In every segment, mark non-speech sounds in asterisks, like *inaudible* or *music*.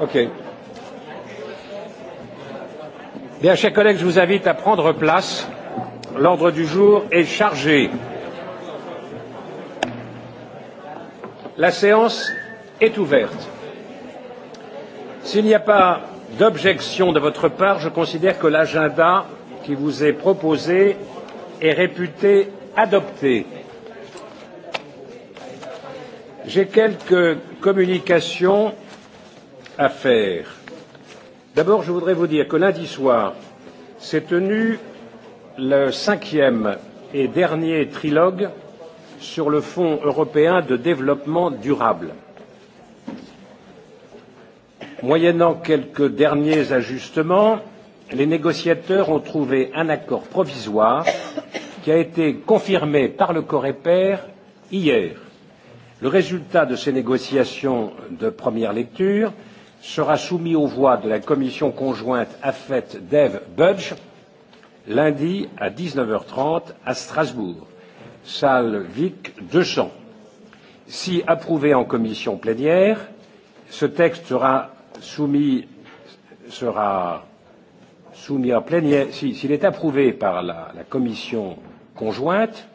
Ok. Bien, chers collègues, je vous invite à prendre place. L'ordre du jour est chargé. La séance est ouverte. S'il n'y a pas d'objection de votre part, je considère que l'agenda qui vous est proposé est réputé adopté. J'ai quelques communications à faire. D'abord, je voudrais vous dire que lundi soir s'est tenu le cinquième et dernier trilogue sur le Fonds européen de développement durable. Moyennant quelques derniers ajustements, les négociateurs ont trouvé un accord provisoire qui a été confirmé par le Coreper hier. Le résultat de ces négociations de première lecture sera soumis aux voix de la commission conjointe AFET DEV Budge lundi à 19h30 à Strasbourg, salle VIC 200. Si approuvé en commission plénière, ce texte sera soumis, sera soumis en plénière. S'il si, est approuvé par la, la commission conjointe,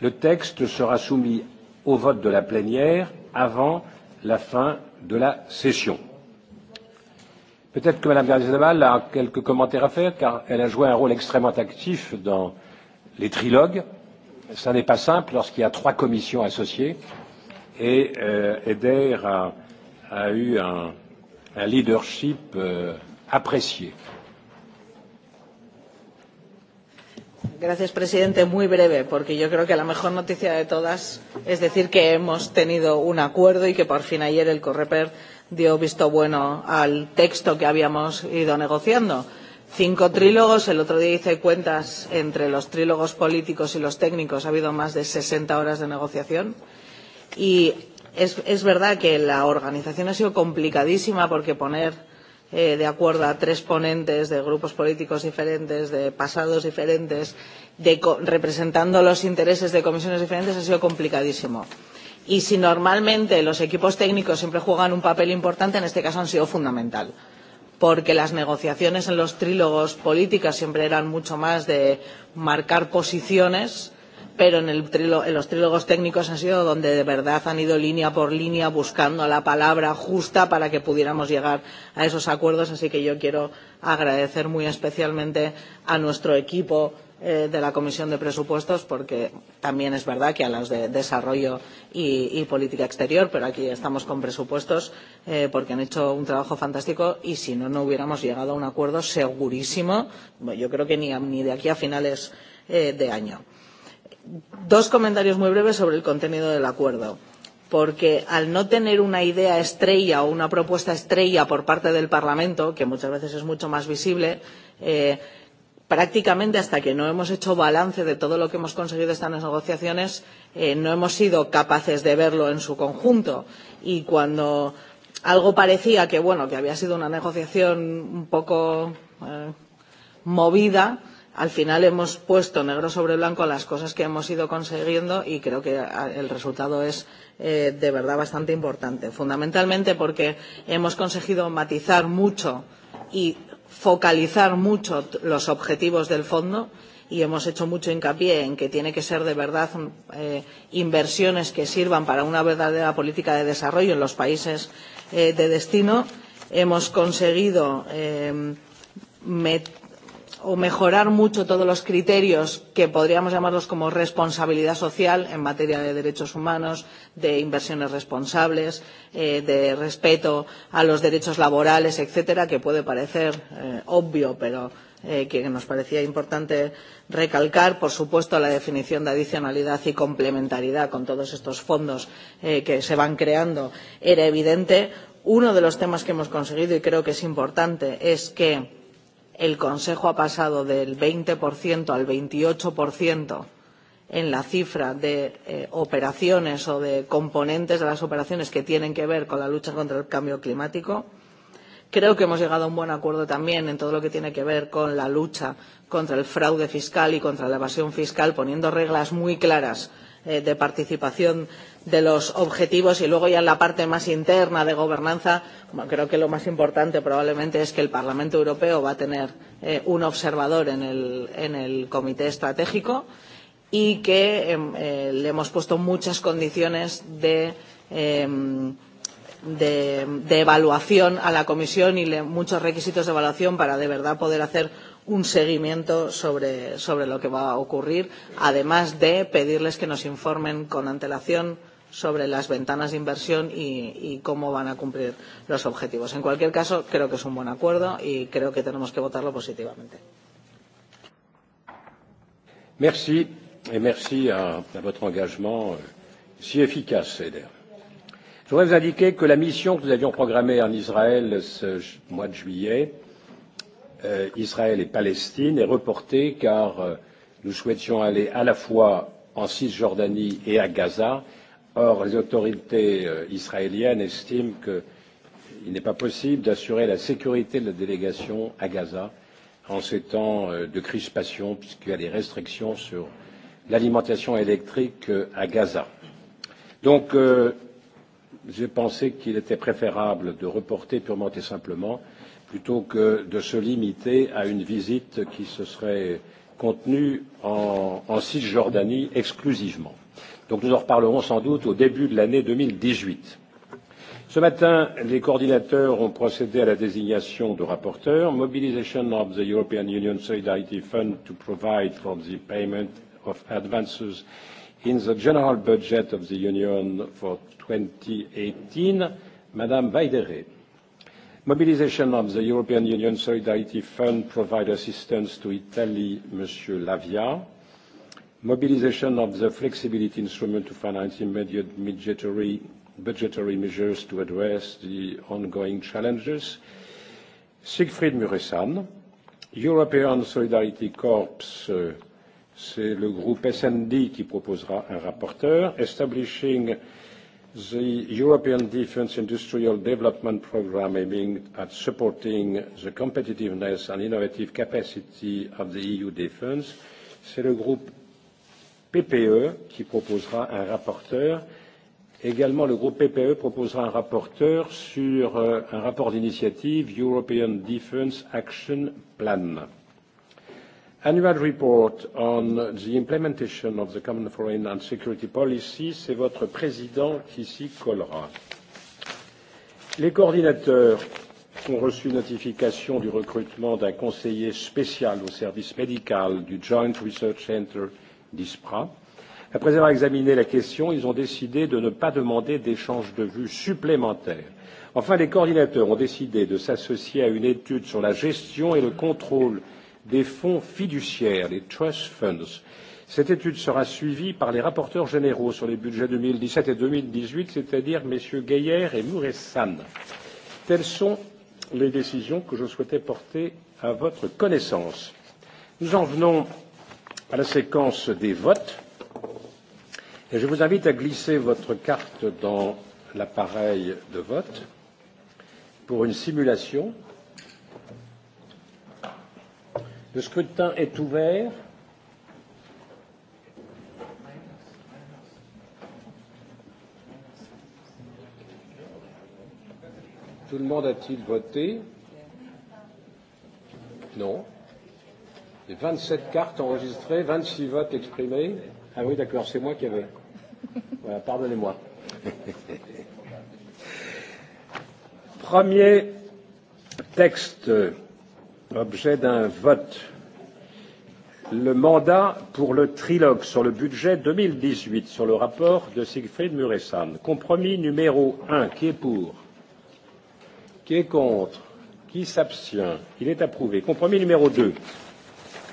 le texte sera soumis au vote de la plénière avant la fin de la session. Peut-être que Mme Gardiazabal a quelques commentaires à faire, car elle a joué un rôle extrêmement actif dans les trilogues. Ça n'est pas simple lorsqu'il y a trois commissions associées. Et euh, Eder a, a eu un, un leadership euh, apprécié. Gracias, presidente. Muy breve, porque yo creo que la mejor noticia de todas es decir que hemos tenido un acuerdo y que por fin ayer el Correper dio visto bueno al texto que habíamos ido negociando. Cinco trílogos, el otro día hice cuentas entre los trílogos políticos y los técnicos, ha habido más de 60 horas de negociación. Y es, es verdad que la organización ha sido complicadísima porque poner eh, de acuerdo a tres ponentes de grupos políticos diferentes, de pasados diferentes, de, representando los intereses de comisiones diferentes, ha sido complicadísimo y si normalmente los equipos técnicos siempre juegan un papel importante, en este caso han sido fundamental porque las negociaciones en los trílogos políticas siempre eran mucho más de marcar posiciones, pero en, el trilo, en los trílogos técnicos han sido donde de verdad han ido línea por línea buscando la palabra justa para que pudiéramos llegar a esos acuerdos. Así que yo quiero agradecer muy especialmente a nuestro equipo Eh, de la Comisión de Presupuestos, porque también es verdad que hablamos de desarrollo y, y política exterior, pero aquí estamos con presupuestos eh, porque han hecho un trabajo fantástico y si no, no hubiéramos llegado a un acuerdo segurísimo, bueno, yo creo que ni, a, ni de aquí a finales eh, de año. Dos comentarios muy breves sobre el contenido del acuerdo porque al no tener una idea estrella o una propuesta estrella por parte del Parlamento, que muchas veces es mucho más visible, eh, prácticamente hasta que no hemos hecho balance de todo lo que hemos conseguido estas negociaciones, eh, no hemos sido capaces de verlo en su conjunto. Y cuando algo parecía que, bueno, que había sido una negociación un poco eh, movida, al final hemos puesto negro sobre blanco las cosas que hemos ido consiguiendo y creo que ah, el resultado es eh, de verdad bastante importante. Fundamentalmente porque hemos conseguido matizar mucho y focalizar mucho los objetivos del fondo y hemos hecho mucho hincapié en que tiene que ser de verdad eh, inversiones que sirvan para una verdadera política de desarrollo en los países eh, de destino. Hemos conseguido eh, o mejorar mucho todos los criterios que podríamos llamarlos como responsabilidad social en materia de derechos humanos, de inversiones responsables, eh, de respeto a los derechos laborales, etcétera, que puede parecer eh, obvio, pero eh, que nos parecía importante recalcar, por supuesto, la definición de adicionalidad y complementariedad con todos estos fondos eh, que se van creando era evidente. Uno de los temas que hemos conseguido, y creo que es importante, es que El Consejo ha pasado del 20% al 28% en la cifra de eh, operaciones o de componentes de las operaciones que tienen que ver con la lucha contra el cambio climático. Creo que hemos llegado a un buen acuerdo también en todo lo que tiene que ver con la lucha contra el fraude fiscal y contra la evasión fiscal, poniendo reglas muy claras eh, de participación de los objetivos y luego ya en la parte más interna de gobernanza, bueno, creo que lo más importante probablemente es que el Parlamento Europeo va a tener eh, un observador en el, en el Comité Estratégico y que eh, eh, le hemos puesto muchas condiciones de, eh, de, de evaluación a la Comisión y le, muchos requisitos de evaluación para de verdad poder hacer un seguimiento sobre, sobre lo que va a ocurrir, además de pedirles que nos informen con antelación sobre las ventanas de inversión y, y cómo van a cumplir los objetivos. En cualquier caso, creo que es un buen acuerdo y creo que tenemos que votarlo positivamente. Merci et merci à, à votre engagement euh, si efficace, Céder. Je voudrais vous indiquer que la mission que nous avions programmée en Israël ce mois de juillet, euh, Israël et Palestine, est reportée car euh, nous souhaitions aller à la fois en Cisjordanie et à Gaza Or, les autorités euh, israéliennes estiment qu'il n'est pas possible d'assurer la sécurité de la délégation à Gaza en ces temps euh, de crispation, puisqu'il y a des restrictions sur l'alimentation électrique euh, à Gaza. Donc, euh, j'ai pensé qu'il était préférable de reporter purement et simplement, plutôt que de se limiter à une visite qui se serait contenue en, en Cisjordanie exclusivement. Donc nous en reparlerons sans doute au début de l'année 2018. Ce matin, les coordinateurs ont procédé à la désignation de rapporteurs. Mobilisation of the European Union Solidarity Fund to provide for the payment of advances in the general budget of the Union for 2018, Madame Weidere. Mobilisation of the European Union Solidarity Fund provide assistance to Italy, Monsieur Lavia. Mobilization of the flexibility instrument to finance immediate budgetary, budgetary measures to address the ongoing challenges. Siegfried Muresan, European Solidarity Corps, euh, c'est le groupe SND qui proposera un rapporteur, establishing the European Defence Industrial Development Programme aiming at supporting the competitiveness and innovative capacity of the EU defence. C'est le groupe PPE qui proposera un rapporteur. Également, le groupe PPE proposera un rapporteur sur euh, un rapport d'initiative European Defence Action Plan. Annual report on the implementation of the Common Foreign and Security Policy, c'est votre président qui s'y collera. Les coordinateurs ont reçu notification du recrutement d'un conseiller spécial au service médical du Joint Research Center d'ISPRA. Après avoir examiné la question, ils ont décidé de ne pas demander d'échange de vues supplémentaires. Enfin, les coordinateurs ont décidé de s'associer à une étude sur la gestion et le contrôle des fonds fiduciaires, les trust funds. Cette étude sera suivie par les rapporteurs généraux sur les budgets 2017 et 2018, c'est-à-dire messieurs Gaillère et Mouressan. Telles sont les décisions que je souhaitais porter à votre connaissance. Nous en venons à la séquence des votes. Et je vous invite à glisser votre carte dans l'appareil de vote pour une simulation. Le scrutin est ouvert. Tout le monde a-t-il voté Non. 27 cartes enregistrées, 26 votes exprimés. Ah oui, d'accord, c'est moi qui avais. Voilà, pardonnez-moi. *laughs* Premier texte, objet d'un vote. Le mandat pour le trilogue sur le budget 2018, sur le rapport de Siegfried Muresan. Compromis numéro 1, qui est pour Qui est contre Qui s'abstient Il est approuvé. Compromis numéro 2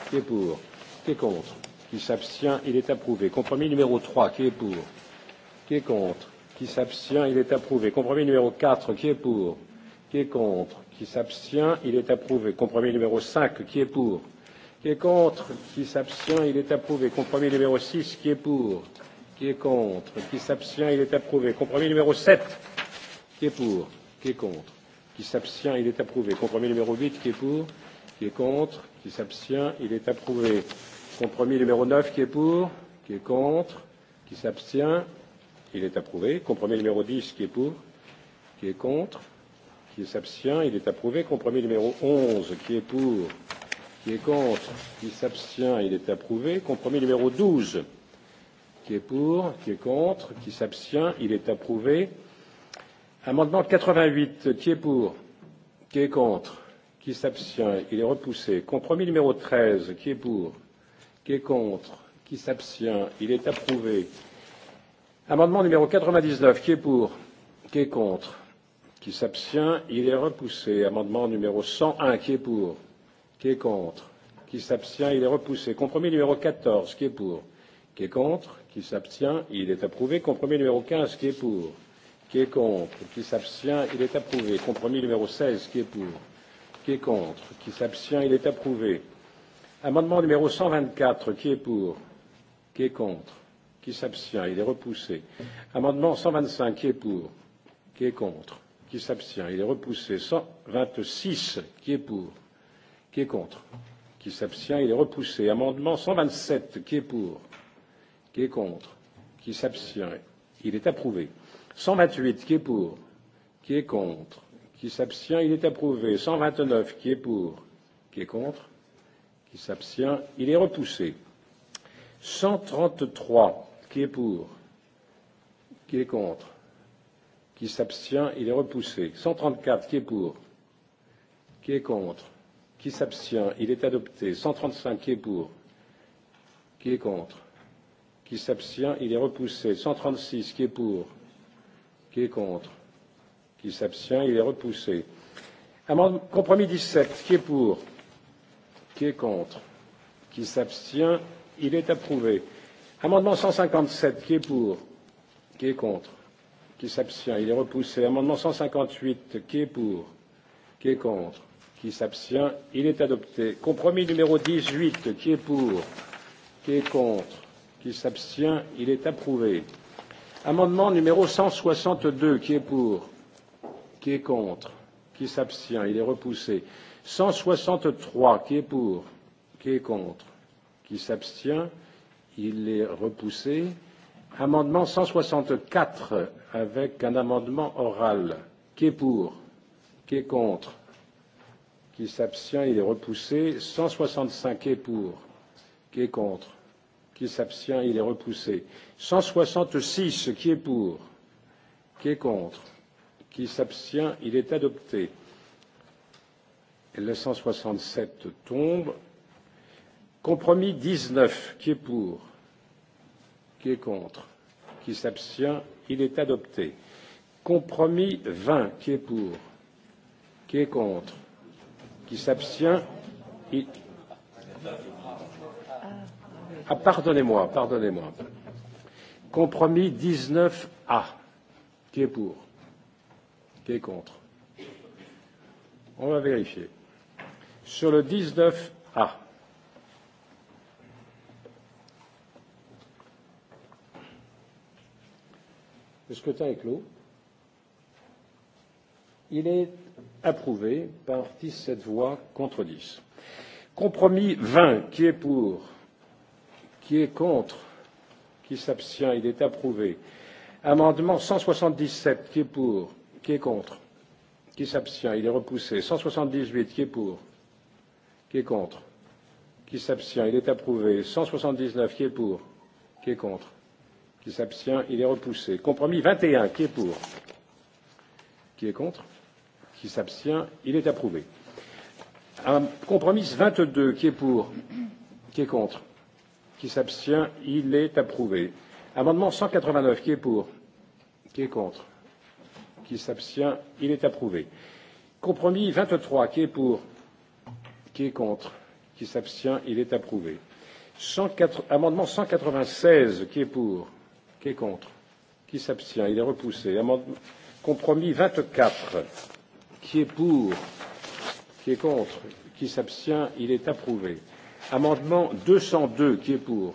qui est pour, qui est contre, qui s'abstient, il est approuvé. Compromis numéro 3, qui est pour, qui est contre, qui s'abstient, il est approuvé. Compromis numéro 4, qui est pour, qui est contre, qui s'abstient, il est approuvé. Compromis numéro 5, qui est pour, qui est contre, qui s'abstient, il est approuvé. Compromis numéro 6, qui est pour, qui est contre, qui s'abstient, il est approuvé. Compromis numéro 7, qui est pour, qui est contre, qui s'abstient, il est approuvé. Compromis numéro 8, qui est pour, qui est contre, qui s'abstient, il est approuvé. Compromis numéro 9 qui est pour, qui est contre, qui s'abstient, il est approuvé. Compromis numéro 10 qui est pour, qui est contre, qui s'abstient, il est approuvé. Compromis numéro 11 qui est pour, qui est contre, qui s'abstient, il est approuvé. Compromis numéro 12 qui est pour, qui est contre, qui s'abstient, il est approuvé. Amendement 88 qui est pour, qui est contre, qui s'abstient, il est repoussé. Compromis numéro 13, qui est pour, qui est contre, qui s'abstient, il est approuvé. Amendement numéro 99, qui est pour, qui est contre, qui s'abstient, il est repoussé. Amendement numéro 101, qui est pour, qui est contre, qui s'abstient, il est repoussé. Compromis numéro 14, qui est pour, qui est contre, qui s'abstient, il est approuvé. Compromis numéro 15, qui est pour, qui est contre, qui s'abstient, il est approuvé. Compromis numéro 16, qui est pour Qui est contre Qui s'abstient Il est approuvé. Amendement numéro 124. Qui est pour Qui est contre Qui s'abstient Il est repoussé. Amendement 125. Qui est pour Qui est contre Qui s'abstient Il est repoussé. 126. Qui est pour Qui est contre Qui s'abstient Il est repoussé. Amendement 127. Qui est pour Qui est contre Qui s'abstient Il est approuvé. 128. Qui est pour Qui est contre qui s'abstient, il est approuvé. 129, qui est pour, qui est contre, qui s'abstient, il est repoussé. 133, qui est pour, qui est contre, qui s'abstient, il est repoussé. 134, qui est pour, qui est contre, qui s'abstient, il est adopté. 135, qui est pour, qui est contre, qui s'abstient, il est repoussé. 136, qui est pour, qui est contre, qui s'abstient, il est repoussé. Amendement compromis 17, qui est pour, qui est contre, qui s'abstient, il est approuvé. Amendement 157, qui est pour, qui est contre, qui s'abstient, il est repoussé. Amendement 158, qui est pour, qui est contre, qui s'abstient, il est adopté. Compromis numéro 18, qui est pour, qui est contre, qui s'abstient, il est approuvé. Amendement numéro 162, qui est pour, Qui est contre Qui s'abstient Il est repoussé. 163. Qui est pour Qui est contre Qui s'abstient Il est repoussé. Amendement 164 avec un amendement oral. Qui est pour Qui est contre Qui s'abstient Il est repoussé. 165 qui est pour Qui est contre Qui s'abstient Il est repoussé. 166 qui est pour Qui est contre qui s'abstient, il est adopté. Et le 167 tombe. Compromis 19, qui est pour, qui est contre, qui s'abstient, il est adopté. Compromis 20, qui est pour, qui est contre, qui s'abstient, il... Ah, pardonnez-moi, pardonnez-moi. Compromis 19A, qui est pour, Qui est contre On va vérifier. Sur le 19A. Le scrutin est clos. Il est approuvé par 17 voix contre 10. Compromis 20, qui est pour Qui est contre Qui s'abstient Il est approuvé. Amendement 177, qui est pour Qui est contre Qui s'abstient Il est repoussé. 178, qui est pour Qui est contre Qui s'abstient Il est approuvé. 179, qui est pour Qui est contre Qui s'abstient Il est repoussé. Compromis 21, qui est pour Qui est contre Qui s'abstient Il est approuvé. Un compromis 22, qui est pour Qui est contre Qui s'abstient Il est approuvé. Amendement 189, qui est pour Qui est contre qui s'abstient, il est approuvé. Compromis 23, qui est pour, qui est contre, qui s'abstient, il est approuvé. 104, amendement 196, qui est pour, qui est contre, qui s'abstient, il est repoussé. Amendement, compromis 24, qui est pour, qui est contre, qui s'abstient, il est approuvé. Amendement 202, qui est pour,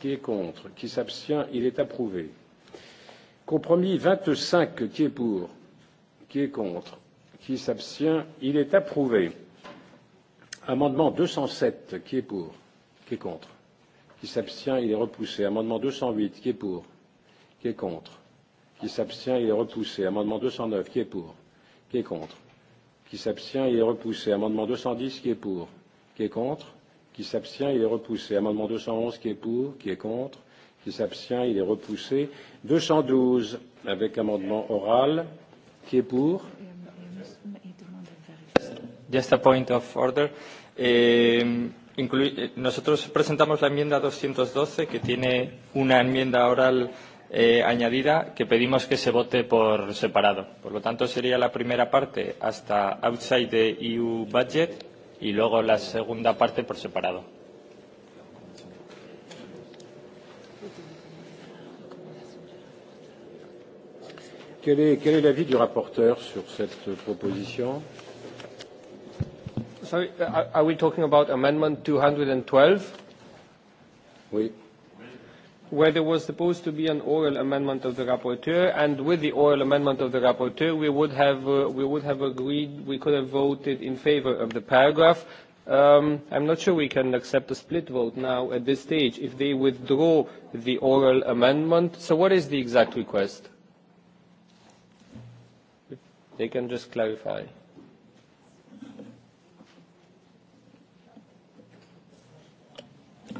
qui est contre, qui s'abstient, il est approuvé. Compromis 25, qui est pour Qui est contre Qui s'abstient Il est approuvé. Amendement 207, qui est pour Qui est contre Qui s'abstient Il est repoussé. Amendement 208, qui est pour Qui est contre Qui s'abstient Il est repoussé. Amendement 209, qui est pour Qui est contre Qui s'abstient Il est repoussé. Amendement 210, qui est pour Qui est contre Qui s'abstient Il est repoussé. Amendement 211, qui est pour Qui est contre qui s'abstient, il est repoussé. 212 avec amendement oral, qui est pour Just a point of order. Eh, eh nosotros presentamos la enmienda 212 que tiene una enmienda oral eh, añadida que pedimos que se vote por separado. Por lo tanto, sería la primera parte hasta outside the EU budget y luego la segunda parte por separado. Quel est, quel est l'avis du rapporteur sur cette proposition Sorry, uh, are we talking about amendment 212? Oui. Where there was supposed to be an oral amendment of the rapporteur, and with the oral amendment of the rapporteur, we would have, uh, we would have agreed, we could have voted in favor of the paragraph. Um, I'm not sure we can accept a split vote now at this stage if they withdraw the oral amendment. So what is the exact request? They can just clarify.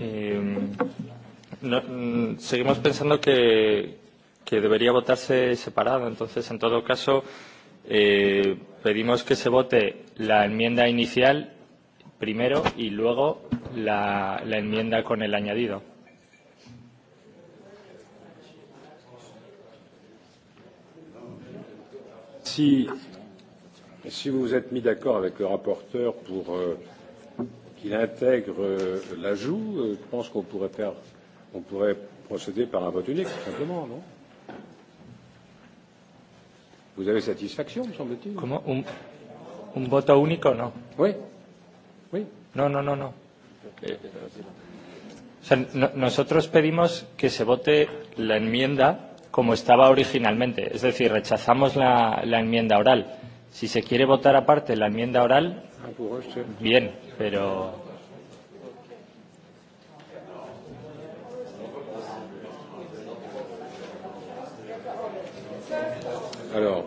Um, no, seguimos pensando que, que debería votarse separado. Entonces, en todo caso, eh, pedimos que se vote la enmienda inicial primero y luego la, la enmienda con el añadido. Si, si vous vous êtes mis d'accord avec le rapporteur pour euh, qu'il intègre euh, l'ajout, euh, je pense qu'on pourrait faire, on pourrait procéder par un vote unique, tout simplement, non Vous avez satisfaction, me semble-t-il Comment un, un vote unique, non Oui. Oui. non, non, non. non. Eh, o sea, no, nosotros pedimos que se vote la enmienda como estaba originalmente. Es decir, rechazamos la, la enmienda oral. Si se quiere votar aparte la enmienda oral, bien, pero... Alors,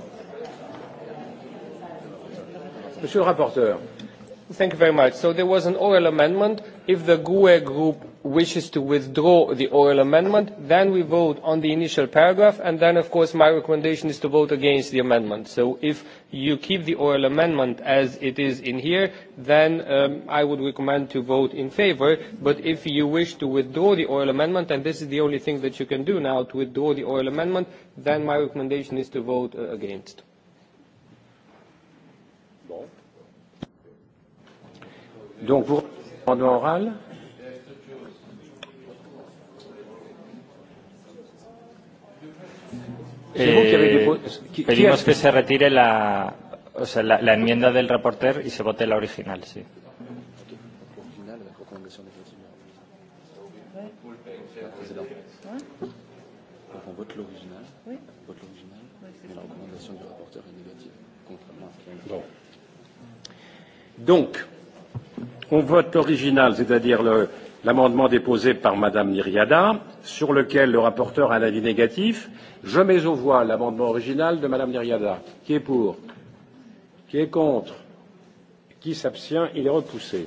Monsieur le rapporteur. Thank you very much. So there was an oral amendment If the GUE group wishes to withdraw the oral amendment, then we vote on the initial paragraph, and then, of course, my recommendation is to vote against the amendment. So if you keep the oral amendment as it is in here, then um, I would recommend to vote in favor. But if you wish to withdraw the oral amendment, and this is the only thing that you can do now, to withdraw the oral amendment, then my recommendation is to vote uh, against. Donc, vous... Amendement oral Eh, que pedimos que se retire la, o sea, la, la enmienda del reporter y se vote la original, sí. Donc, On vote l'original, c'est-à-dire l'amendement déposé par Madame Niriada, sur lequel le rapporteur a un avis négatif. Je mets aux voix l'amendement original de Madame Niriada. Qui est pour Qui est contre Qui s'abstient Il est repoussé.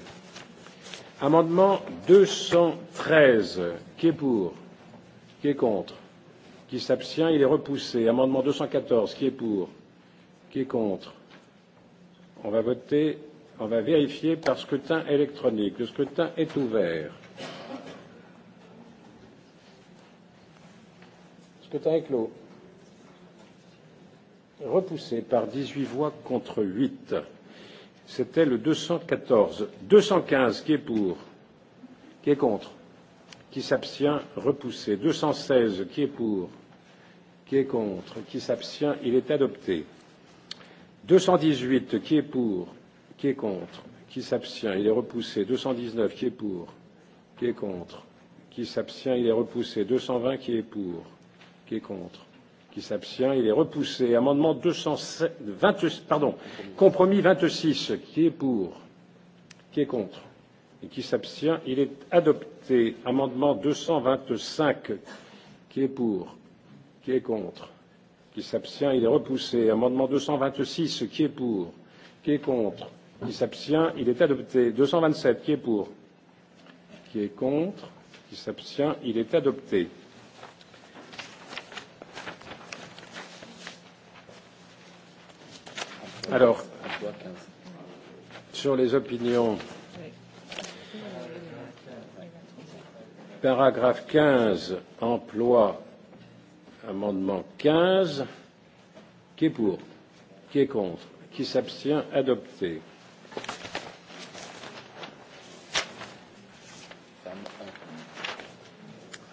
Amendement 213. Qui est pour Qui est contre Qui s'abstient Il est repoussé. Amendement 214. Qui est pour Qui est contre On va voter On va vérifier par scrutin électronique. Le scrutin est ouvert. Le scrutin est clos. Repoussé par 18 voix contre 8. C'était le 214. 215 qui est pour, qui est contre, qui s'abstient, repoussé. 216 qui est pour, qui est contre, qui s'abstient, il est adopté. 218 qui est pour, Qui est contre Qui s'abstient Il est repoussé. 219, qui est pour Qui est contre Qui s'abstient Il est repoussé. 220, qui est pour Qui est contre Qui s'abstient Il est repoussé. Amendement 220, pardon, compromis 26, qui est pour Qui est contre Et qui s'abstient Il est adopté. Amendement 225, qui est pour Qui est contre Qui s'abstient Il est repoussé. Amendement 226, qui est pour Qui est contre qui s'abstient, il est adopté. 227, qui est pour Qui est contre Qui s'abstient, il est adopté. Alors, sur les opinions, paragraphe 15, emploi, amendement 15, qui est pour Qui est contre Qui s'abstient Adopté.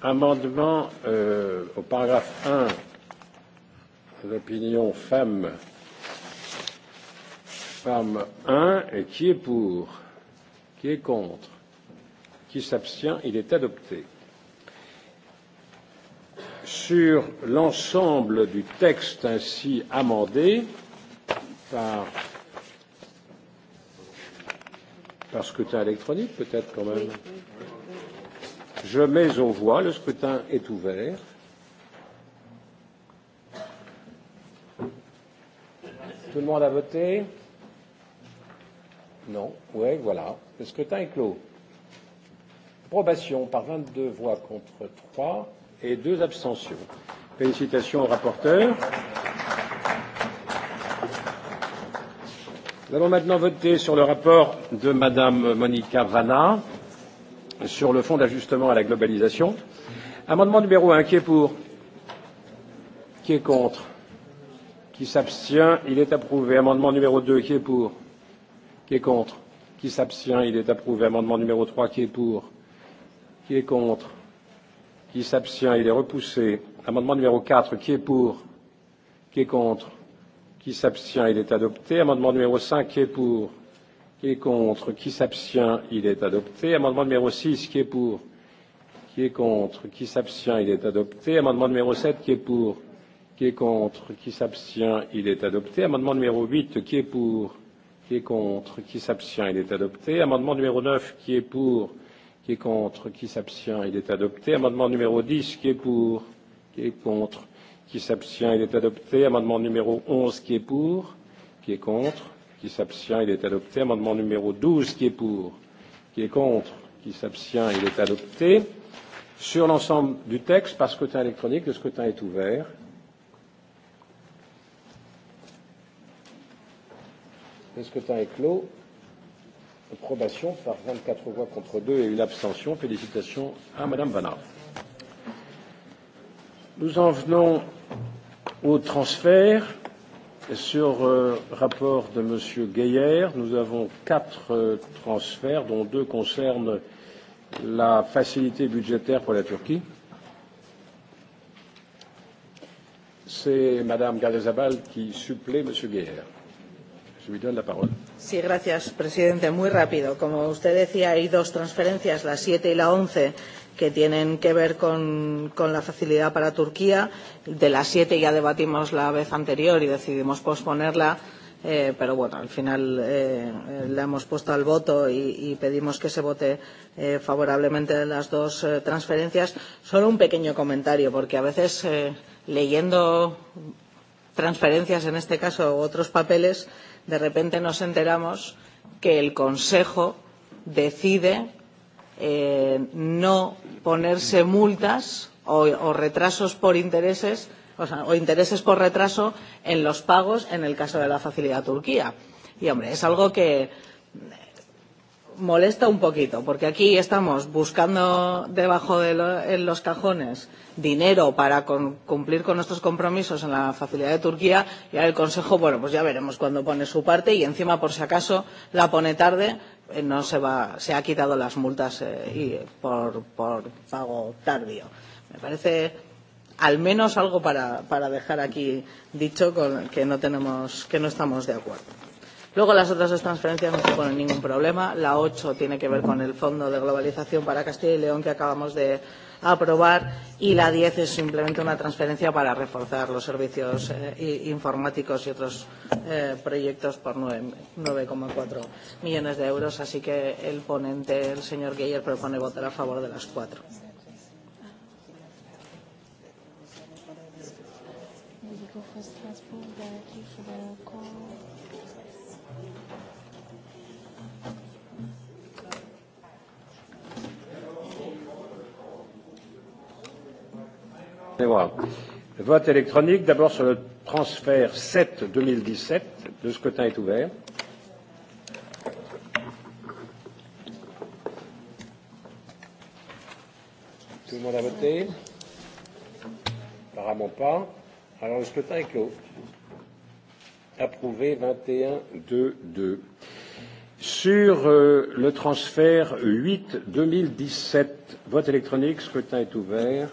Amendement euh, au paragraphe 1, l'opinion femme, femme 1, et qui est pour, qui est contre, qui s'abstient, il est adopté. Sur l'ensemble du texte ainsi amendé par Par scrutin électronique, peut-être quand même. Je mets aux voix, le scrutin est ouvert. Tout le monde a voté Non. Oui, voilà. Le scrutin est clos. Approbation par 22 voix contre 3 et 2 abstentions. Félicitations au rapporteur. Nous allons maintenant voter sur le rapport de Madame Monica Vanna sur le fonds d'ajustement à la globalisation. Amendement numéro 1, qui est pour Qui est contre Qui s'abstient Il est approuvé. Amendement numéro 2, qui est pour Qui est contre Qui s'abstient Il est approuvé. Amendement numéro 3, qui est pour Qui est contre Qui s'abstient Il est repoussé. Amendement numéro 4, qui est pour Qui est contre Qui s'abstient, il est adopté. Amendement numéro 5, qui est pour Qui est contre Qui s'abstient, il est adopté. Amendement numéro 6, qui est pour Qui est contre Qui s'abstient, il est adopté. Amendement numéro 7, qui est pour Qui est contre Qui s'abstient, il est adopté. Amendement numéro 8, qui est pour Qui est contre Qui s'abstient, il est adopté. Amendement numéro 9, qui est pour Qui est contre Qui s'abstient, il est adopté. Amendement numéro 10, qui est pour Qui est contre qui s'abstient, il est adopté. Amendement numéro 11 qui est pour, qui est contre, qui s'abstient, il est adopté. Amendement numéro 12 qui est pour, qui est contre, qui s'abstient, il est adopté. Sur l'ensemble du texte, par scrutin électronique, le scrutin est ouvert. Le scrutin est clos. Approbation par 24 voix contre 2 et une abstention. Félicitations à Madame Vanard. Nous en venons au transfert. Sur euh, rapport de Monsieur Gaillard, nous avons quatre euh, transferts, dont deux concernent la facilité budgétaire pour la Turquie. C'est Madame Gardezabal qui supplée Monsieur Gaillard. Je lui donne la parole. Sí, gracias, presidente. Muy rápido. Como usted decía, hay dos transferencias, la 7 y la 11 que tienen que ver con, con la facilidad para Turquía. De las siete ya debatimos la vez anterior y decidimos posponerla, eh, pero bueno, al final eh, eh, la hemos puesto al voto y, y pedimos que se vote eh, favorablemente de las dos eh, transferencias. Solo un pequeño comentario, porque a veces eh, leyendo transferencias, en este caso, u otros papeles, de repente nos enteramos que el Consejo decide eh, no ponerse multas o, o retrasos por intereses o, sea, o intereses por retraso en los pagos en el caso de la facilidad Turquía. Y hombre, es algo que molesta un poquito, porque aquí estamos buscando debajo de lo, en los cajones dinero para con, cumplir con nuestros compromisos en la facilidad de Turquía y ahora el Consejo, bueno, pues ya veremos cuándo pone su parte y encima, por si acaso, la pone tarde Eh, no se, va, se ha quitado las multas eh, y por, por pago tardío. Me parece al menos algo para, para dejar aquí dicho con que no, tenemos, que no estamos de acuerdo. Luego las otras dos transferencias no suponen ningún problema. La 8 tiene que ver con el Fondo de Globalización para Castilla y León que acabamos de a aprobar y la 10 es simplemente una transferencia para reforzar los servicios eh, informáticos y otros eh, proyectos por 9,4 millones de euros. Así que el ponente, el señor Geyer, propone votar a favor de las cuatro. Wow. Vote électronique, d'abord sur le transfert 7 2017. Le scrutin est ouvert. Tout le monde a voté Apparemment pas. Alors le scrutin est clos. Approuvé 21-2-2. Sur euh, le transfert 8-2017, vote électronique, scrutin est ouvert.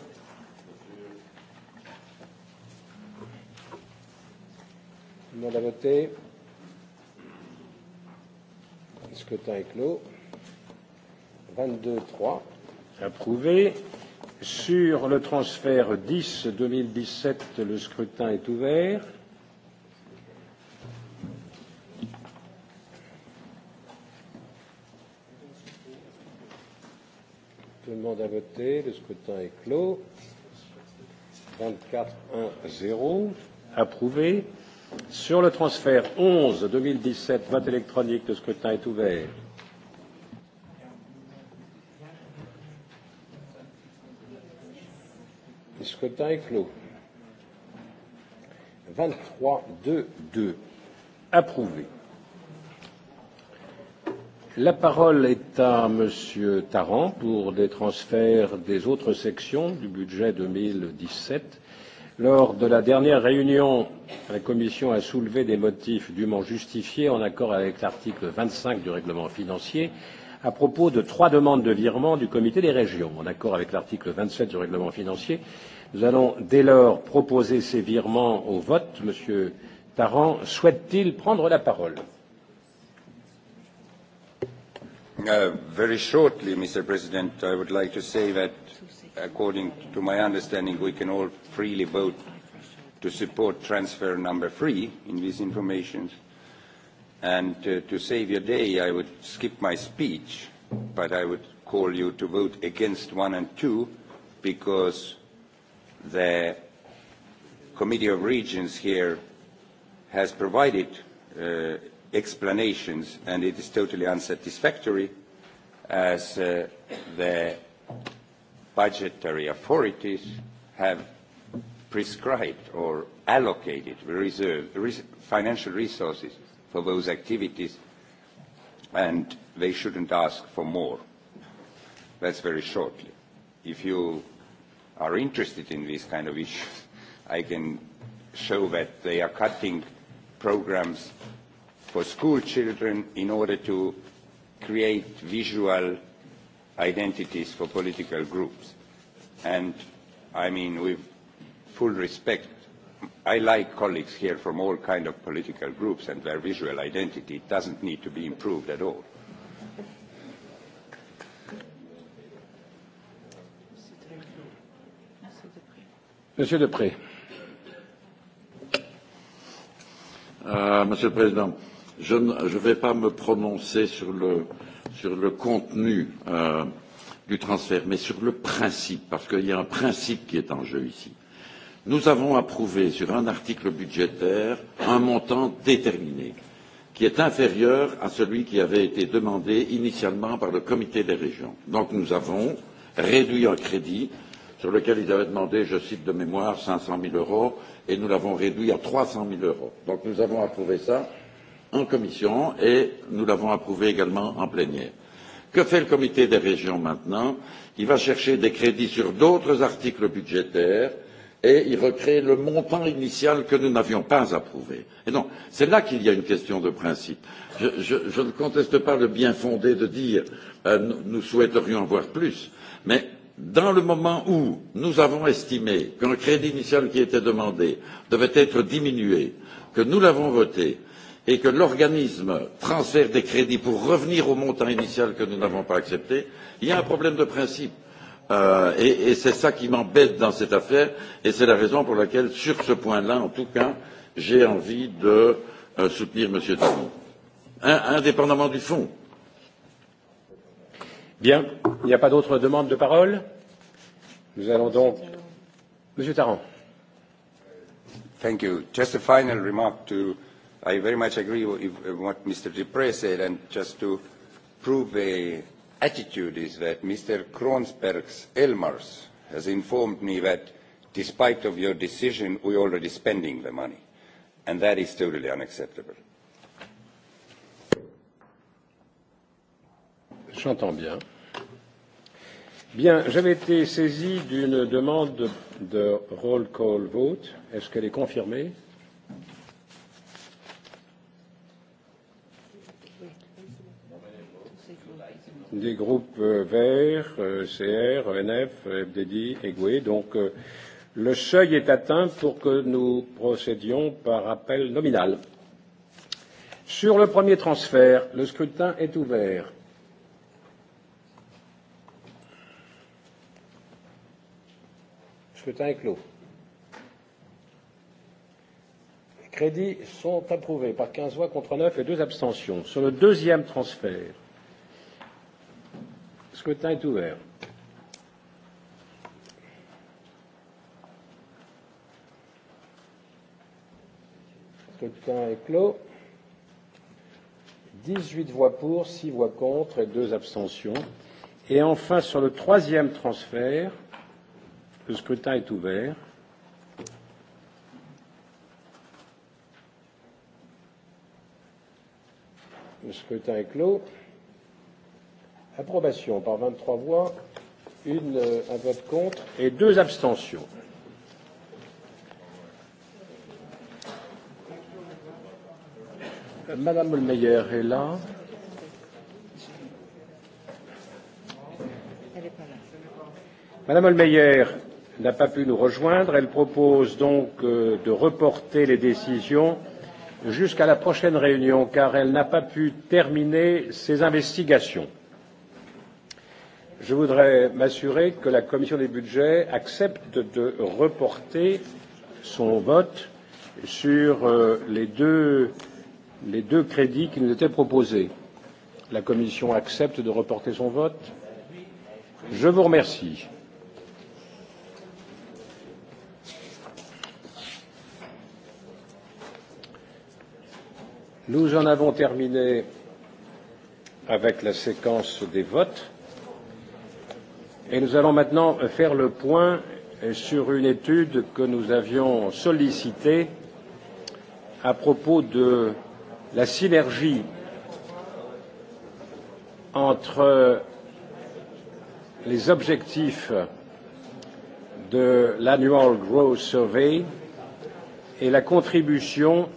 Mela a voté. Le 22-3. Approuvé. Sur le transfert 10-2017, le scrutin est ouvert. Tout le monde a voté. Le scrutin est clos. 24-1-0. Approuvé. Sur le transfert 11 2017, vote électronique, le scrutin est ouvert. Le scrutin est clos. 23 2 2. Approuvé. La parole est à Monsieur Tarrant pour des transferts des autres sections du budget 2017 Lors de la dernière réunion, la Commission a soulevé des motifs dûment justifiés en accord avec l'article 25 du règlement financier à propos de trois demandes de virement du Comité des régions. En accord avec l'article 27 du règlement financier, nous allons dès lors proposer ces virements au vote. Monsieur Tarrant souhaite-t-il prendre la parole uh, Very shortly, Mr. President, I would like to say that according to my understanding, we can all freely vote to support transfer number three in these informations. And uh, to save your day, I would skip my speech, but I would call you to vote against one and two because the Committee of Regions here has provided uh, explanations and it is totally unsatisfactory as uh, the budgetary authorities have prescribed or allocated reserve, res, financial resources for those activities and they shouldn't ask for more. That's very shortly. If you are interested in these kind of issues, I can show that they are cutting programs for school children in order to create visual identities for political groups. And I mean, with full respect, I like colleagues here from all kind of political groups and their visual identity it doesn't need to be improved at all. Monsieur Depré. Uh, Monsieur le Président, je ne je vais pas me prononcer sur le, sur le contenu euh, du transfert, mais sur le principe, parce qu'il y a un principe qui est en jeu ici. Nous avons approuvé sur un article budgétaire un montant déterminé, qui est inférieur à celui qui avait été demandé initialement par le comité des régions. Donc nous avons réduit un crédit sur lequel ils avaient demandé, je cite de mémoire, 500 000 euros, et nous l'avons réduit à 300 000 euros. Donc nous avons approuvé ça en commission et nous l'avons approuvé également en plénière. Que fait le comité des régions maintenant Il va chercher des crédits sur d'autres articles budgétaires et il recrée le montant initial que nous n'avions pas approuvé. Et donc, c'est là qu'il y a une question de principe. Je, je, je ne conteste pas le bien fondé de dire euh, nous souhaiterions avoir plus, mais dans le moment où nous avons estimé qu'un crédit initial qui était demandé devait être diminué, que nous l'avons voté, et que l'organisme transfère des crédits pour revenir au montant initial que nous n'avons pas accepté, il y a un problème de principe. Euh, et et c'est ça qui m'embête dans cette affaire, et c'est la raison pour laquelle, sur ce point-là, en tout cas, j'ai envie de euh, soutenir M. Talon, indépendamment du fond. Bien, il n'y a pas d'autres demandes de parole. Nous allons donc. Monsieur Tarrant. Thank you. Just a final remark to I very much agree with uh, what Mr. Dupre said, and just to prove the attitude is that Mr. Kronsberg's Elmars has informed me that despite of your decision, we're already spending the money, and that is totally unacceptable. J'entends bien. Bien, j'avais été saisi d'une demande de roll call vote. Est-ce qu'elle est confirmée des groupes euh, verts, euh, CR, ENF, FDD et GUE. Donc euh, le seuil est atteint pour que nous procédions par appel nominal. Sur le premier transfert, le scrutin est ouvert. Le scrutin est clos. Les crédits sont approuvés par 15 voix contre 9 et 2 abstentions. Sur le deuxième transfert, Scrutin est ouvert. Scrutin est clos. 18 voix pour, 6 voix contre et 2 abstentions. Et enfin, sur le troisième transfert, le scrutin est ouvert. Le scrutin est clos. Approbation par 23 voix, une, euh, un vote contre et deux abstentions. Madame Olmeyer est là. Madame Olmeyer n'a pas pu nous rejoindre. Elle propose donc euh, de reporter les décisions jusqu'à la prochaine réunion car elle n'a pas pu terminer ses investigations. Je voudrais m'assurer que la commission des budgets accepte de reporter son vote sur euh, les, deux, les deux crédits qui nous étaient proposés. La commission accepte de reporter son vote. Je vous remercie. Nous en avons terminé avec la séquence des votes. Et nous allons maintenant faire le point sur une étude que nous avions sollicitée à propos de la synergie entre les objectifs de l'Annual Growth Survey et la contribution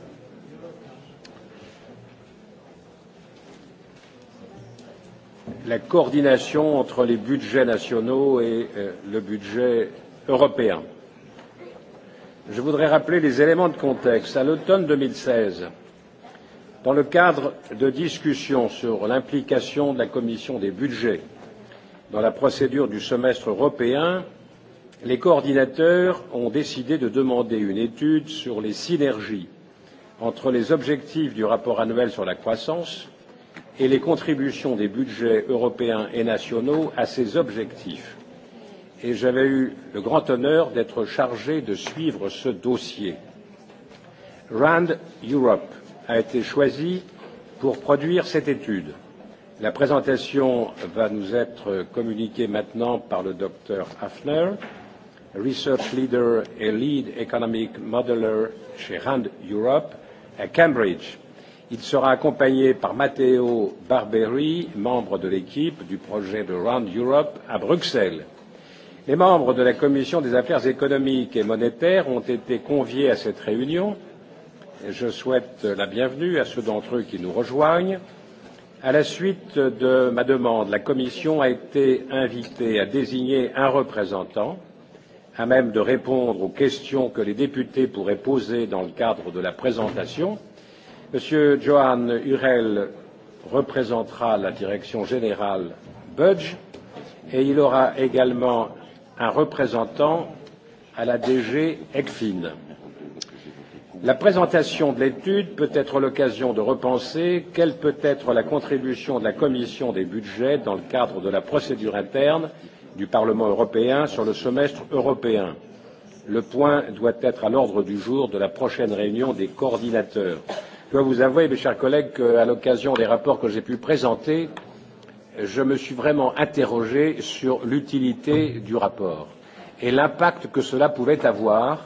la coordination entre les budgets nationaux et euh, le budget européen. Je voudrais rappeler les éléments de contexte. À l'automne 2016, dans le cadre de discussions sur l'implication de la Commission des budgets dans la procédure du semestre européen, les coordinateurs ont décidé de demander une étude sur les synergies entre les objectifs du rapport annuel sur la croissance et les contributions des budgets européens et nationaux à ces objectifs. Et j'avais eu le grand honneur d'être chargé de suivre ce dossier. RAND Europe a été choisi pour produire cette étude. La présentation va nous être communiquée maintenant par le docteur Hafner, Research Leader et Lead Economic Modeler chez RAND Europe à Cambridge Il sera accompagné par Matteo Barberi, membre de l'équipe du projet de Round Europe à Bruxelles. Les membres de la Commission des affaires économiques et monétaires ont été conviés à cette réunion. Et je souhaite la bienvenue à ceux d'entre eux qui nous rejoignent. À la suite de ma demande, la Commission a été invitée à désigner un représentant à même de répondre aux questions que les députés pourraient poser dans le cadre de la présentation Monsieur Johan Hurel représentera la direction générale Budge et il aura également un représentant à la DG ECFIN. La présentation de l'étude peut être l'occasion de repenser quelle peut être la contribution de la Commission des budgets dans le cadre de la procédure interne du Parlement européen sur le semestre européen. Le point doit être à l'ordre du jour de la prochaine réunion des coordinateurs. Je dois vous avouer, mes chers collègues, qu'à l'occasion des rapports que j'ai pu présenter, je me suis vraiment interrogé sur l'utilité du rapport et l'impact que cela pouvait avoir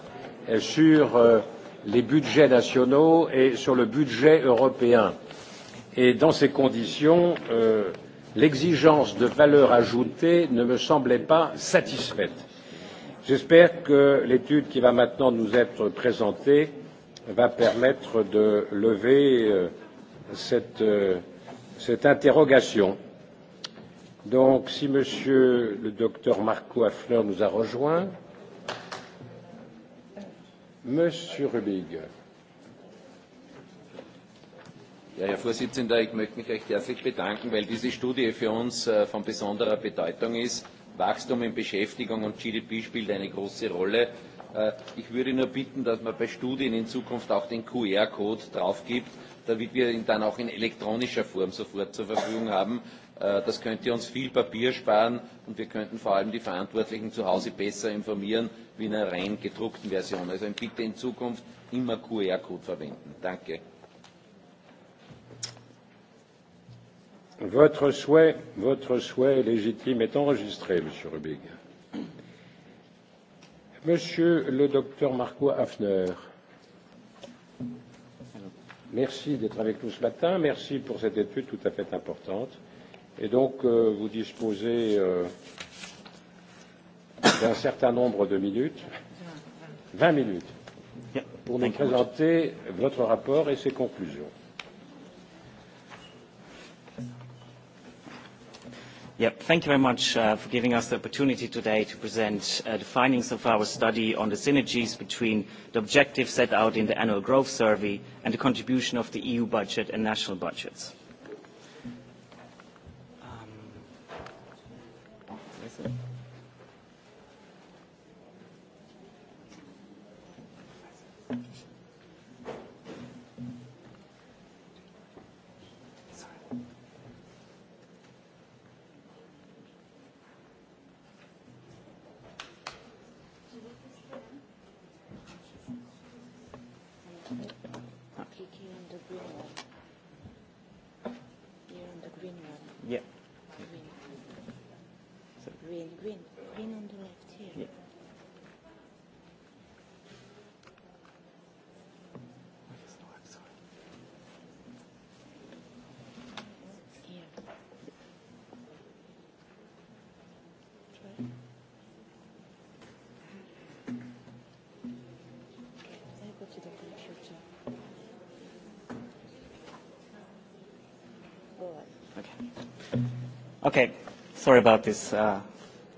euh, sur euh, les budgets nationaux et sur le budget européen. Et dans ces conditions, euh, l'exigence de valeur ajoutée ne me semblait pas satisfaite. J'espère que l'étude qui va maintenant nous être présentée va permettre de lever euh, cette, euh, cette interrogation. Donc, si Monsieur le docteur Marco Affleur nous a rejoint, Monsieur Rubig. Ja, Herr Vorsitzender, ich möchte mich recht herzlich bedanken, weil diese Studie für uns äh, von besonderer Bedeutung ist. Wachstum in Beschäftigung und GDP spielt eine große Rolle. Äh, ich würde nur bitten, dass man bei Studien in Zukunft auch den QR-Code drauf gibt, damit wir ihn dann auch in elektronischer Form sofort zur Verfügung haben. Äh, das könnte uns viel Papier sparen und wir könnten vor allem die Verantwortlichen zu Hause besser informieren wie in einer rein gedruckten Version. Also bitte in Zukunft immer QR-Code verwenden. Danke. Votre souhait, votre souhait légitime est enregistré, Monsieur Rubig. Monsieur le docteur Marco Hafner, merci d'être avec nous ce matin, merci pour cette étude tout à fait importante. Et donc, euh, vous disposez euh, d'un certain nombre de minutes, 20 minutes, pour nous présenter votre rapport et ses conclusions. Yeah, thank you very much uh, for giving us the opportunity today to present uh, the findings of our study on the synergies between the objectives set out in the annual growth survey and the contribution of the EU budget and national budgets. Okay. Okay. Sorry about this uh,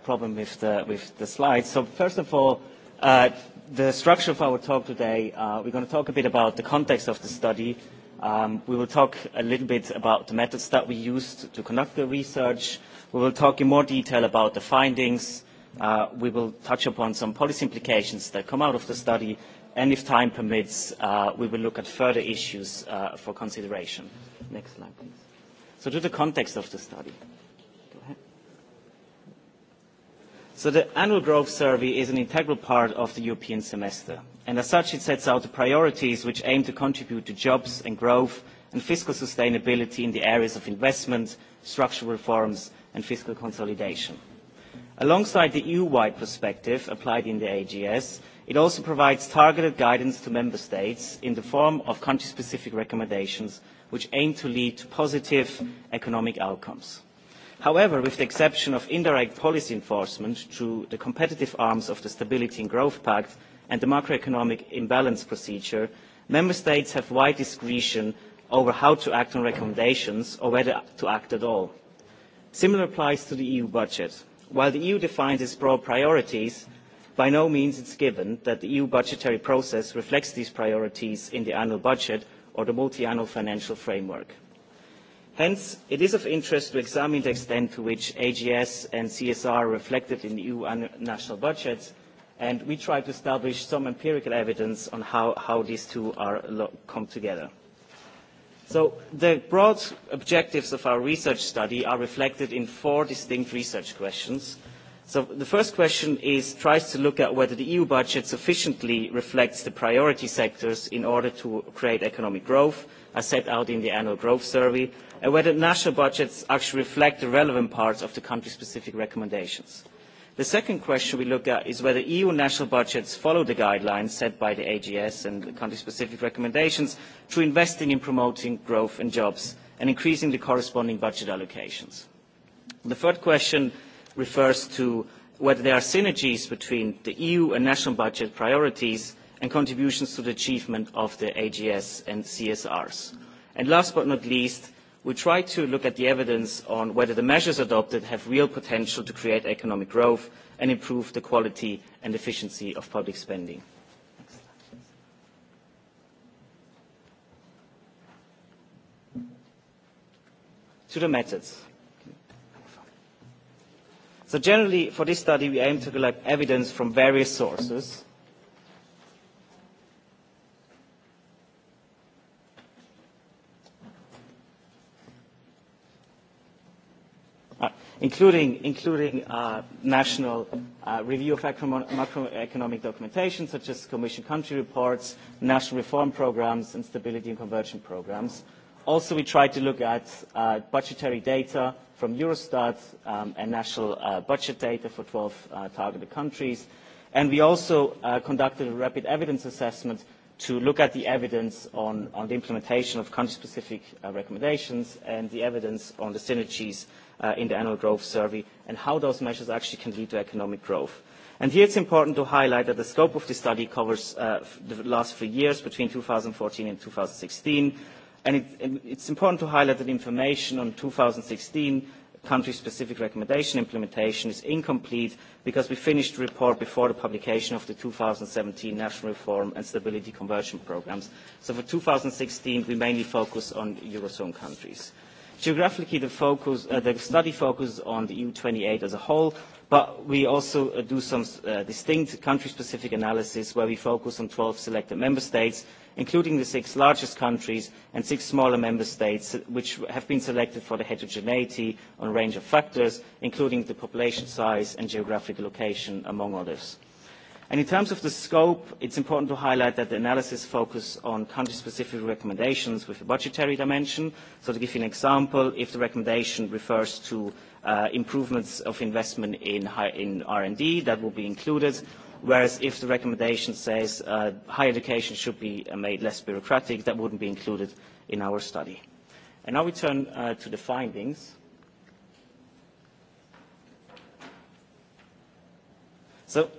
problem with the with the slides. So first of all, uh, the structure of our talk today, uh, we're going to talk a bit about the context of the study. Um, we will talk a little bit about the methods that we used to conduct the research. We will talk in more detail about the findings. Uh, we will touch upon some policy implications that come out of the study, and if time permits, uh, we will look at further issues uh, for consideration. Next slide, please. So to the context of the study. Go ahead. So the annual growth survey is an integral part of the European semester, and as such it sets out the priorities which aim to contribute to jobs and growth and fiscal sustainability in the areas of investment, structural reforms and fiscal consolidation. Alongside the EU-wide perspective applied in the AGS, it also provides targeted guidance to member states in the form of country-specific recommendations which aim to lead to positive economic outcomes. However, with the exception of indirect policy enforcement through the competitive arms of the Stability and Growth Pact and the macroeconomic imbalance procedure, member states have wide discretion over how to act on recommendations or whether to act at all. Similar applies to the EU budget. While the EU defines its broad priorities, by no means is it given that the EU budgetary process reflects these priorities in the annual budget or the multiannual financial framework. Hence, it is of interest to examine the extent to which AGS and CSR are reflected in the EU national budgets, and we try to establish some empirical evidence on how, how these two are come together. So the broad objectives of our research study are reflected in four distinct research questions. So the first question is, tries to look at whether the EU budget sufficiently reflects the priority sectors in order to create economic growth, as set out in the annual growth survey, and whether national budgets actually reflect the relevant parts of the country-specific recommendations. The second question we look at is whether EU national budgets follow the guidelines set by the AGS and the country-specific recommendations through investing in promoting growth and jobs and increasing the corresponding budget allocations. The third question refers to whether there are synergies between the EU and national budget priorities and contributions to the achievement of the AGS and CSRs. And last but not least, we try to look at the evidence on whether the measures adopted have real potential to create economic growth and improve the quality and efficiency of public spending. To the methods. So generally, for this study, we aim to collect evidence from various sources including, including uh, national uh, review of macroeconomic documentation, such as Commission country reports, national reform programs, and stability and conversion programs. Also, we tried to look at uh, budgetary data from Eurostat um, and national uh, budget data for 12 uh, targeted countries. And we also uh, conducted a rapid evidence assessment to look at the evidence on, on the implementation of country-specific uh, recommendations and the evidence on the synergies uh, in the annual growth survey and how those measures actually can lead to economic growth. And here it's important to highlight that the scope of this study covers uh, the last three years between 2014 and 2016, and it, and it's important to highlight that information on 2016 country-specific recommendation implementation is incomplete because we finished the report before the publication of the 2017 National Reform and Stability Conversion Programs. So for 2016, we mainly focus on Eurozone countries. Geographically, the, focus, uh, the study focuses on the EU28 as a whole, but we also uh, do some uh, distinct country-specific analysis where we focus on 12 selected member states including the six largest countries and six smaller member states, which have been selected for the heterogeneity on a range of factors, including the population size and geographic location, among others. And in terms of the scope, it's important to highlight that the analysis focuses on country-specific recommendations with a budgetary dimension. So to give you an example, if the recommendation refers to uh, improvements of investment in, in R&D, that will be included whereas if the recommendation says uh, higher education should be uh, made less bureaucratic, that wouldn't be included in our study. And now we turn uh, to the findings. So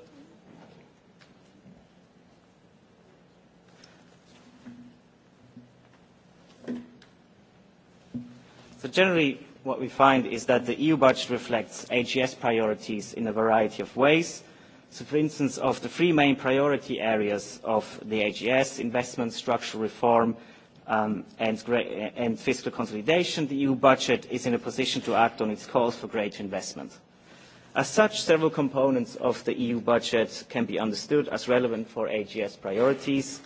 So generally, what we find is that the EU budget reflects AGS e priorities in a variety of ways, So for instance, of the three main priority areas of the AGS, investment, structural reform, um, and, and fiscal consolidation, the EU budget is in a position to act on its calls for greater investment. As such, several components of the EU budget can be understood as relevant for AGS priorities.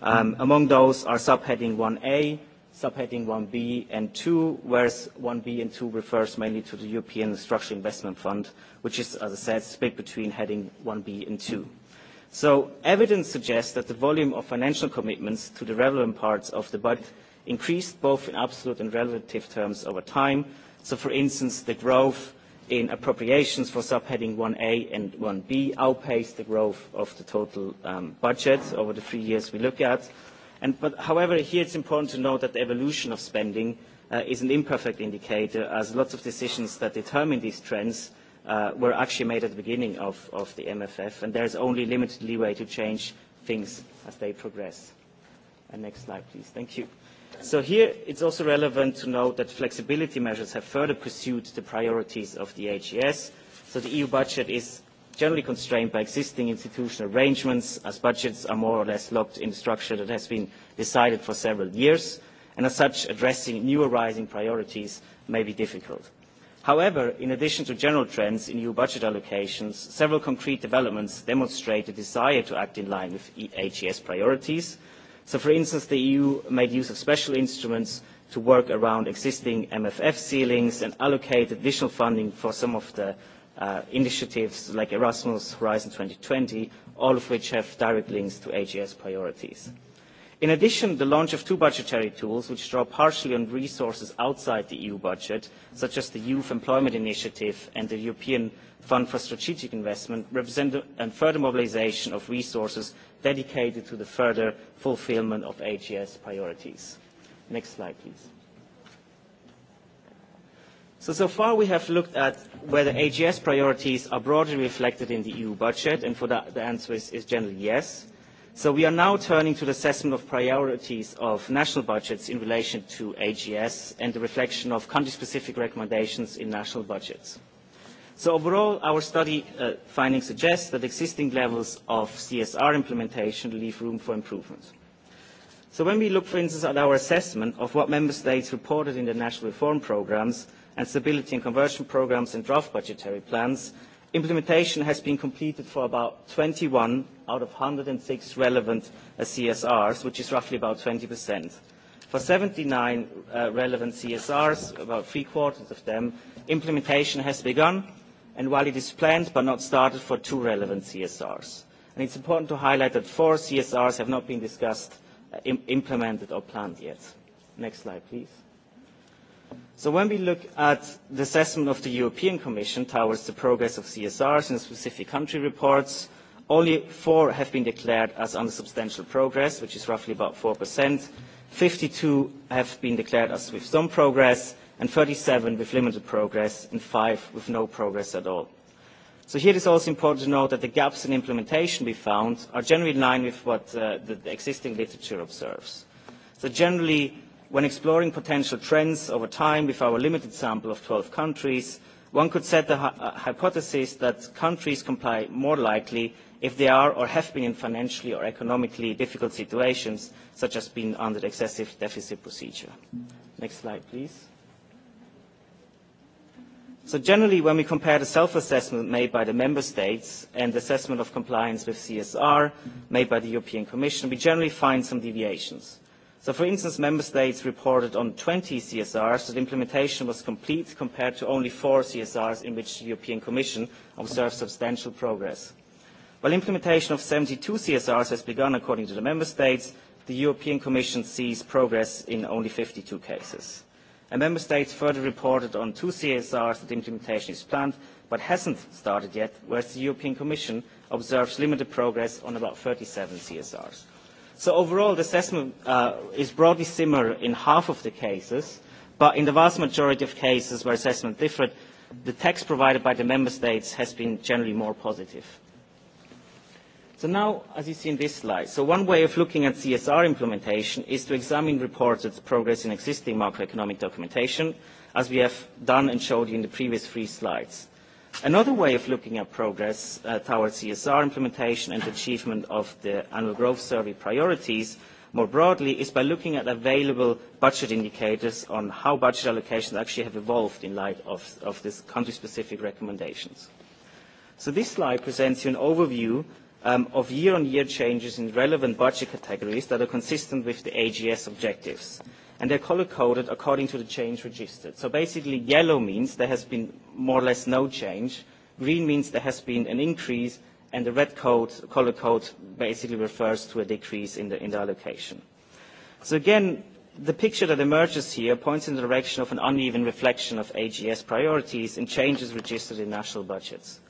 Um, among those are subheading 1A, subheading 1b and 2, whereas 1b and 2 refers mainly to the European Structural Investment Fund, which is, as I said, split between heading 1b and 2. So evidence suggests that the volume of financial commitments to the relevant parts of the budget increased both in absolute and relative terms over time. So for instance, the growth in appropriations for subheading 1A and 1B outpaced the growth of the total um, budget over the three years we look at. And, but, however, here it's important to note that the evolution of spending uh, is an imperfect indicator, as lots of decisions that determine these trends uh, were actually made at the beginning of, of the MFF, and there is only limited leeway to change things as they progress. And next slide, please. Thank you. So here it's also relevant to note that flexibility measures have further pursued the priorities of the AGS. E so the EU budget is generally constrained by existing institutional arrangements as budgets are more or less locked in a structure that has been decided for several years and as such addressing new arising priorities may be difficult. However, in addition to general trends in EU budget allocations, several concrete developments demonstrate a desire to act in line with e-, HES priorities. So for instance, the EU made use of special instruments to work around existing MFF ceilings and allocate additional funding for some of the uh, initiatives like Erasmus, Horizon 2020, all of which have direct links to AGS priorities. In addition, the launch of two budgetary tools which draw partially on resources outside the EU budget, such as the Youth Employment Initiative and the European Fund for Strategic Investment, represent a further mobilization of resources dedicated to the further fulfillment of AGS priorities. Next slide, please. So, so far we have looked at whether AGS priorities are broadly reflected in the EU budget, and for that the answer is, is generally yes. So we are now turning to the assessment of priorities of national budgets in relation to AGS and the reflection of country-specific recommendations in national budgets. So overall, our study uh, findings suggest that existing levels of CSR implementation leave room for improvement. So when we look, for instance, at our assessment of what member states reported in the national reform programs, and stability and conversion programmes and draft budgetary plans, implementation has been completed for about 21 out of 106 relevant uh, CSRs, which is roughly about 20%. For 79 uh, relevant CSRs, about three quarters of them, implementation has begun, and while it is planned but not started for two relevant CSRs. And it's important to highlight that four CSRs have not been discussed, uh, im implemented or planned yet. Next slide, please. So when we look at the assessment of the European Commission towards the progress of CSRs in specific country reports, only four have been declared as under substantial progress, which is roughly about 4%. 52 have been declared as with some progress, and 37 with limited progress, and five with no progress at all. So here it is also important to note that the gaps in implementation we found are generally in line with what uh, the, the existing literature observes. So generally, When exploring potential trends over time with our limited sample of 12 countries, one could set the uh, hypothesis that countries comply more likely if they are or have been in financially or economically difficult situations, such as being under the excessive deficit procedure. Next slide, please. So generally, when we compare the self-assessment made by the member states and the assessment of compliance with CSR made by the European Commission, we generally find some deviations. So, for instance, member states reported on 20 CSRs that implementation was complete compared to only four CSRs in which the European Commission observed substantial progress. While implementation of 72 CSRs has begun according to the member states, the European Commission sees progress in only 52 cases. And member states further reported on two CSRs that implementation is planned but hasn't started yet, whereas the European Commission observes limited progress on about 37 CSRs. So overall, the assessment uh, is broadly similar in half of the cases, but in the vast majority of cases where assessment differed, the text provided by the member states has been generally more positive. So now, as you see in this slide, so one way of looking at CSR implementation is to examine reported progress in existing macroeconomic documentation, as we have done and showed you in the previous three slides. Another way of looking at progress uh, towards CSR implementation and achievement of the annual growth survey priorities more broadly is by looking at available budget indicators on how budget allocations actually have evolved in light of, of this country-specific recommendations. So this slide presents you an overview um, of year-on-year -year changes in relevant budget categories that are consistent with the AGS objectives and they're color-coded according to the change registered. So basically, yellow means there has been more or less no change, green means there has been an increase, and the red code, color code basically refers to a decrease in the, in the allocation. So again, the picture that emerges here points in the direction of an uneven reflection of AGS priorities and changes registered in national budgets.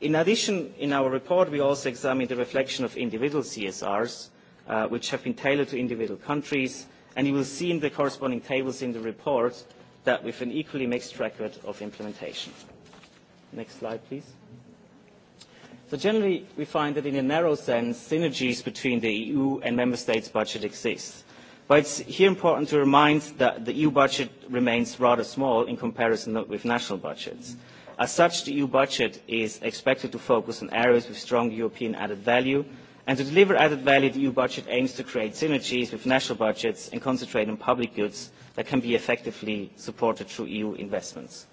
In addition, in our report, we also examine the reflection of individual CSRs, uh, which have been tailored to individual countries, and you will see in the corresponding tables in the report that with an equally mixed record of implementation. Next slide, please. So generally, we find that in a narrow sense, synergies between the EU and member states' budget exist. But it's here important to remind that the EU budget remains rather small in comparison with national budgets. As such, the EU budget is expected to focus on areas with strong European added value, And to deliver added value, the EU budget aims to create synergies with national budgets and concentrate on public goods that can be effectively supported through EU investments.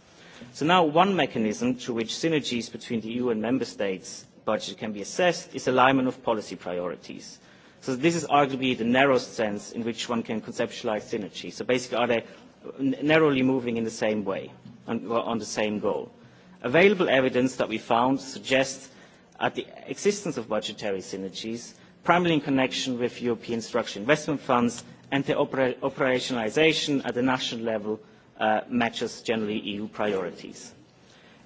So now one mechanism through which synergies between the EU and member states budget can be assessed is alignment of policy priorities. So this is arguably the narrowest sense in which one can conceptualize synergy. So basically, are they narrowly moving in the same way, on, on the same goal? Available evidence that we found suggests at the existence of budgetary synergies, primarily in connection with European structural investment funds and their oper operationalisation at the national level uh, matches generally EU priorities.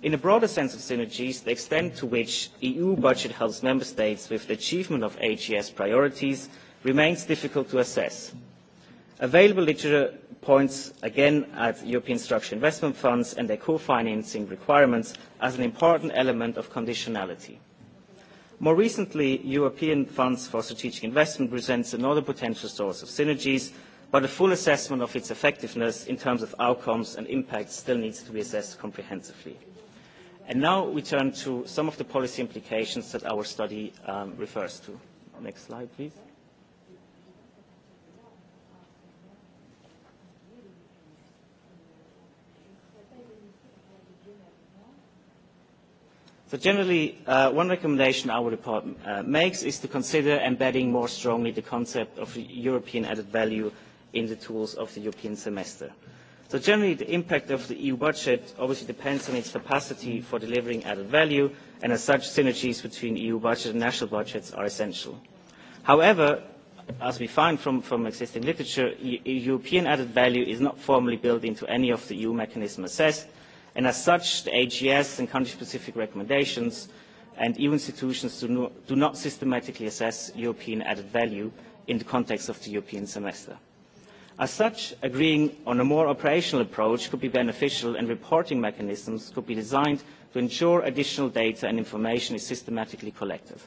In a broader sense of synergies, the extent to which EU budget helps Member States with the achievement of AGS priorities remains difficult to assess. Available literature points again at European structural investment funds and their co-financing requirements as an important element of conditionality. More recently, European Funds for Strategic Investment presents another potential source of synergies, but a full assessment of its effectiveness in terms of outcomes and impacts still needs to be assessed comprehensively. And now we turn to some of the policy implications that our study um, refers to. Next slide, please. But generally, uh, one recommendation our report uh, makes is to consider embedding more strongly the concept of European added value in the tools of the European semester. So generally, the impact of the EU budget obviously depends on its capacity for delivering added value, and as such, synergies between EU budget and national budgets are essential. However, as we find from, from existing literature, e European added value is not formally built into any of the EU mechanisms assessed, And as such, the AGS and country-specific recommendations and EU institutions do, no, do not systematically assess European added value in the context of the European semester. As such, agreeing on a more operational approach could be beneficial and reporting mechanisms could be designed to ensure additional data and information is systematically collected.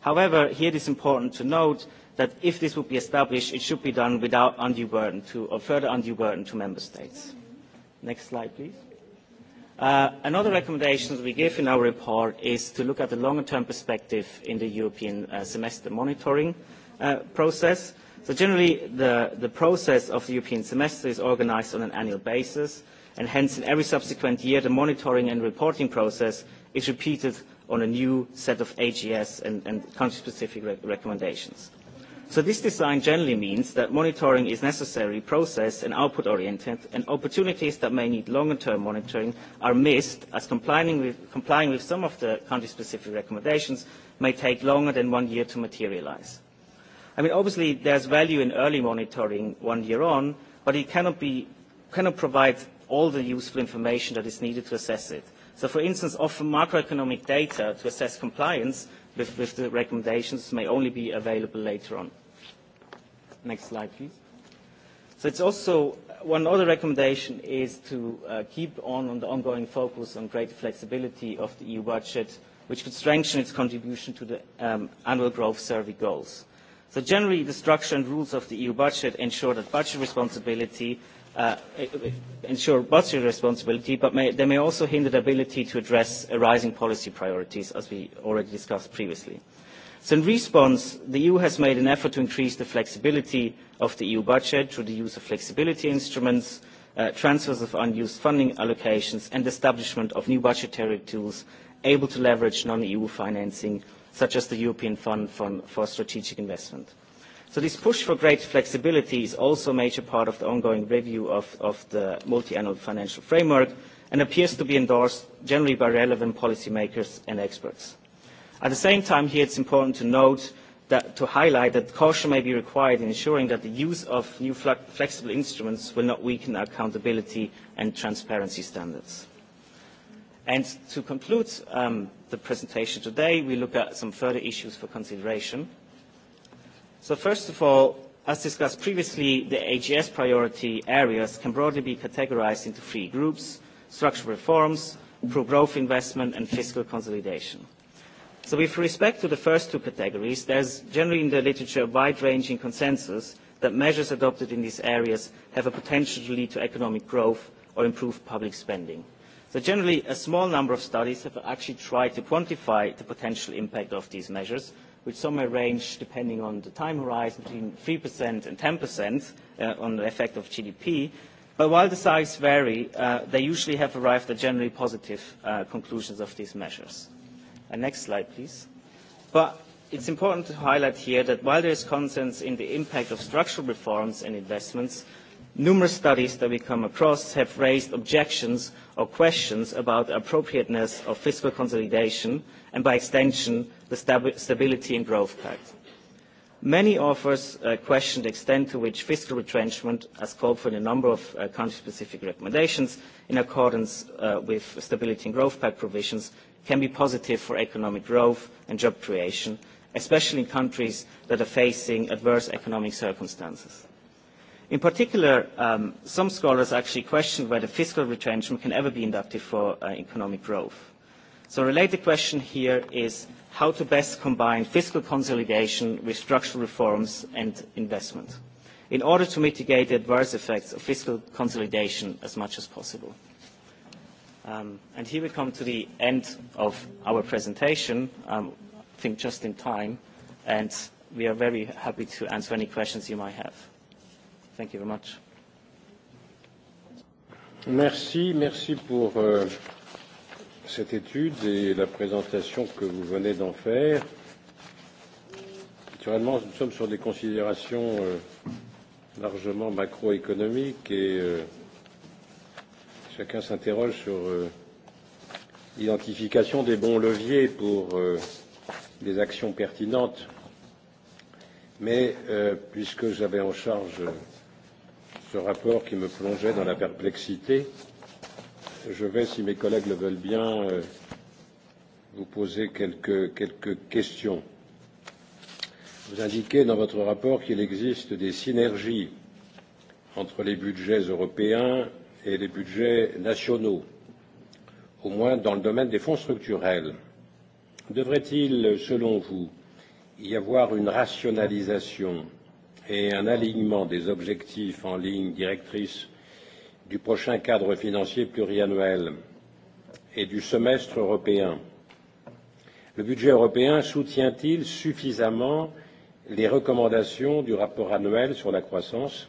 However, here it is important to note that if this would be established, it should be done without undue burden to, or further undue burden to member states. Next slide, please. Uh, another recommendation that we give in our report is to look at the longer-term perspective in the European uh, semester monitoring uh, process. So generally, the, the process of the European semester is organized on an annual basis, and hence in every subsequent year, the monitoring and reporting process is repeated on a new set of AGS and, and country-specific re recommendations. So this design generally means that monitoring is necessary, process and output oriented, and opportunities that may need longer term monitoring are missed as complying with, complying with some of the country specific recommendations may take longer than one year to materialize. I mean, obviously there's value in early monitoring one year on, but it cannot, be, cannot provide all the useful information that is needed to assess it. So for instance, often macroeconomic data to assess compliance with, with the recommendations may only be available later on. Next slide, please. So it's also uh, one other recommendation is to uh, keep on on the ongoing focus on greater flexibility of the EU budget, which could strengthen its contribution to the um, annual growth survey goals. So generally, the structure and rules of the EU budget ensure that budget responsibility uh, ensure what's your responsibility, but may, they may also hinder the ability to address arising policy priorities, as we already discussed previously. So in response, the EU has made an effort to increase the flexibility of the EU budget through the use of flexibility instruments, uh, transfers of unused funding allocations, and establishment of new budgetary tools able to leverage non-EU financing, such as the European Fund for Strategic Investment. So this push for greater flexibility is also a major part of the ongoing review of, of the multi-annual financial framework and appears to be endorsed generally by relevant policymakers and experts. At the same time, here it's important to note that, to highlight that caution may be required in ensuring that the use of new flexible instruments will not weaken our accountability and transparency standards. And to conclude um, the presentation today, we look at some further issues for consideration. So first of all, as discussed previously, the AGS priority areas can broadly be categorized into three groups, structural reforms, pro-growth investment and fiscal consolidation. So with respect to the first two categories, there is generally in the literature a wide-ranging consensus that measures adopted in these areas have a potential to lead to economic growth or improve public spending. So generally, a small number of studies have actually tried to quantify the potential impact of these measures, which somewhere range, depending on the time horizon, between 3% and 10% uh, on the effect of GDP. But while the size vary, uh, they usually have arrived at generally positive uh, conclusions of these measures. And next slide, please. But it's important to highlight here that while there is consensus in the impact of structural reforms and investments, numerous studies that we come across have raised objections or questions about the appropriateness of fiscal consolidation and by extension the Stability and Growth Pact. Many authors uh, question the extent to which fiscal retrenchment has called for in a number of uh, country-specific recommendations in accordance uh, with Stability and Growth Pact provisions can be positive for economic growth and job creation, especially in countries that are facing adverse economic circumstances. In particular, um, some scholars actually question whether fiscal retrenchment can ever be inductive for uh, economic growth. So a related question here is how to best combine fiscal consolidation with structural reforms and investment in order to mitigate the adverse effects of fiscal consolidation as much as possible. Um, and here we come to the end of our presentation, um, I think just in time, and we are very happy to answer any questions you might have. Thank you very much. Merci, merci pour uh cette étude et la présentation que vous venez d'en faire. Naturellement, nous sommes sur des considérations euh, largement macroéconomiques et euh, chacun s'interroge sur euh, l'identification des bons leviers pour des actions pertinentes. Mais puisque j'avais en charge ce rapport qui me plongeait dans la perplexité, je vais, si mes collègues le veulent bien, euh, vous poser quelques, quelques questions. Vous indiquez dans votre rapport qu'il existe des synergies entre les budgets européens et les budgets nationaux, au moins dans le domaine des fonds structurels. Devrait-il, selon vous, y avoir une rationalisation et un alignement des objectifs en ligne directrice du prochain cadre financier pluriannuel et du semestre européen. Le budget européen soutient-il suffisamment les recommandations du rapport annuel sur la croissance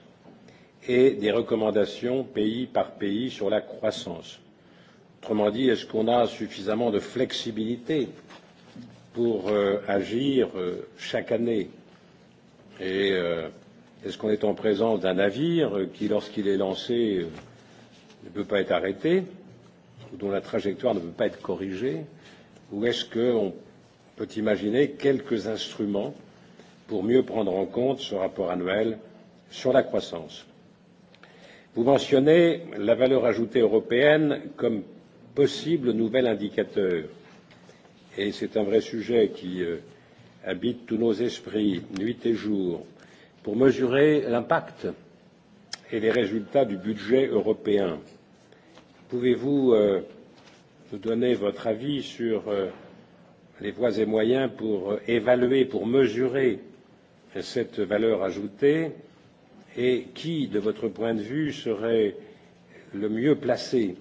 et des recommandations pays par pays sur la croissance Autrement dit, est-ce qu'on a suffisamment de flexibilité pour euh, agir euh, chaque année Et euh, est-ce qu'on est en présence d'un navire qui, lorsqu'il est lancé, euh, ne peut pas être arrêtée, ou dont la trajectoire ne peut pas être corrigée, ou est-ce qu'on peut imaginer quelques instruments pour mieux prendre en compte ce rapport annuel sur la croissance Vous mentionnez la valeur ajoutée européenne comme possible nouvel indicateur, et c'est un vrai sujet qui euh, habite tous nos esprits, nuit et jour, pour mesurer l'impact euh, et les résultats du budget européen. Pouvez-vous euh, nous donner votre avis sur euh, les voies et moyens pour euh, évaluer, pour mesurer cette valeur ajoutée et qui, de votre point de vue, serait le mieux placé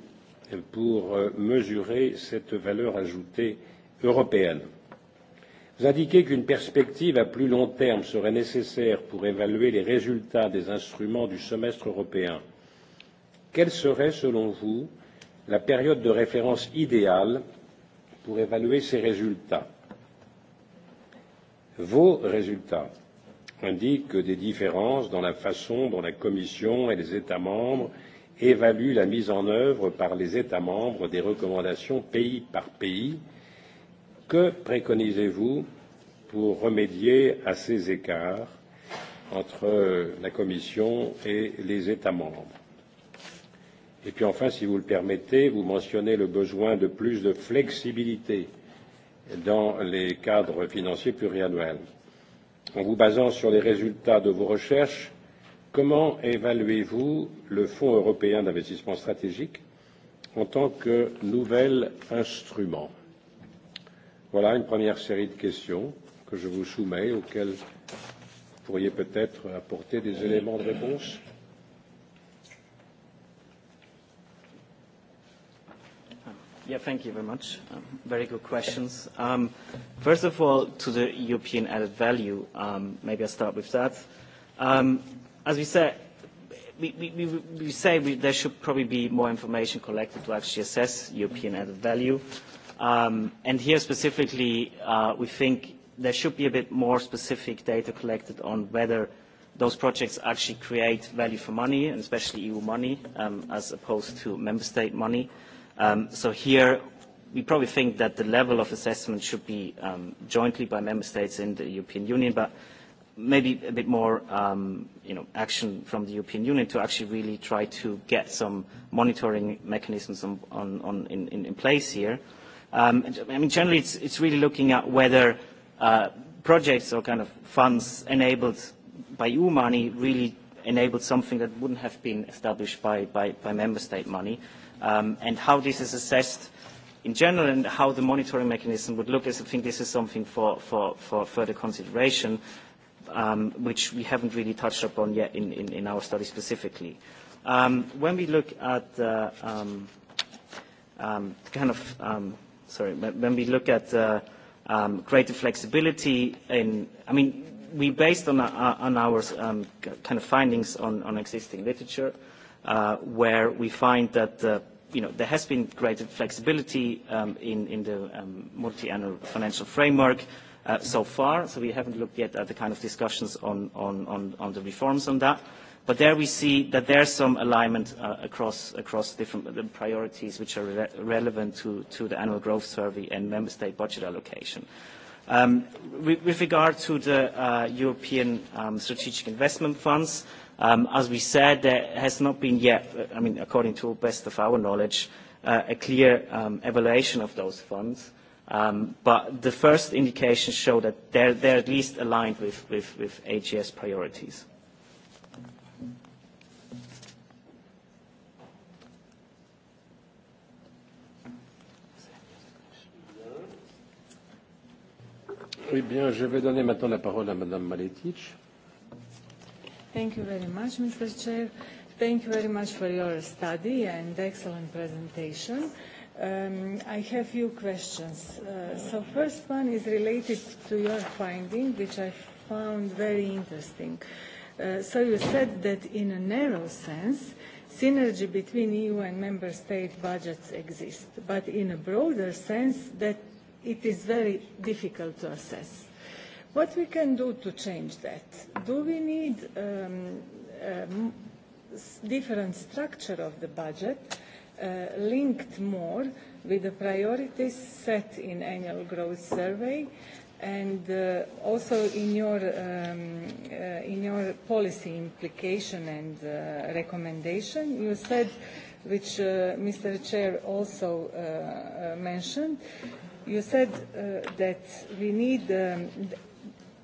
pour euh, mesurer cette valeur ajoutée européenne Vous indiquez qu'une perspective à plus long terme serait nécessaire pour évaluer les résultats des instruments du semestre européen. Quelle serait, selon vous, la période de référence idéale pour évaluer ces résultats Vos résultats indiquent des différences dans la façon dont la Commission et les États membres évaluent la mise en œuvre par les États membres des recommandations pays par pays, Que préconisez-vous pour remédier à ces écarts entre la Commission et les États membres Et puis enfin, si vous le permettez, vous mentionnez le besoin de plus de flexibilité dans les cadres financiers pluriannuels. En vous basant sur les résultats de vos recherches, comment évaluez-vous le Fonds européen d'investissement stratégique en tant que nouvel instrument Voilà une première série de questions que je vous soumets, auxquelles vous pourriez peut-être apporter des éléments de réponse. Yeah, thank you very much. Um, very good questions. Um, first of all, to the European added value, um, maybe I'll start with that. Um, as we said, we, we, we say we, there should probably be more information collected to actually assess European added value. Um, and here specifically, uh, we think there should be a bit more specific data collected on whether those projects actually create value for money, and especially EU money, um, as opposed to member state money. Um, so here, we probably think that the level of assessment should be um, jointly by member states in the European Union, but maybe a bit more um, you know, action from the European Union to actually really try to get some monitoring mechanisms on, on, on in, in place here. Um, I mean, generally, it's, it's really looking at whether uh, projects or kind of funds enabled by EU money really enabled something that wouldn't have been established by, by, by member state money, um, and how this is assessed in general and how the monitoring mechanism would look as I think this is something for, for, for further consideration, um, which we haven't really touched upon yet in, in, in our study specifically. Um, when we look at the uh, um, um, kind of um, sorry, when we look at uh, um, greater flexibility in, I mean, we based on, uh, on our um, kind of findings on, on existing literature, uh, where we find that, uh, you know, there has been greater flexibility um, in, in the um, multi-annual financial framework uh, so far, so we haven't looked yet at the kind of discussions on, on, on, on the reforms on that. But there we see that there's some alignment uh, across, across different uh, priorities which are re relevant to, to the annual growth survey and member state budget allocation. Um, with regard to the uh, European um, strategic investment funds, um, as we said, there has not been yet, uh, I mean, according to best of our knowledge, uh, a clear um, evaluation of those funds. Um, but the first indications show that they're, they're at least aligned with, with, with AGS priorities. Oui, eh bien, je vais donner maintenant la parole à Madame Maletic. Thank you very much, Mr. Chair. Thank you very much for your study and excellent presentation. Um, I have few questions. Uh, so first one is related to your finding, which I found very interesting. Uh, so you said that in a narrow sense, synergy between EU and member state budgets exists, but in a broader sense, that it is very difficult to assess. What we can do to change that? Do we need um, um, different structure of the budget uh, linked more with the priorities set in annual growth survey and uh, also in your, um, uh, in your policy implication and uh, recommendation, you said, which uh, Mr. Chair also uh, uh, mentioned, you said uh, that we need um,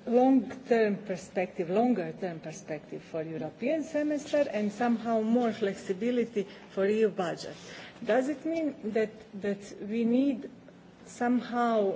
long-term perspective, longer-term perspective for European semester and somehow more flexibility for EU budget. Does it mean that, that we need somehow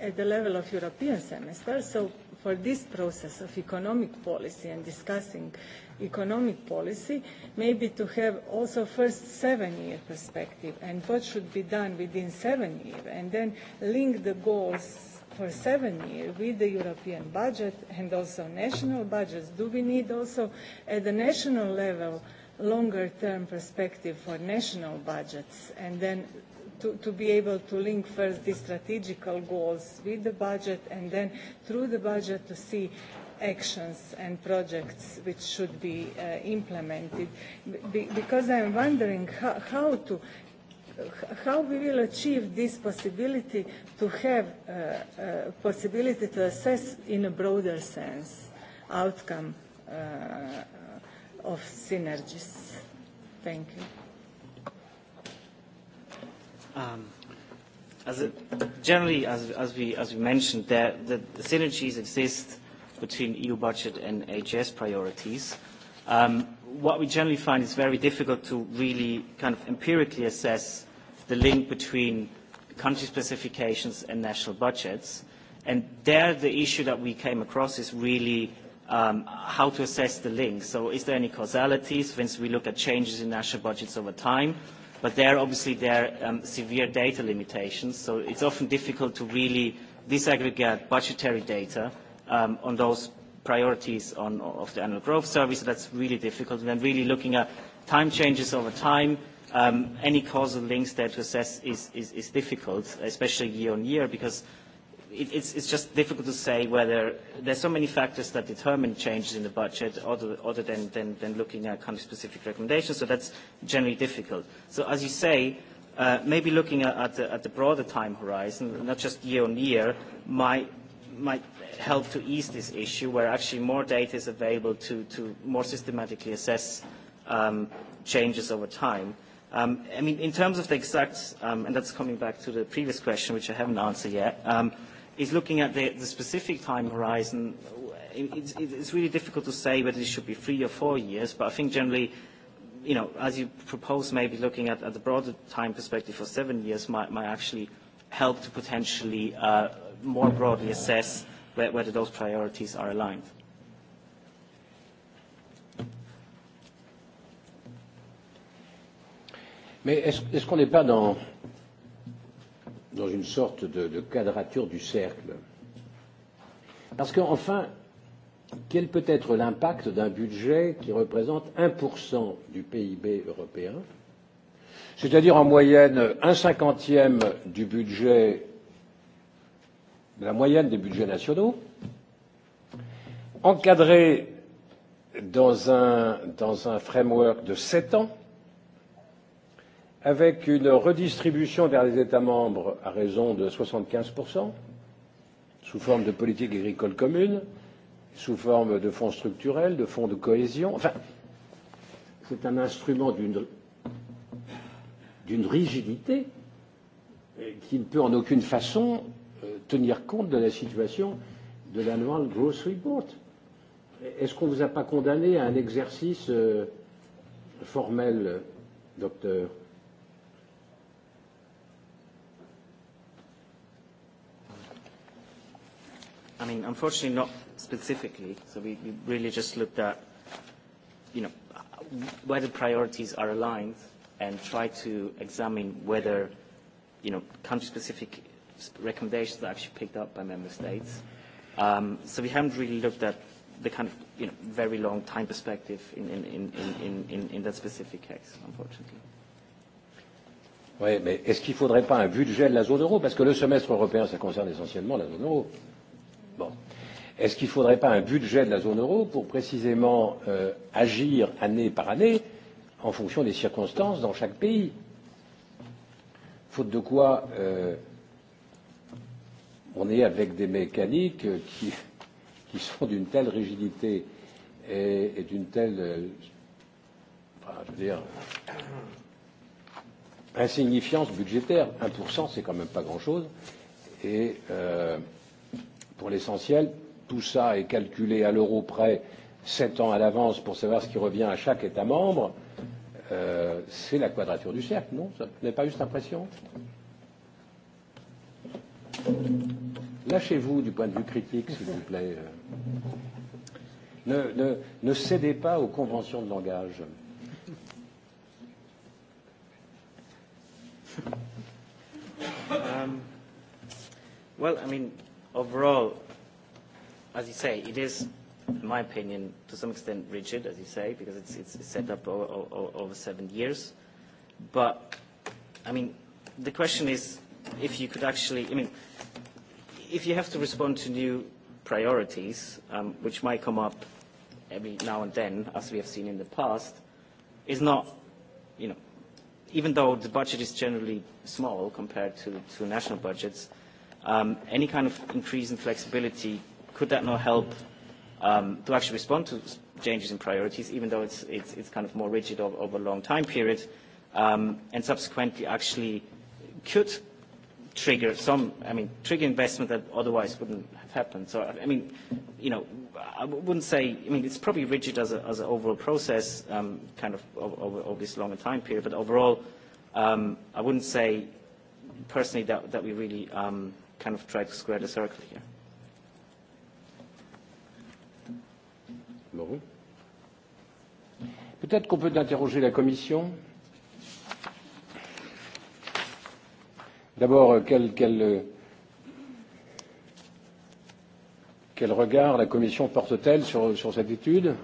at the level of European semester, so for this process of economic policy and discussing uh, economic policy, maybe to have also first seven-year perspective and what should be done within seven years, and then link the goals for seven years with the European budget and also national budgets? Do we need also at the national level longer term perspective for national budgets and then to, to be able to link first the strategical goals with the budget and then through the budget to see actions and projects which should be uh, implemented be because I'm wondering how, how to how we will achieve this possibility to have uh, uh, possibility to assess in a broader sense outcome uh, of synergies. Thank you. Um, as a, generally, as, as, we, as we mentioned, that the, the synergies exist between EU budget and AGS priorities. Um, what we generally find is very difficult to really kind of empirically assess the link between country specifications and national budgets. And there the issue that we came across is really um, how to assess the link. So is there any causality, since we look at changes in national budgets over time, but there obviously there are um, severe data limitations, so it's often difficult to really disaggregate budgetary data um, on those priorities on, of the annual growth survey, so that's really difficult. And then really looking at time changes over time, um, any causal links there to assess is, is, is difficult, especially year on year, because it, it's, it's just difficult to say whether there's so many factors that determine changes in the budget other, other than, than, than looking at country-specific recommendations, so that's generally difficult. So as you say, uh, maybe looking at, at, the, at the broader time horizon, not just year on year, might might help to ease this issue where actually more data is available to, to more systematically assess um, changes over time. Um, I mean, in terms of the exact, um, and that's coming back to the previous question, which I haven't answered yet, um, is looking at the, the specific time horizon. It's, it's really difficult to say whether it should be three or four years, but I think generally, you know, as you propose, maybe looking at, at the broader time perspective for seven years might, might actually help to potentially uh, more broadly assess whether those priorities are aligned. Mais est-ce est, qu'on n'est pas dans, dans une sorte de, de quadrature du cercle Parce qu'enfin, quel peut être l'impact d'un budget qui représente 1% du PIB européen, c'est-à-dire en moyenne un cinquantième du budget la moyenne des budgets nationaux, encadré dans un, dans un framework de 7 ans, avec une redistribution vers les États membres à raison de 75%, sous forme de politique agricole commune, sous forme de fonds structurels, de fonds de cohésion. Enfin, c'est un instrument d'une rigidité euh, qui ne peut en aucune façon tenir compte de la situation de l'annual growth report. Est-ce qu'on vous a pas condamné à un exercice euh, formel, docteur I mean, unfortunately not specifically. So we, we really just looked at, you know, whether priorities are aligned and try to examine whether, you know, country-specific recommendations that are actually picked up by member states. Um, so we haven't really looked at the kind of you know, very long time perspective in, in, in, in, in, in that specific case, unfortunately. Oui, mais est-ce qu'il ne faudrait pas un budget de la zone euro Parce que le semestre européen, ça concerne essentiellement la zone euro. Bon. Est-ce qu'il ne faudrait pas un budget de la zone euro pour précisément euh, agir année par année en fonction des circonstances dans chaque pays Faute de quoi, euh, on est avec des mécaniques euh, qui, *laughs* qui sont d'une telle rigidité et, et d'une telle, euh, enfin, je veux dire, insignifiance budgétaire. 1%, c'est quand même pas grand-chose. Et euh, pour l'essentiel, tout ça est calculé à l'euro près, 7 ans à l'avance pour savoir ce qui revient à chaque État membre. Euh, c'est la quadrature du cercle, non Vous n'avez pas juste impression Thank you. Lâchez-vous du point de vue critique, s'il vous plaît. Ne, ne, ne cédez pas aux conventions de langage. Um, well, I mean, overall, as you say, it is, in my opinion, to some extent rigid, as you say, because it's, it's set up over, over, over seven years. But, I mean, the question is if you could actually, I mean, if you have to respond to new priorities, um, which might come up every now and then, as we have seen in the past, is not, you know, even though the budget is generally small compared to, to national budgets, um, any kind of increase in flexibility, could that not help um, to actually respond to changes in priorities, even though it's, it's, it's kind of more rigid over, over a long time period, um, and subsequently actually could trigger some, I mean, trigger investment that otherwise wouldn't have happened. So, I mean, you know, I wouldn't say, I mean, it's probably rigid as, a, as an overall process, um, kind of over, over this longer time period, but overall, um, I wouldn't say personally that, that we really um, kind of try to square the circle here. Peut-être qu'on peut interroger la Commission D'abord, quel, quel, quel regard la Commission porte-t-elle sur, sur cette étude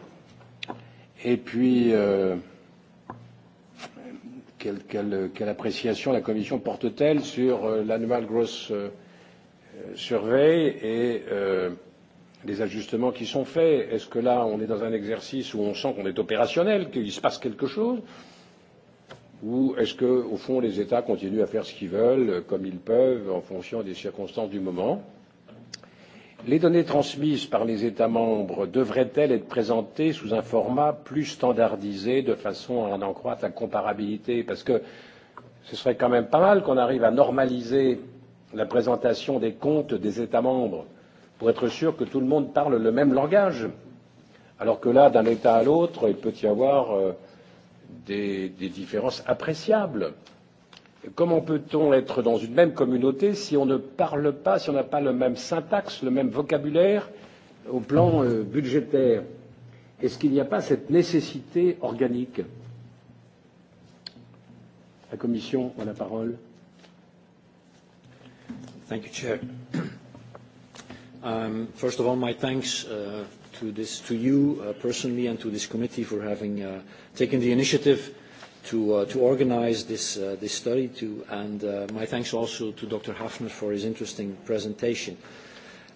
Et puis, euh, quelle, quel, quelle appréciation la Commission porte-t-elle sur euh, l'Animal Gross euh, Survey et euh, les ajustements qui sont faits Est-ce que là, on est dans un exercice où on sent qu'on est opérationnel, qu'il se passe quelque chose Ou est-ce que, au fond, les États continuent à faire ce qu'ils veulent, euh, comme ils peuvent, en fonction des circonstances du moment Les données transmises par les États membres devraient-elles être présentées sous un format plus standardisé de façon à en croître la comparabilité Parce que ce serait quand même pas mal qu'on arrive à normaliser la présentation des comptes des États membres pour être sûr que tout le monde parle le même langage. Alors que là, d'un État à l'autre, il peut y avoir. Euh, des, des différences appréciables. Comment peut-on être dans une même communauté si on ne parle pas, si on n'a pas le même syntaxe, le même vocabulaire au plan euh, budgétaire Est-ce qu'il n'y a pas cette nécessité organique La Commission a la parole. Thank you, Chair. *clears throat* Um, first of all, my thanks uh, to, this, to you uh, personally and to this committee for having uh, taken the initiative to, uh, to organize this, uh, this study to, and uh, my thanks also to Dr. Hafner for his interesting presentation.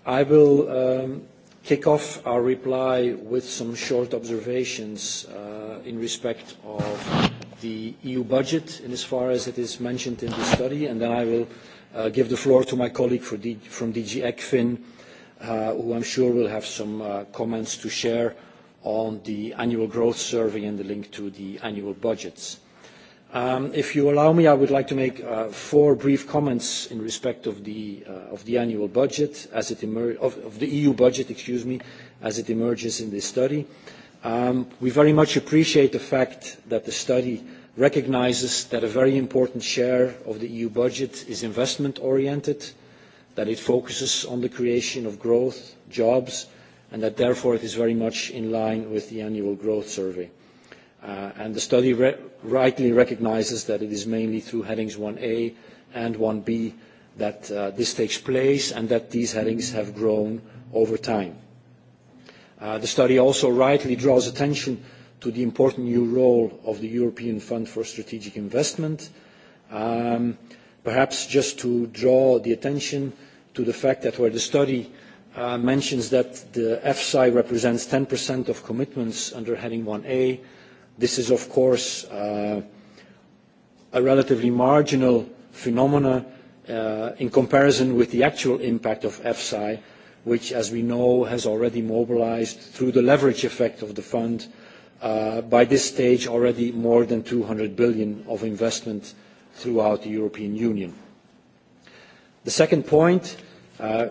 I will um, kick off our reply with some short observations uh, in respect of the EU budget in as far as it is mentioned in the study, and then I will uh, give the floor to my colleague for D from DG ECFIN uh, who I'm sure will have some uh, comments to share on the annual growth survey and the link to the annual budgets. Um, if you allow me, I would like to make uh, four brief comments in respect of the, uh, of the annual budget, as it emer of, of the EU budget, excuse me, as it emerges in this study. Um, we very much appreciate the fact that the study recognizes that a very important share of the EU budget is investment-oriented, uh, that it focuses on the creation of growth, jobs, and that therefore it is very much in line with the annual growth survey. Uh, and the study re rightly recognizes that it is mainly through headings 1A and 1B that uh, this takes place and that these headings have grown over time. Uh, the study also rightly draws attention to the important new role of the European Fund for Strategic Investment. Um, perhaps just to draw the attention to the fact that where the study uh, mentions that the FSI represents 10% of commitments under heading 1A, this is of course uh, a relatively marginal phenomena uh, in comparison with the actual impact of FSI, which as we know has already mobilized through the leverage effect of the fund uh, by this stage already more than 200 billion of investment throughout the European Union. The second point, uh,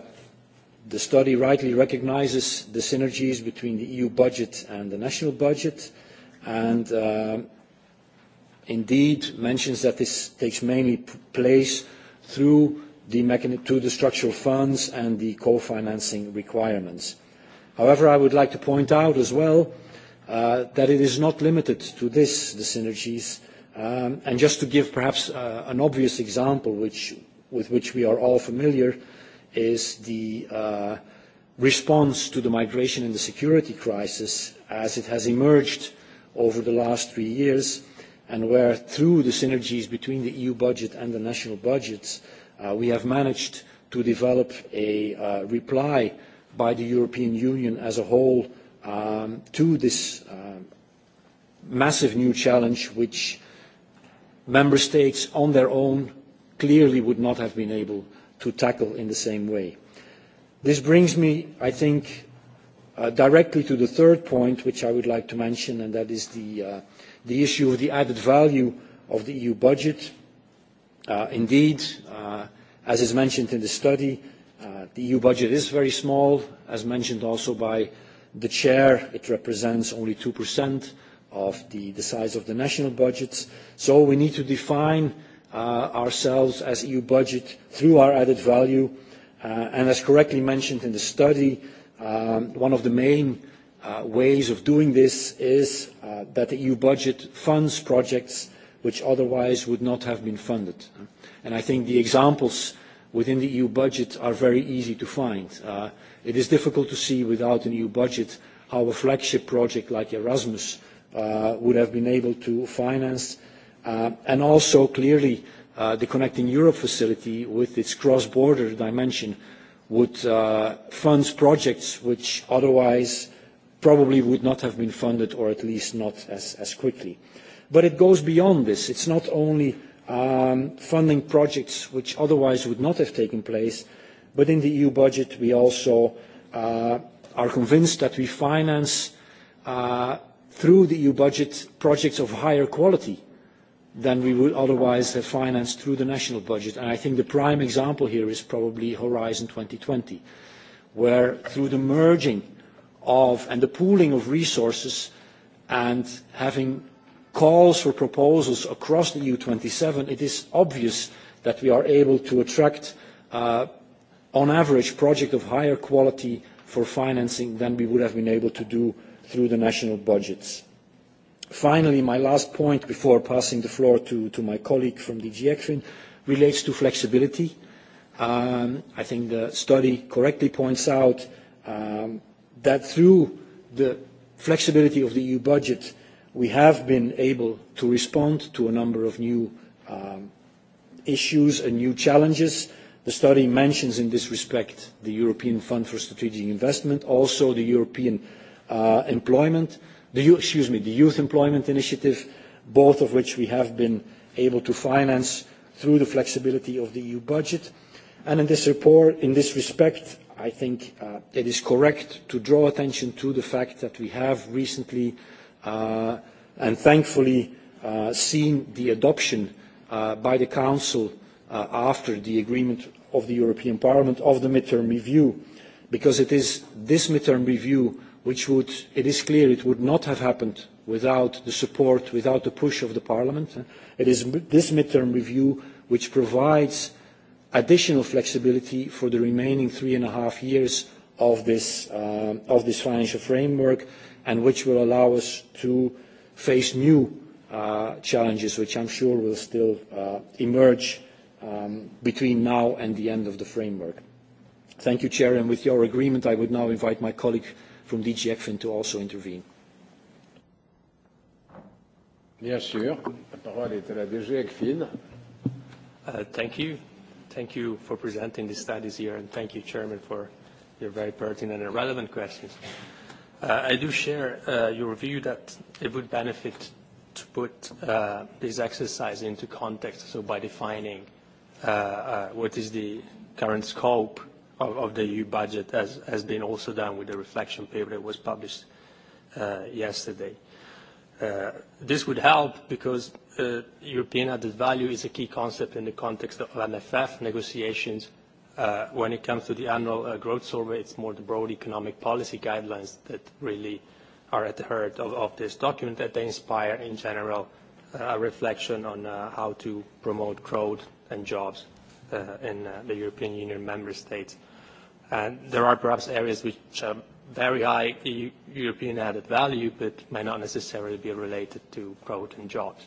the study rightly recognizes the synergies between the EU budget and the national budget and uh, indeed mentions that this takes mainly place through the, to the structural funds and the co-financing requirements. However, I would like to point out as well uh, that it is not limited to this, the synergies. Um, and just to give perhaps uh, an obvious example, which with which we are all familiar is the uh, response to the migration and the security crisis as it has emerged over the last three years and where through the synergies between the EU budget and the national budgets uh, we have managed to develop a uh, reply by the European Union as a whole um, to this uh, massive new challenge which member states on their own clearly would not have been able to tackle in the same way. This brings me, I think, uh, directly to the third point which I would like to mention, and that is the, uh, the issue of the added value of the EU budget. Uh, indeed, uh, as is mentioned in the study, uh, the EU budget is very small. As mentioned also by the chair, it represents only 2% of the, the size of the national budgets. So we need to define Uh, ourselves as EU budget through our added value. Uh, and as correctly mentioned in the study, um, one of the main uh, ways of doing this is that the EU budget funds projects which otherwise would not have been funded. And I think the examples within the EU budget are very easy to find. Uh, it is difficult to see without an EU budget how a flagship project like Erasmus uh, would have been able to finance Uh, and also clearly uh, the Connecting Europe facility with its cross-border dimension would uh, fund projects which otherwise probably would not have been funded or at least not as, as quickly. But it goes beyond this. It's not only um, funding projects which otherwise would not have taken place, but in the EU budget we also uh, are convinced that we finance uh, through the EU budget projects of higher quality uh, than we would otherwise have financed through the national budget. And I think the prime example here is probably Horizon 2020, where through the merging of and the pooling of resources and having calls for proposals across the EU27, it is obvious that we are able to attract, uh, on average, projects of higher quality for financing than we would have been able to do through the national budgets. Finally, my last point before passing the floor to, my colleague from DG ECFIN relates to flexibility. Um, I think the study correctly points out um, that through the flexibility of the EU budget, we have been able to respond to a number of new um, issues and new challenges. The study mentions in this respect the European Fund for Strategic Investment, also the European uh, Employment the, excuse me, the Youth Employment Initiative, both of which we have been able to finance through the flexibility of the EU budget. And in this report, in this respect, I think uh, it is correct to draw attention to the fact that we have recently uh, and thankfully uh, seen the adoption uh, by the Council uh, after the agreement of the European Parliament of the midterm review, because it is this midterm review which would, it is clear, it would not have happened without the support, without the push of the Parliament. It is this midterm review which provides additional flexibility for the remaining three and a half years of this, uh, of this financial framework and which will allow us to face new uh, challenges, which I'm sure will still uh, emerge um, between now and the end of the framework. Thank you, Chair, and with your agreement, I would now invite my colleague from DG ECFIN to also intervene. Bien sûr. La parole est à la DG ECFIN. Uh, thank you. Thank you for presenting the studies here, and thank you, Chairman, for your very pertinent and relevant questions. Uh, I do share uh, your view that it would benefit to put uh, this exercise into context, so by defining uh, uh, what is the current scope of, of the EU budget as has been also done with the reflection paper that was published uh, yesterday. Uh, this would help because uh, European added value is a key concept in the context of MFF negotiations. Uh, when it comes to the annual uh, growth survey, it's more the broad economic policy guidelines that really are at the heart of, of this document that they inspire in general uh, a reflection on uh, how to promote growth and jobs uh, in uh, the European Union member states. And there are perhaps areas which are very high EU European added value, but may not necessarily be related to growth and jobs.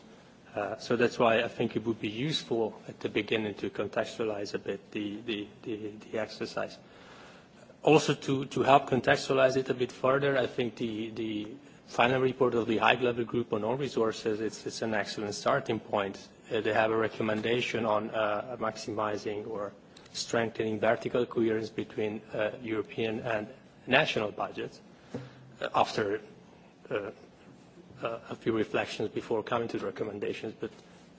Uh, so that's why I think it would be useful at the beginning to contextualize a bit the, the, the, the exercise. Also to, to help contextualize it a bit further, I think the, the final report of the high-level group on own resources, it's, it's an excellent starting point Uh, they have a recommendation on uh, maximizing or strengthening vertical coherence between uh, European and national budgets uh, after uh, uh, a few reflections before coming to the recommendations. But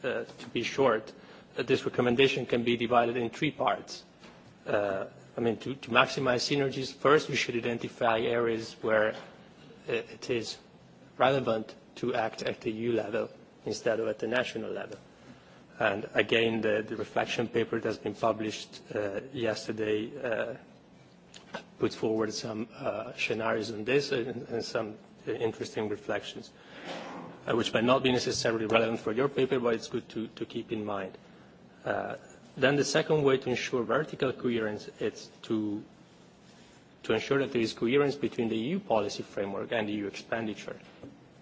uh, to be short, uh, this recommendation can be divided in three parts. Uh, I mean, to, to maximize synergies, first we should identify areas where uh, it is relevant to act at the EU level instead of at the national level. And again, the, the reflection paper that's been published uh, yesterday uh, put forward some uh, scenarios on this and, and some interesting reflections, uh, which might not be necessarily relevant for your paper, but it's good to, to keep in mind. Uh, then the second way to ensure vertical coherence is to, to ensure that there is coherence between the EU policy framework and EU e expenditure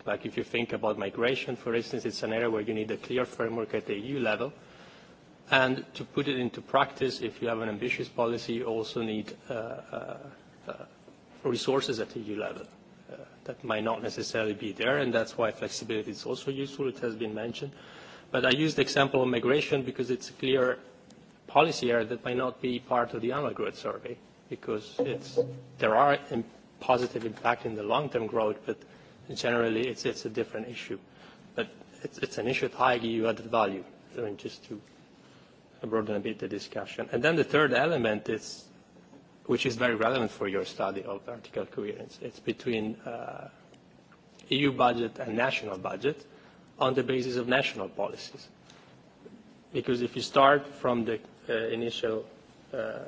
Like if you think about migration, for instance, it's an area where you need a clear framework at the EU level. And to put it into practice, if you have an ambitious policy, you also need uh, uh, uh, resources at the EU level. Uh, that might not necessarily be there, and that's why flexibility is also useful. It has been mentioned. But I used the example of migration because it's a clear policy area that might not be part of the annual growth survey because it's, there are positive impact in the long-term growth, but generally it's, it's a different issue. But it's, it's an issue of high EU added value, I mean, just to broaden a bit the discussion. And then the third element is, which is very relevant for your study of vertical coherence, it's between uh, EU budget and national budget on the basis of national policies. Because if you start from the uh, initial uh, uh,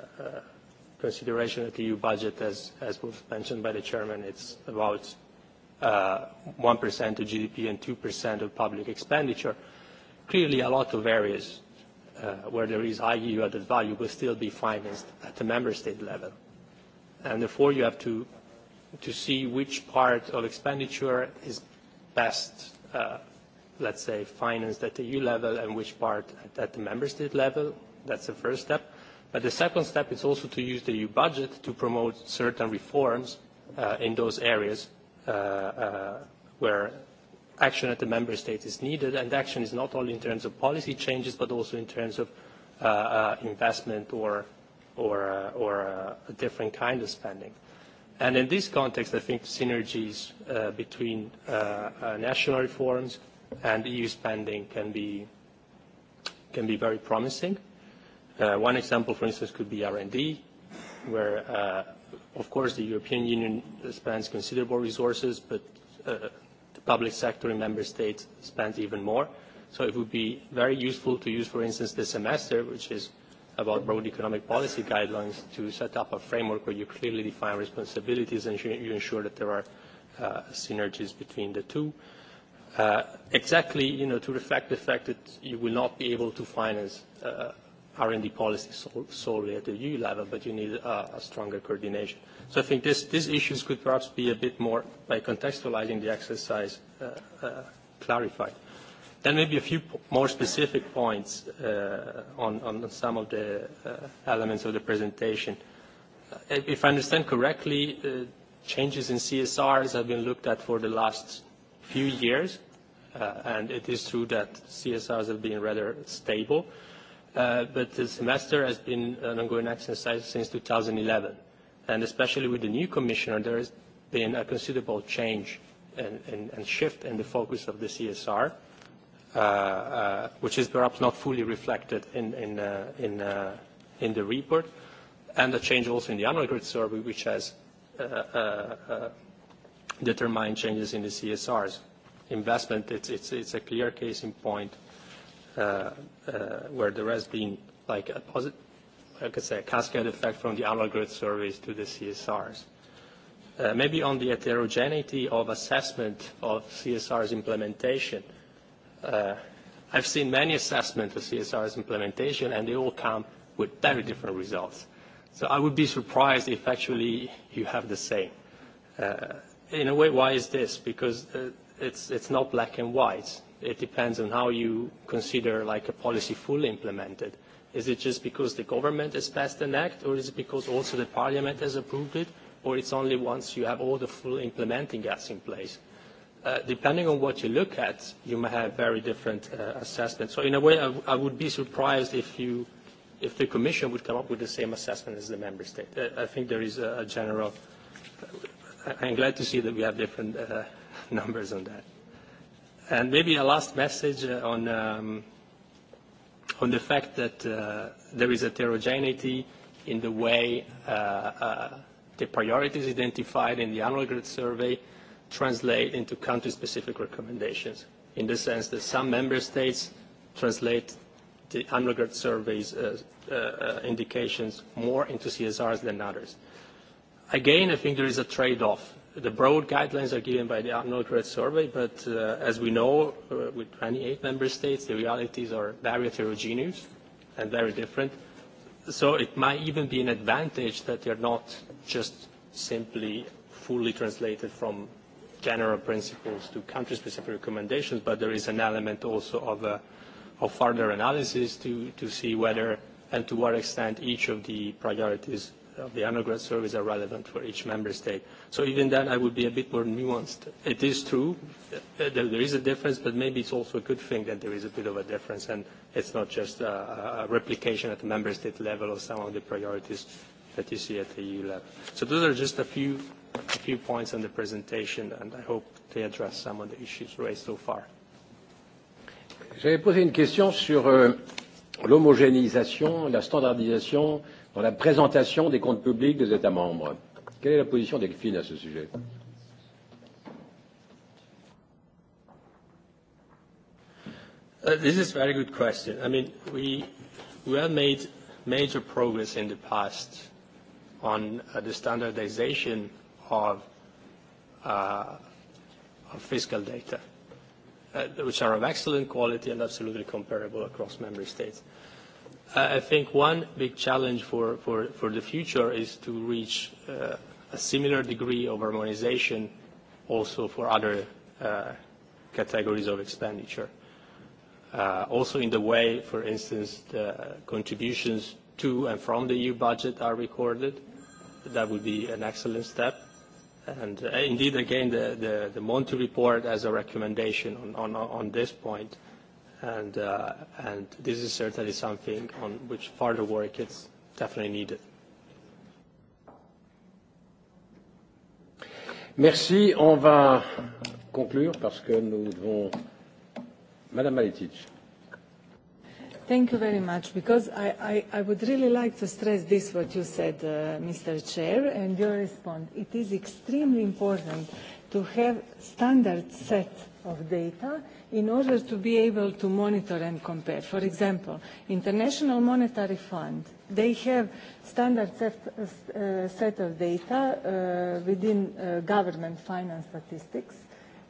consideration of the EU budget, as, as was mentioned by the chairman, it's about uh, 1% of GDP and 2% of public expenditure, clearly a lot of areas uh, where there is high EU added value will still be financed at the member state level. And therefore you have to, to see which part of expenditure is best, uh, let's say, financed at the EU level and which part at, at the member state level. That's the first step. But the second step is also to use the EU budget to promote certain reforms uh, in those areas uh, uh, where action at the member state is needed, and action is not only in terms of policy changes, but also in terms of uh, uh, investment or, or, uh, or uh, a different kind of spending. And in this context, I think synergies uh, between uh, uh, national reforms and EU spending can be, can be very promising. Uh, one example, for instance, could be R&D, where, uh, of course, the European Union spends considerable resources, but uh, the public sector in member states spends even more. So it would be very useful to use, for instance, this semester, which is about broad economic policy guidelines, to set up a framework where you clearly define responsibilities and you ensure that there are uh, synergies between the two. Uh, exactly, you know, to reflect the fact that you will not be able to finance uh, R&D policy sol solely at the EU level, but you need uh, a stronger coordination. So I think this, these issues could perhaps be a bit more, by contextualizing the exercise, uh, uh, clarified. Then maybe a few more specific points uh, on, on some of the uh, elements of the presentation. Uh, if I understand correctly, uh, changes in CSRs have been looked at for the last few years, uh, and it is true that CSRs have been rather stable. Uh, uh, but the semester has been an ongoing exercise since 2011. And especially with the new commissioner, there has been a considerable change and, and, and shift in the focus of the CSR, uh, uh, which is perhaps not fully reflected in, in, uh, in, uh, in the report, and a change also in the annual grid survey, which has uh, uh, uh, determined changes in the CSRs. Investment, it's, it's, it's a clear case in point uh, uh, where there has been like a positive, like I say, a cascade effect from the annual surveys to the CSRs. Uh, maybe on the heterogeneity of assessment of CSR's implementation, uh, I've seen many assessments of CSR's implementation and they all come with very different results. So I would be surprised if actually you have the same. Uh, in a way, why is this? Because uh, it's, it's not black and white it depends on how you consider like a policy fully implemented. Is it just because the government has passed an act, or is it because also the parliament has approved it, or it's only once you have all the full implementing acts in place? Uh, depending on what you look at, you may have very different uh, assessments. So in a way, I, I would be surprised if, you, if the Commission would come up with the same assessment as the Member State. Uh, I think there is a, a general... I uh, I'm glad to see that we have different uh, *laughs* numbers on that. And maybe a last message uh, on, um, on the fact that uh, there is heterogeneity in the way uh, uh, the priorities identified in the annual grid survey translate into country-specific recommendations, in the sense that some member states translate the annual grid surveys uh, uh, uh indications more into CSRs than others. Again, I think there is a trade-off the broad guidelines are given by the annual growth survey, but uh, as we know, uh, with 28 member states, the realities are very heterogeneous and very different. So it might even be an advantage that they're not just simply fully translated from general principles to country-specific recommendations, but there is an element also of, a, uh, of further analysis to, to see whether and to what extent each of the priorities of uh, the undergrad surveys are relevant for each member state. So even then, I would be a bit more nuanced. It is true uh, that there is a difference, but maybe it's also a good thing that there is a bit of a difference, and it's not just a, a replication at the member state level of some of the priorities that you see at the EU level. So those are just a few, a few points on the presentation, and I hope they address some of the issues raised so far. J'avais posé une question sur euh, l'homogénéisation, la standardisation dans la présentation des comptes publics des États membres. Quelle est la position d'Elfine à ce sujet Uh, this is a very good question. I mean, we, we have made major progress in the past on uh, the standardization of, uh, of fiscal data, uh, which are of excellent quality and absolutely comparable across member states. I think one big challenge for, for, for the future is to reach uh, a similar degree of harmonization also for other uh, categories of expenditure. Uh, also in the way, for instance, the contributions to and from the EU budget are recorded. That would be an excellent step. And uh, indeed, again, the, the, the Monti report as a recommendation on, on, on this point – and, uh, and this is certainly something on which further work is definitely needed. Merci. On va conclure parce que nous devons. Madame Maletic. Thank you very much, because I, I, I would really like to stress this, what you said, uh, Mr. Chair, and your response. It is extremely important to have standards set of data in order to be able to monitor and compare. For example, International Monetary Fund, they have standard set, uh, uh, set of data uh, within uh, government finance statistics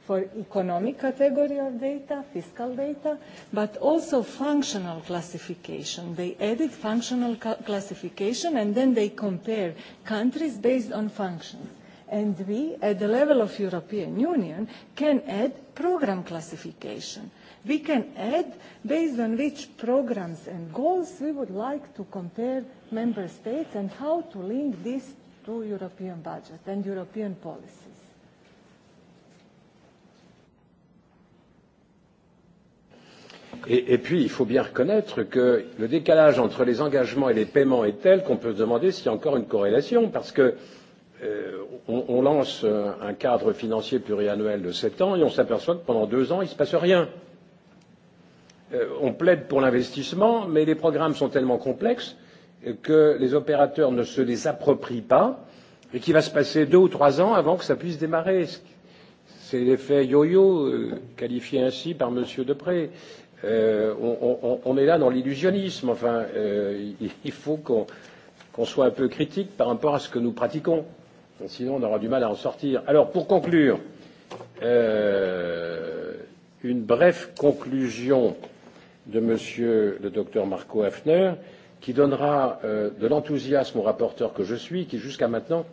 for economic category of data, fiscal data, but also functional classification. They edit functional classification and then they compare countries based on functions and we, at the level of European Union, can add program classification. We can add based on which programs and goals we would like to compare member states and how to link this to European budget and European policies. Et, et puis, il faut bien reconnaître que le décalage entre les engagements et les paiements est tel qu'on peut se demander s'il y a encore une corrélation, parce que euh, Euh, on, lance euh, un cadre financier pluriannuel de 7 ans et on s'aperçoit que pendant deux ans, il ne se passe rien. Euh, on plaide pour l'investissement, mais les programmes sont tellement complexes que les opérateurs ne se les approprient pas et qu'il va se passer deux ou trois ans avant que ça puisse démarrer. C'est l'effet yo-yo, qualifié ainsi par M. Depré. Euh, on, on, on est là dans l'illusionnisme. Enfin, euh, il faut qu'on qu soit un peu critique par rapport à ce que nous pratiquons. Sinon, on aura du mal à en sortir. Alors, pour conclure, euh, une brève conclusion de Monsieur le docteur Marco Hafner, qui donnera euh, de l'enthousiasme au rapporteur que je suis, qui jusqu'à maintenant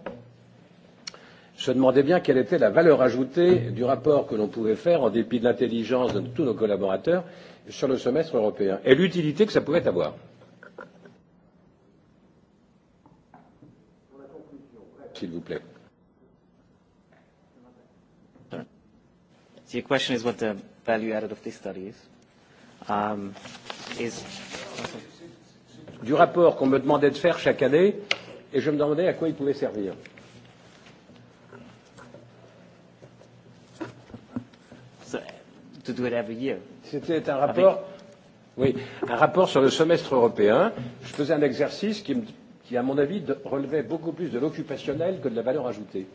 se demandait bien quelle était la valeur ajoutée du rapport que l'on pouvait faire, en dépit de l'intelligence de tous nos collaborateurs, sur le semestre européen, et l'utilité que ça pouvait avoir. s'il vous plaît. So your question is what the value added of this study is? Um, is du rapport qu'on me demandait de faire chaque année, et je me demandais à quoi il pouvait servir. So, to do it every year. C'était un rapport, oui, un rapport sur le semestre européen. Je faisais un exercice qui me qui, à mon avis, relevait beaucoup plus de l'occupationnel que de la valeur ajoutée.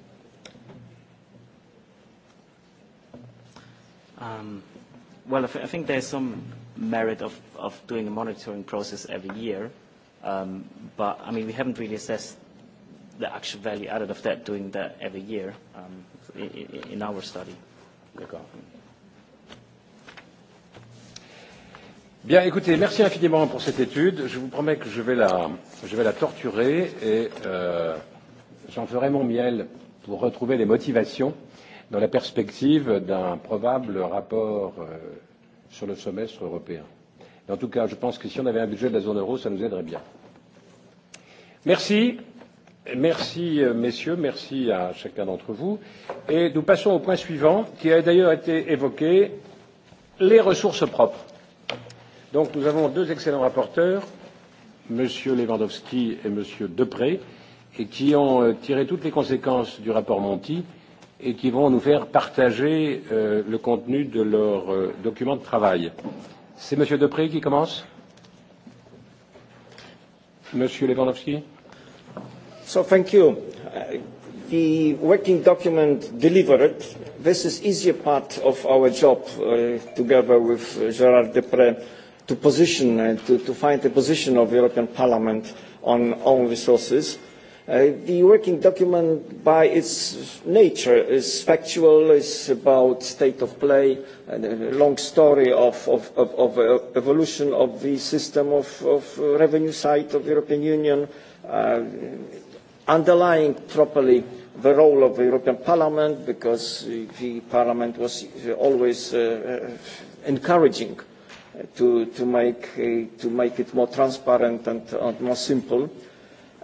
Um, well, I, th I think there's some merit of, of doing a monitoring process every year, um, but I mean, we haven't really assessed the actual value added of that doing that every year um, in, in our study. D'accord. Bien, écoutez, merci infiniment pour cette étude. Je vous promets que je vais la, je vais la torturer et euh, j'en ferai mon miel pour retrouver les motivations dans la perspective d'un probable rapport euh, sur le semestre européen. Et en tout cas, je pense que si on avait un budget de la zone euro, ça nous aiderait bien. Merci. Merci, euh, messieurs, merci à chacun d'entre vous. Et nous passons au point suivant, qui a d'ailleurs été évoqué, les ressources propres. Donc nous avons deux excellents rapporteurs, M. Lewandowski et M. Depré, et qui ont euh, tiré toutes les conséquences du rapport Monti et qui vont nous faire partager euh, le contenu de leur euh, document de travail. C'est M. Depré qui commence M. Lewandowski So thank you. Uh, the working document delivered, this is easier part of our job uh, together with uh, Gerard Depré to position, and uh, to, to find the position of the European Parliament on own resources. Uh, the working document by its nature is factual, is about state of play, and a long story of, of, of, of uh, evolution of the system of, of revenue side of the European Union, uh, underlying properly the role of the European Parliament because the Parliament was always uh, encouraging uh, to, to, make, uh, to make it more transparent and, and more simple.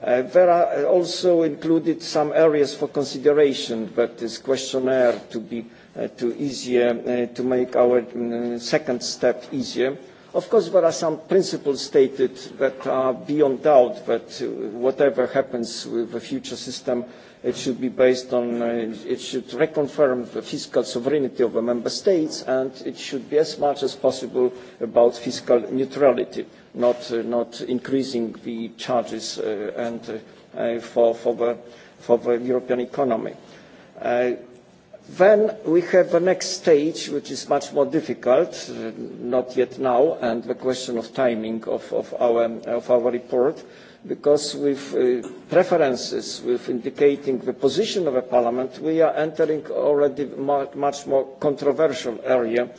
Uh, there are also included some areas for consideration, but this questionnaire to be uh, to easier, uh, to make our um, second step easier. Of course, there are some principles stated that are beyond doubt that uh, whatever happens with the future system, It should be based on, uh, it should reconfirm the fiscal sovereignty of the member states and it should be as much as possible about fiscal neutrality, not, uh, not increasing the charges uh, and, uh, uh for, for, the, for the European economy. Uh, Then we have the next stage, which is much more difficult, uh, not yet now, and the question of timing of, of, our, of our report, because with uh, preferences, with indicating the position of a parliament, we are entering already much more controversial area,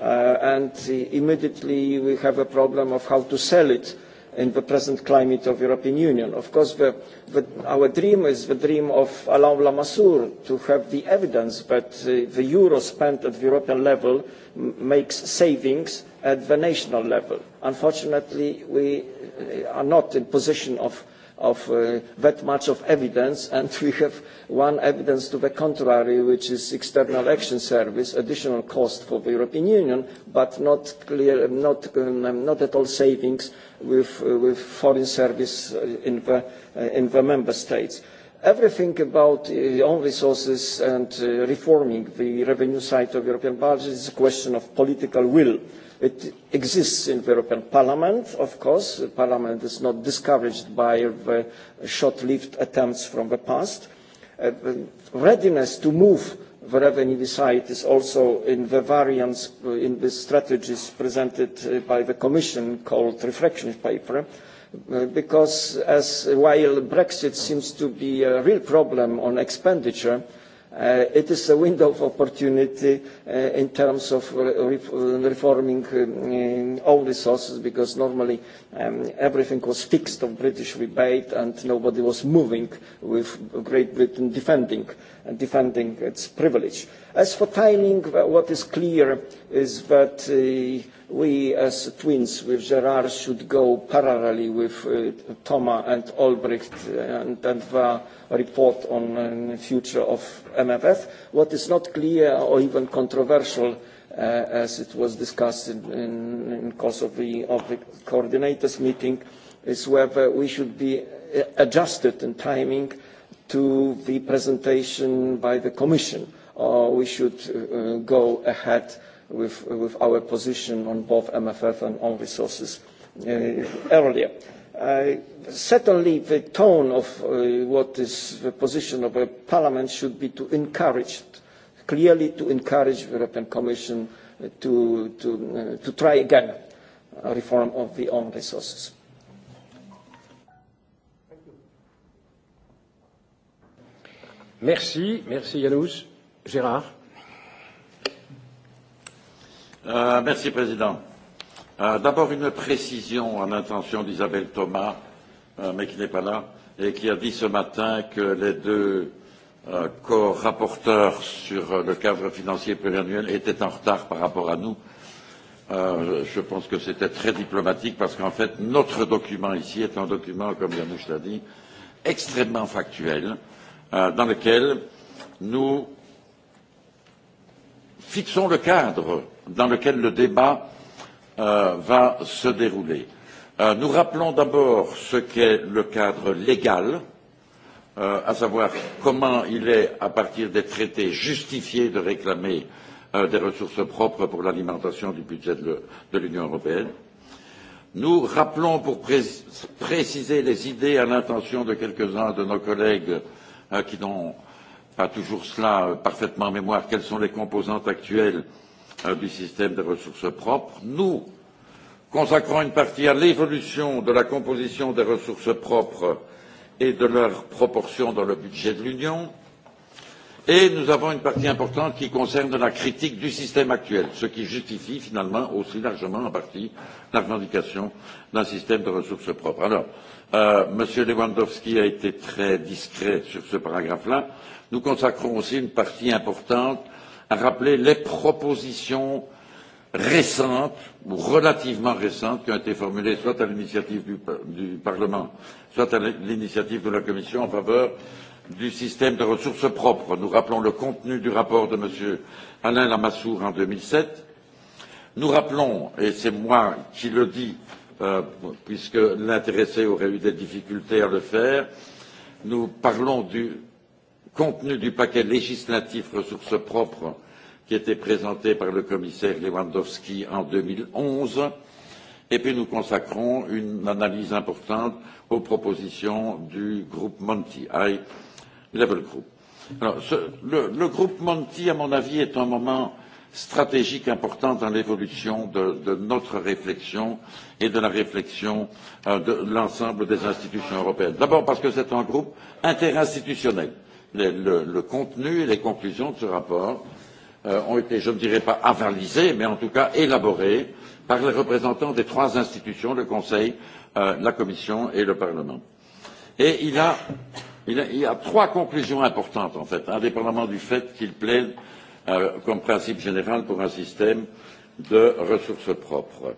uh, and immediately we have a problem of how to sell it in the present climate of European Union. Of course, the, the, our dream is the dream of Alain Lamassoure to have the evidence that uh, the euro spent at the European level makes savings at the national level. Unfortunately, we uh, are not in position of of uh, that much of evidence, and we have one evidence to the contrary, which is external action service, additional cost for the European Union, but not, clear, not, um, not at all savings with, uh, with foreign service uh, in the, uh, in the member states. Everything about uh, own resources and uh, reforming the revenue side of European budget is a question of political will. Uh, It exists in the European Parliament, of course. The Parliament is not discouraged by the short-lived attempts from the past. Uh, the readiness to move the revenue side is also in the variance uh, in the strategies presented uh, by the Commission called reflection paper uh, because as while Brexit seems to be a real problem on expenditure, Uh, it is a window of opportunity uh, in terms of re reforming um, all resources because normally um, everything was fixed of British rebate and nobody was moving with Great Britain defending and defending its privilege. As for timing, what is clear is that uh, we as twins with Gerard should go parallelly with uh, Thomas and Albrecht uh, and, and the report on uh, the uh, future of MFF. What is not clear or even controversial uh, as it was discussed in, in, in course of the, of the coordinators meeting is whether we should be uh, adjusted in timing to the presentation by the Commission, or we should uh, uh go ahead with, with our position on both MFF and on resources uh, earlier. Uh, certainly the tone of uh, what is the position of a parliament should be to encourage, clearly to encourage the European Commission to, to, uh, to try again a reform of the own resources. Merci, merci Yanous. Gérard. Euh, merci Président. Euh, D'abord une précision en intention d'Isabelle Thomas, euh, mais qui n'est pas là, et qui a dit ce matin que les deux euh, co-rapporteurs sur euh, le cadre financier pluriannuel étaient en retard par rapport à nous. Euh, je pense que c'était très diplomatique parce qu'en fait, notre document ici est un document, comme Yanouche l'a dit, extrêmement factuel. Euh, Euh, dans lequel nous fixons le cadre dans lequel le débat euh, va se dérouler. Euh, nous rappelons d'abord ce qu'est le cadre légal, euh, à savoir comment il est, à partir des traités, justifié de réclamer euh, des ressources propres pour l'alimentation du budget de, l'Union européenne. Nous rappelons, pour pré préciser les idées à l'intention de quelques-uns de nos collègues euh, qui n'ont pas toujours cela euh, parfaitement en mémoire, quelles sont les composantes actuelles euh, du système des ressources propres. Nous consacrons une partie à l'évolution de la composition des ressources propres et de leur proportion dans le budget de l'Union. Et nous avons une partie importante qui concerne la critique du système actuel, ce qui justifie finalement aussi largement en partie la revendication d'un système de ressources propres. Alors, euh, M. Lewandowski a été très discret sur ce paragraphe-là. Nous consacrons aussi une partie importante à rappeler les propositions récentes ou relativement récentes qui ont été formulées soit à l'initiative du, du Parlement, soit à l'initiative de la Commission en faveur du système de ressources propres. Nous rappelons le contenu du rapport de M. Alain Lamassoure en 2007. Nous rappelons, et c'est moi qui le dis, euh, puisque l'intéressé aurait eu des difficultés à le faire, nous parlons du contenu du paquet législatif ressources propres qui était présenté par le commissaire Lewandowski en 2011, et puis nous consacrons une analyse importante aux propositions du groupe Monty. I level group. Alors, ce, le, le groupe Monti, à mon avis, est un moment stratégique important dans l'évolution de, de notre réflexion et de la réflexion euh, de l'ensemble des institutions européennes. D'abord parce que c'est un groupe interinstitutionnel. Le, le, le contenu et les conclusions de ce rapport euh, ont été, je ne dirais pas avalisés, mais en tout cas élaborés par les représentants des trois institutions, le Conseil, euh, la Commission et le Parlement. Et il a Il, y a trois conclusions importantes, en fait, indépendamment du fait qu'il plaide euh, comme principe général pour un système de ressources propres.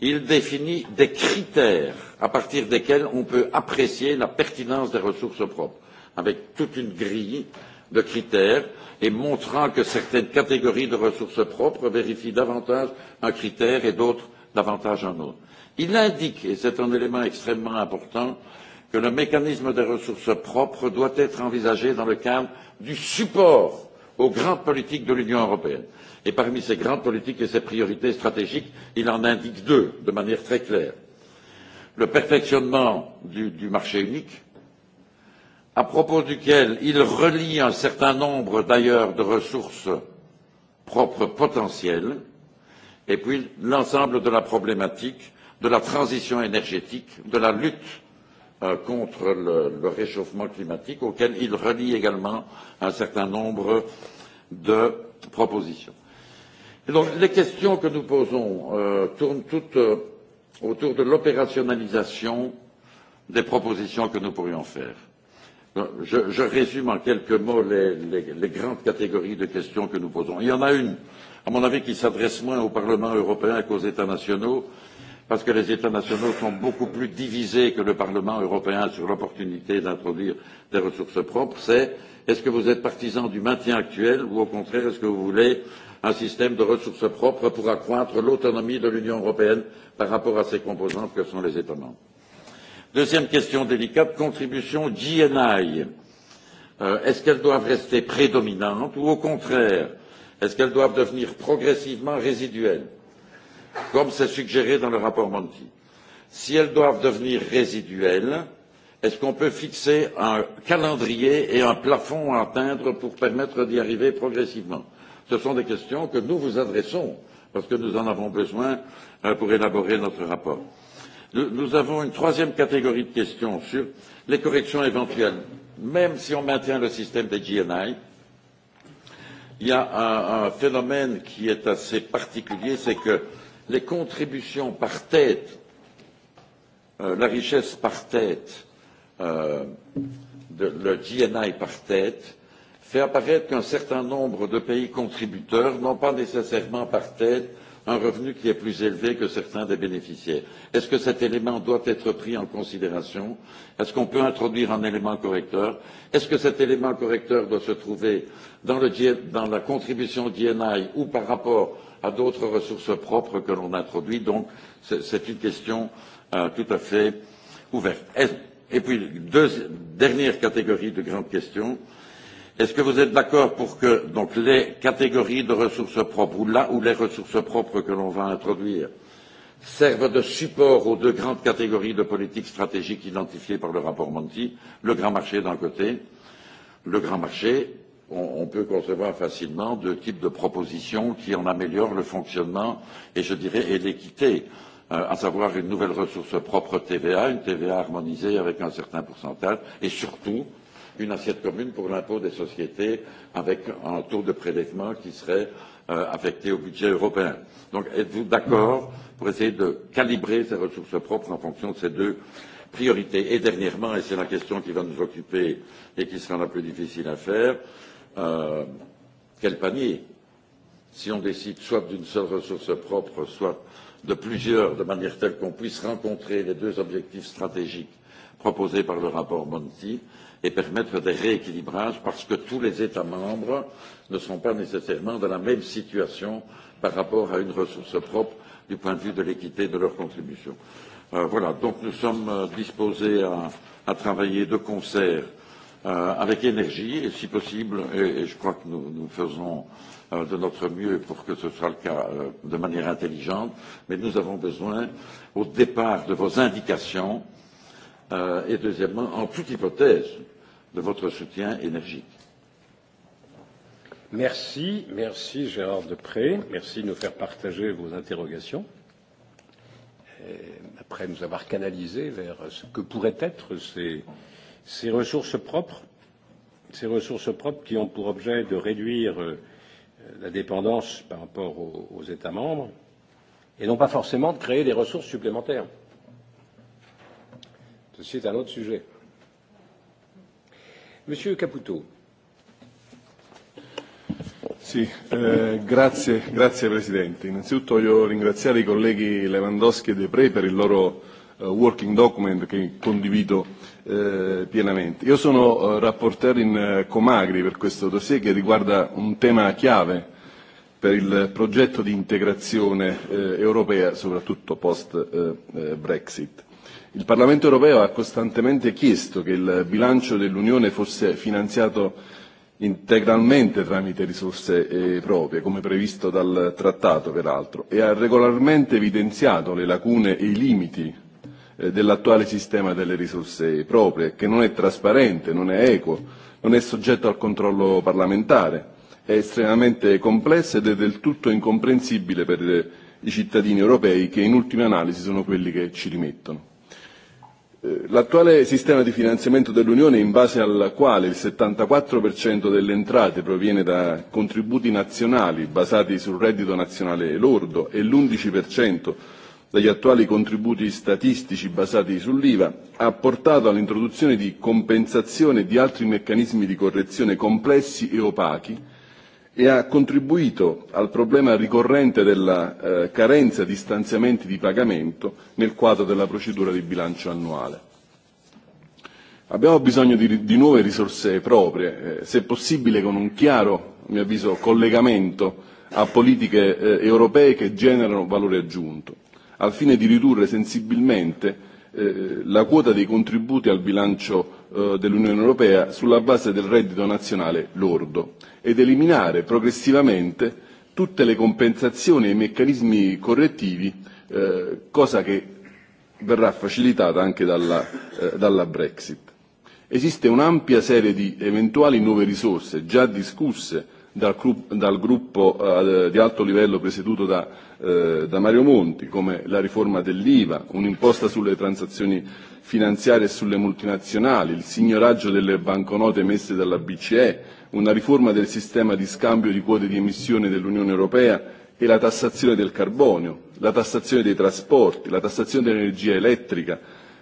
Il définit des critères à partir desquels on peut apprécier la pertinence des ressources propres, avec toute une grille de critères et montrant que certaines catégories de ressources propres vérifient davantage un critère et d'autres davantage un autre. Il indique, et c'est un élément extrêmement important, que le mécanisme des ressources propres doit être envisagé dans le cadre du support aux grandes politiques de l'Union européenne. Et parmi ces grandes politiques et ces priorités stratégiques, il en indique deux de manière très claire. Le perfectionnement du, du marché unique, à propos duquel il relie un certain nombre d'ailleurs de ressources propres potentielles, et puis l'ensemble de la problématique de la transition énergétique, de la lutte Euh, contre le, le réchauffement climatique, auquel il relie également un certain nombre de propositions. Et donc, les questions que nous posons euh, tournent toutes euh, autour de l'opérationnalisation des propositions que nous pourrions faire. Je, je résume en quelques mots les, les, les grandes catégories de questions que nous posons. Il y en a une, à mon avis, qui s'adresse moins au Parlement européen qu'aux États nationaux, parce que les États nationaux sont beaucoup plus divisés que le Parlement européen sur l'opportunité d'introduire des ressources propres, c'est est-ce que vous êtes partisan du maintien actuel ou au contraire est-ce que vous voulez un système de ressources propres pour accroître l'autonomie de l'Union européenne par rapport à ses composantes que sont les États membres Deuxième question délicate, contribution GNI. Euh, est-ce qu'elles doivent rester prédominantes ou au contraire, est-ce qu'elles doivent devenir progressivement résiduelles comme c'est suggéré dans le rapport Monti. Si elles doivent devenir résiduelles, est-ce qu'on peut fixer un calendrier et un plafond à atteindre pour permettre d'y arriver progressivement Ce sont des questions que nous vous adressons parce que nous en avons besoin euh, pour élaborer notre rapport. Nous avons une troisième catégorie de questions sur les corrections éventuelles. Même si on maintient le système des GNI, il y a un, un phénomène qui est assez particulier, c'est que les contributions par tête, euh, la richesse par tête, euh, de, le GNI par tête, fait apparaître qu'un certain nombre de pays contributeurs n'ont pas nécessairement par tête un revenu qui est plus élevé que certains des bénéficiaires. Est-ce que cet élément doit être pris en considération Est-ce qu'on peut introduire un élément correcteur Est-ce que cet élément correcteur doit se trouver dans, le, dans la contribution d'INI ou par rapport à d'autres ressources propres que l'on introduit. Donc, c'est une question euh, tout à fait ouverte. Et, et puis, deux, dernière catégorie de grandes questions. Est-ce que vous êtes d'accord pour que donc, les catégories de ressources propres, ou là où les ressources propres que l'on va introduire, servent de support aux deux grandes catégories de politiques stratégiques identifiées par le rapport Monti, le grand marché d'un côté, le grand marché on, on peut concevoir facilement deux types de propositions qui en améliorent le fonctionnement et je dirais et l'équité, euh, à savoir une nouvelle ressource propre TVA, une TVA harmonisée avec un certain pourcentage et surtout une assiette commune pour l'impôt des sociétés avec un taux de prélèvement qui serait euh, affecté au budget européen. Donc êtes-vous d'accord pour essayer de calibrer ces ressources propres en fonction de ces deux priorités Et dernièrement, et c'est la question qui va nous occuper et qui sera la plus difficile à faire, euh, quel panier si on décide soit d'une seule ressource propre, soit de plusieurs, de manière telle qu'on puisse rencontrer les deux objectifs stratégiques proposés par le rapport Monti et permettre des rééquilibrages parce que tous les États membres ne sont pas nécessairement dans la même situation par rapport à une ressource propre du point de vue de l'équité de leur contribution. Euh, voilà, donc nous sommes euh, disposés à, à travailler de concert euh, avec énergie et si possible, et, et je crois que nous, nous faisons euh, de notre mieux pour que ce soit le cas euh, de manière intelligente, mais nous avons besoin au départ de vos indications euh, et deuxièmement, en toute hypothèse, de votre soutien énergique. Merci, merci Gérard Depré, merci de nous faire partager vos interrogations. Et après nous avoir canalisés vers ce que pourraient être ces Ces ressources propres, ces ressources propres qui ont pour objet de réduire euh, la dépendance par rapport aux, États membres, et non pas forcément de créer des ressources supplémentaires. Ceci est un autre sujet. Monsieur Caputo. Sì, eh, grazie, grazie Presidente. Innanzitutto voglio ringraziare i colleghi Lewandowski e De per il loro uh, working document che condivido Eh, pienamente. Io sono eh, rapporteur in eh, Comagri per questo dossier che riguarda un tema chiave per il progetto di integrazione eh, europea, soprattutto post-Brexit. Eh, eh il Parlamento europeo ha costantemente chiesto che il bilancio dell'Unione fosse finanziato integralmente tramite risorse eh, proprie, come previsto dal Trattato peraltro, e ha regolarmente evidenziato le lacune e i limiti Eh, dell'attuale sistema delle risorse proprie, che non è trasparente, non è equo, non è soggetto al controllo parlamentare, è estremamente complessa ed è del tutto incomprensibile per eh, i cittadini europei che in ultima analisi sono quelli che ci rimettono. Eh, l'attuale sistema di finanziamento dell'Unione in base al quale il 74% delle entrate proviene da contributi nazionali basati sul reddito nazionale lordo e l'11% dagli attuali contributi statistici basati sull'IVA, ha portato all'introduzione di compensazione di altri meccanismi di correzione complessi e opachi e ha contribuito al problema ricorrente della eh, carenza di stanziamenti di pagamento nel quadro della procedura di bilancio annuale. Abbiamo bisogno di, di nuove risorse proprie, eh, se possibile con un chiaro, a mio avviso, collegamento a politiche eh, europee che generano valore aggiunto al fine di ridurre sensibilmente eh, la quota dei contributi al bilancio eh, dell'Unione Europea sulla base del reddito nazionale lordo ed eliminare progressivamente tutte le compensazioni e i meccanismi correttivi, eh, cosa che verrà facilitata anche dalla, dalla Brexit. Esiste un'ampia serie di eventuali nuove risorse già discusse dal, gruppo di alto livello presieduto da eh, da Mario Monti, come la riforma dell'IVA, un'imposta sulle transazioni finanziarie e sulle multinazionali, il signoraggio delle banconote emesse dalla BCE, una riforma del sistema di scambio di quote di emissione dell'Unione Europea e la tassazione del carbonio, la tassazione dei trasporti, la tassazione dell'energia elettrica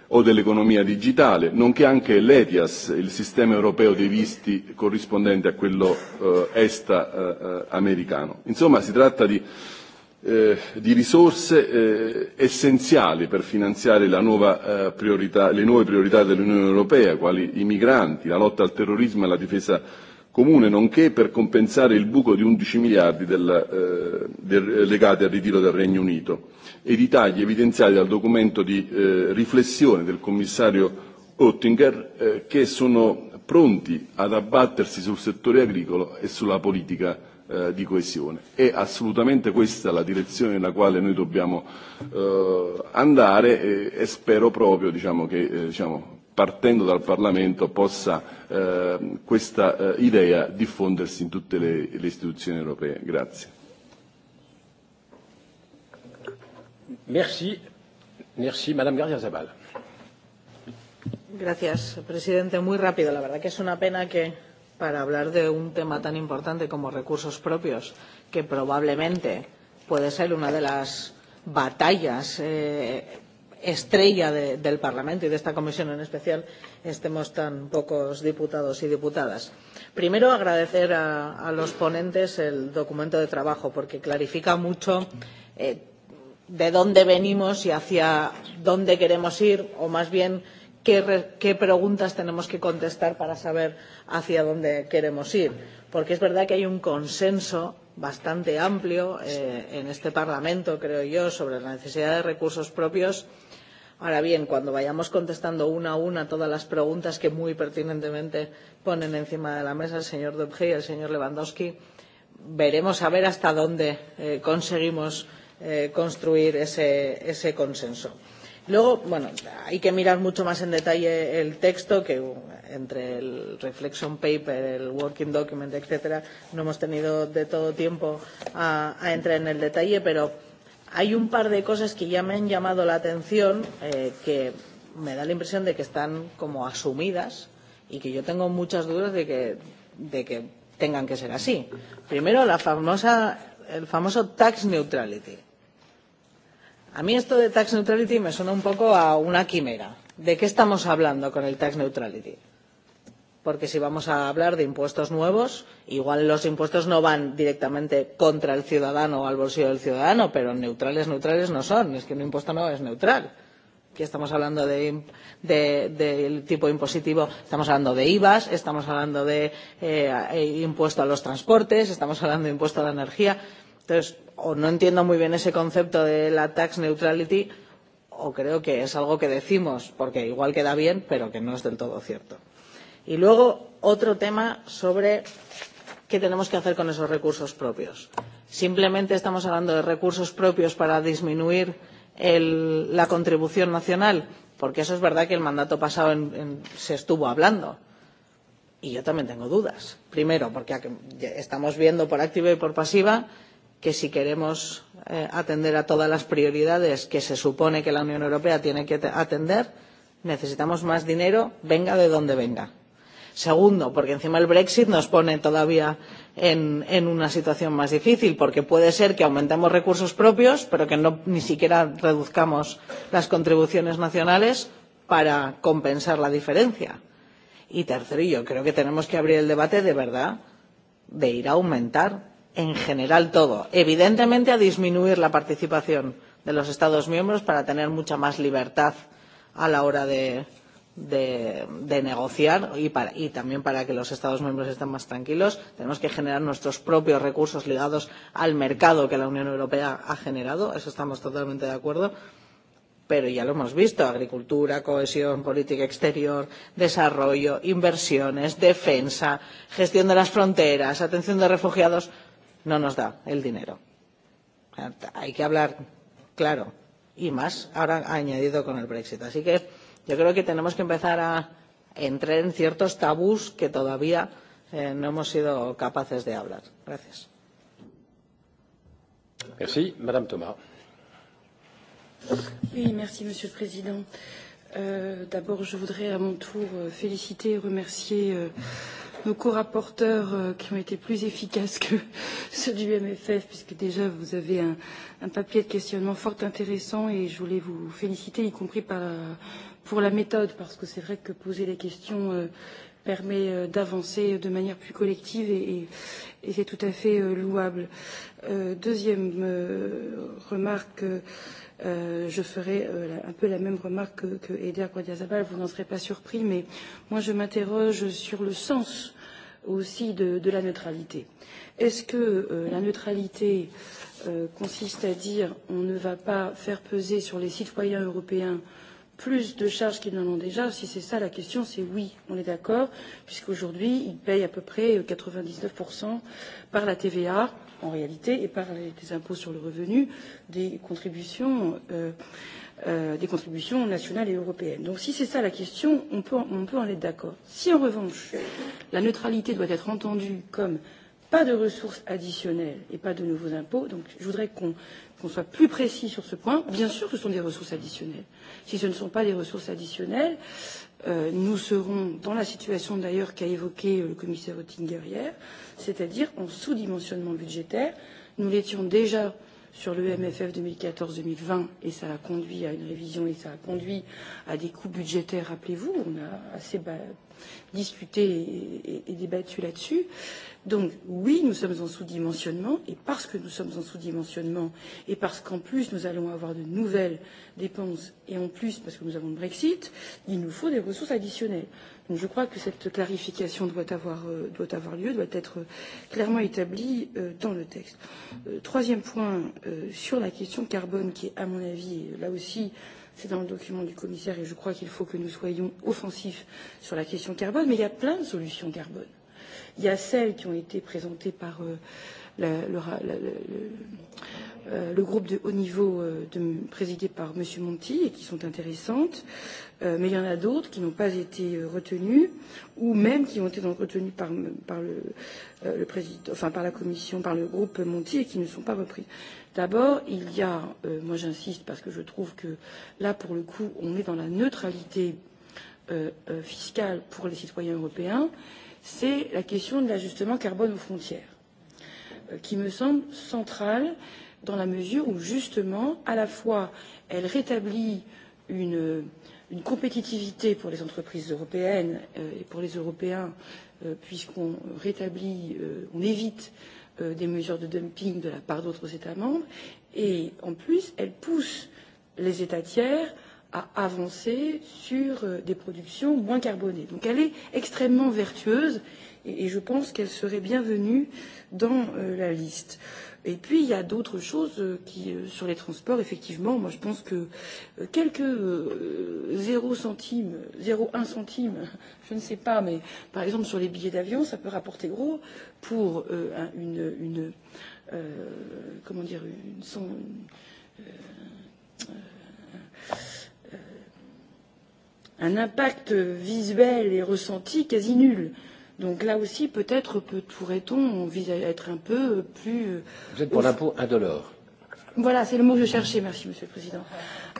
o dell'economia digitale, nonché anche l'ETIAS, il sistema europeo dei visti corrispondente a quello eh, est eh, eh Insomma, si tratta di eh, di risorse eh, essenziali per finanziare la nuova, eh, priorità, le nuove priorità dell'Unione Europea, quali i migranti, la lotta al terrorismo e la difesa comune, nonché per compensare il buco di 11 miliardi del, eh, del, legati al ritiro del Regno Unito e i tagli evidenziati dal documento di eh, riflessione del commissario Oettinger eh, che sono pronti ad abbattersi sul settore agricolo e sulla politica eh, di coesione. È e assolutamente questa la direzione nella quale noi dobbiamo eh, andare e, e spero proprio diciamo, che eh, diciamo, partendo dal Parlamento possa eh, questa eh, idea diffondersi in tutte le, le istituzioni europee. Grazie. Merci. Merci, Madame Gardia Zabal. Gracias, presidente. Muy rápido. La verdad que es una pena que para hablar de un tema tan importante como recursos propios, que probablemente puede ser una de las batallas eh, estrella de, del Parlamento y de esta comisión en especial estemos tan pocos diputados y diputadas. Primero, agradecer a, a los ponentes el documento de trabajo porque clarifica mucho eh, de dónde venimos y hacia dónde queremos ir o más bien qué, qué preguntas tenemos que contestar para saber hacia dónde queremos ir. Porque es verdad que hay un consenso bastante amplio eh, en este Parlamento, creo yo, sobre la necesidad de recursos propios. Ahora bien, cuando vayamos contestando una a una todas las preguntas que muy pertinentemente ponen encima de la mesa el señor Dobje y el señor Lewandowski, veremos a ver hasta dónde eh, conseguimos eh, construir ese, ese consenso. Luego, bueno, hay que mirar mucho más en detalle el texto, que entre el reflection paper, el working document, etcétera, no hemos tenido de todo tiempo a, a entrar en el detalle, pero hay un par de cosas que ya me han llamado la atención, eh, que me da la impresión de que están como asumidas y que yo tengo muchas dudas de que, de que tengan que ser así. Primero, la famosa, el famoso tax neutrality A mí esto de tax neutrality me suena un poco a una quimera. ¿De qué estamos hablando con el tax neutrality? Porque si vamos a hablar de impuestos nuevos, igual los impuestos no van directamente contra el ciudadano o al bolsillo del ciudadano, pero neutrales, neutrales no son. Es que un impuesto no es neutral. Aquí estamos hablando de, de, del tipo impositivo, estamos hablando de IVAs, estamos hablando de eh, eh, impuesto a los transportes, estamos hablando de impuesto a la energía. Entonces, o no entiendo muy bien ese concepto de la tax neutrality, o creo que es algo que decimos, porque igual queda bien, pero que no es del todo cierto. Y luego, otro tema sobre qué tenemos que hacer con esos recursos propios. Simplemente estamos hablando de recursos propios para disminuir el, la contribución nacional, porque eso es verdad que el mandato pasado en, en, se estuvo hablando. Y yo también tengo dudas. Primero, porque estamos viendo por activa y por pasiva que si queremos eh, atender a todas las prioridades que se supone que la Unión Europea tiene que atender, necesitamos más dinero, venga de donde venga. Segundo, porque encima el Brexit nos pone todavía en, en una situación más difícil, porque puede ser que aumentemos recursos propios, pero que no, ni siquiera reduzcamos las contribuciones nacionales para compensar la diferencia. Y tercero, yo creo que tenemos que abrir el debate de verdad de ir a aumentar en general todo. Evidentemente a disminuir la participación de los Estados miembros para tener mucha más libertad a la hora de, de, de negociar y, para, y también para que los Estados miembros estén más tranquilos. Tenemos que generar nuestros propios recursos ligados al mercado que la Unión Europea ha generado. Eso estamos totalmente de acuerdo. Pero ya lo hemos visto, agricultura, cohesión, política exterior, desarrollo, inversiones, defensa, gestión de las fronteras, atención de refugiados no nos da el dinero. Hay que hablar claro y más ahora añadido con el Brexit. Así que yo creo que tenemos que empezar a entrar en ciertos tabús que todavía eh, no hemos sido capaces de hablar. Gracias. Merci, Madame Thomas. Oui, merci, Monsieur le Président. Euh, D'abord, je voudrais à mon tour euh, féliciter et remercier euh, nos co-rapporteurs euh, qui ont été plus efficaces que *laughs* ceux du MFF, puisque déjà vous avez un, un papier de questionnement fort intéressant et je voulais vous féliciter, y compris par la, pour la méthode, parce que c'est vrai que poser les questions euh, permet euh, d'avancer de manière plus collective et, et, et c'est tout à fait euh, louable. Euh, deuxième euh, remarque. Euh, Euh, je ferai euh, un peu la même remarque que, que Eder Guadiazabal, vous n'en serez pas surpris, mais moi je m'interroge sur le sens aussi de, de la neutralité. Est-ce que euh, la neutralité euh, consiste à dire on ne va pas faire peser sur les citoyens européens plus de charges qu'ils n'en ont déjà Si c'est ça la question, c'est oui, on est d'accord, puisqu'aujourd'hui, ils payent à peu près 99% euh, par la TVA, en réalité, et par les, les impôts sur le revenu, des contributions. Euh, euh, des contributions nationales et européennes. Donc si c'est ça la question, on peut, on peut en être d'accord. Si en revanche, la neutralité doit être entendue comme pas de ressources additionnelles et pas de nouveaux impôts, donc je voudrais qu'on qu soit plus précis sur ce point. Bien sûr, ce sont des ressources additionnelles. Si ce ne sont pas des ressources additionnelles, euh, nous serons dans la situation d'ailleurs qu'a évoqué euh, le commissaire Oettinger hier, c'est-à-dire en sous-dimensionnement budgétaire. Nous l'étions déjà sur le MFF 2014-2020 et ça a conduit à une révision et ça a conduit à des coûts budgétaires, rappelez-vous, on a assez bah, discuté et, et, et débattu là-dessus. Donc oui, nous sommes en sous-dimensionnement et parce que nous sommes en sous-dimensionnement et parce qu'en plus nous allons avoir de nouvelles dépenses et en plus parce que nous avons le Brexit, il nous faut des ressources additionnelles. Donc je crois que cette clarification doit avoir, euh, doit avoir lieu, doit être euh, clairement établie euh, dans le texte. Euh, troisième point euh, sur la question carbone qui est à mon avis euh, là aussi c'est dans le document du commissaire et je crois qu'il faut que nous soyons offensifs sur la question carbone, mais il y a plein de solutions carbone. Il y a celles qui ont été présentées par euh, la, le, la, le, le, euh, le groupe de haut niveau euh, de, présidé par M. Monti et qui sont intéressantes euh, mais il y en a d'autres qui n'ont pas été euh, retenus, ou même qui ont été donc retenus par, par, le, euh, le président, enfin, par la commission, par le groupe Monti, et qui ne sont pas repris. D'abord, il y a, euh, moi j'insiste parce que je trouve que là, pour le coup, on est dans la neutralité euh, euh, fiscale pour les citoyens européens, c'est la question de l'ajustement carbone aux frontières, euh, qui me semble centrale dans la mesure où, justement, à la fois, elle rétablit une une compétitivité pour les entreprises européennes euh, et pour les Européens, euh, puisqu'on rétablit, euh, on évite euh, des mesures de dumping de la part d'autres États membres, et en plus, elle pousse les États tiers à avancer sur euh, des productions moins carbonées. Donc elle est extrêmement vertueuse et, et je pense qu'elle serait bienvenue dans euh, la liste. Euh, Et puis, il y a d'autres choses euh, qui, euh, sur les transports, effectivement, moi je pense que euh, quelques 0 centimes, 0,1 centime, *laughs* je ne sais pas, mais par exemple sur les billets d'avion, ça peut rapporter gros pour euh, une, une euh, comment dire, une, une, une, euh, euh, un impact visuel et ressenti quasi nul. Euh, Donc là aussi, peut-être peut, pourrait-on être un peu plus... Euh, Vous êtes pour l'impôt indolore. Voilà, c'est le mot que je cherchais, merci Monsieur le Président.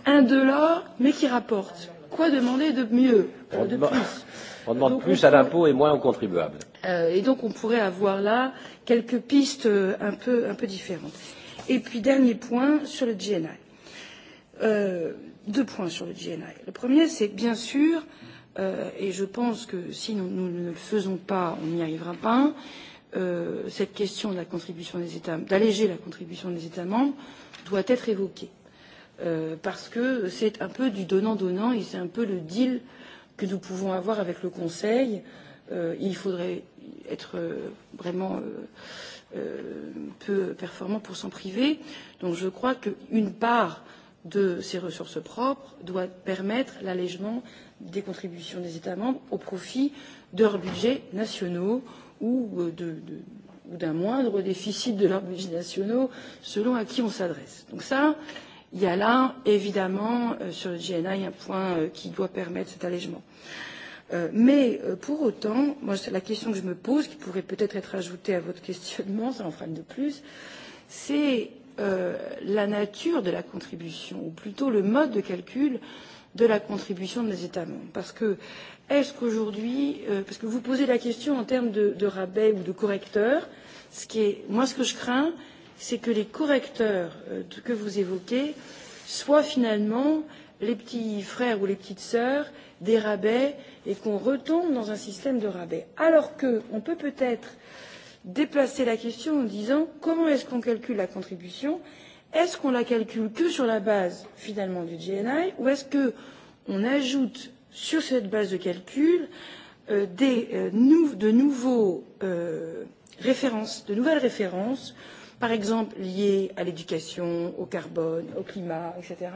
Indolore, mais qui rapporte. Quoi demander de mieux, euh, on de demand... plus On demande donc, plus on... à l'impôt et moins aux contribuables. Euh, et donc on pourrait avoir là quelques pistes euh, un peu, un peu différentes. Et puis dernier point sur le GNI. Euh, deux points sur le GNI. Le premier, c'est bien sûr euh, Euh, et je pense que si nous, nous ne le faisons pas, on n'y arrivera pas. Euh, cette question de la contribution des États, d'alléger la contribution des États membres, doit être évoquée. Euh, parce que c'est un peu du donnant-donnant et c'est un peu le deal que nous pouvons avoir avec le Conseil. Euh, il faudrait être euh, vraiment euh, euh, peu performant pour s'en priver. Donc je crois qu'une part de ces ressources propres doit permettre l'allègement des contributions des États membres au profit de leurs budgets nationaux ou euh, de, de, ou d'un moindre déficit de leurs budgets nationaux selon à qui on s'adresse. Donc ça, il y a là évidemment euh, sur le GNI un point euh, qui doit permettre cet allègement. Euh, mais euh, pour autant, moi, la question que je me pose, qui pourrait peut-être être ajoutée à votre questionnement, ça en fera une de plus, c'est Euh, la nature de la contribution, ou plutôt le mode de calcul de la contribution des États membres. Parce que est-ce qu'aujourd'hui, euh, parce que vous posez la question en termes de, de rabais ou de correcteurs, ce qui est, moi ce que je crains, c'est que les correcteurs euh, que vous évoquez soient finalement les petits frères ou les petites sœurs des rabais et qu'on retombe dans un système de rabais. Alors qu'on peut peut-être déplacer la question en disant comment est-ce qu'on calcule la contribution Est-ce qu'on la calcule que sur la base finalement du GNI ou est-ce qu'on ajoute sur cette base de calcul euh, des, euh, nou de nouveaux euh, références, de nouvelles références, par exemple liées à l'éducation, au carbone, au climat, etc.,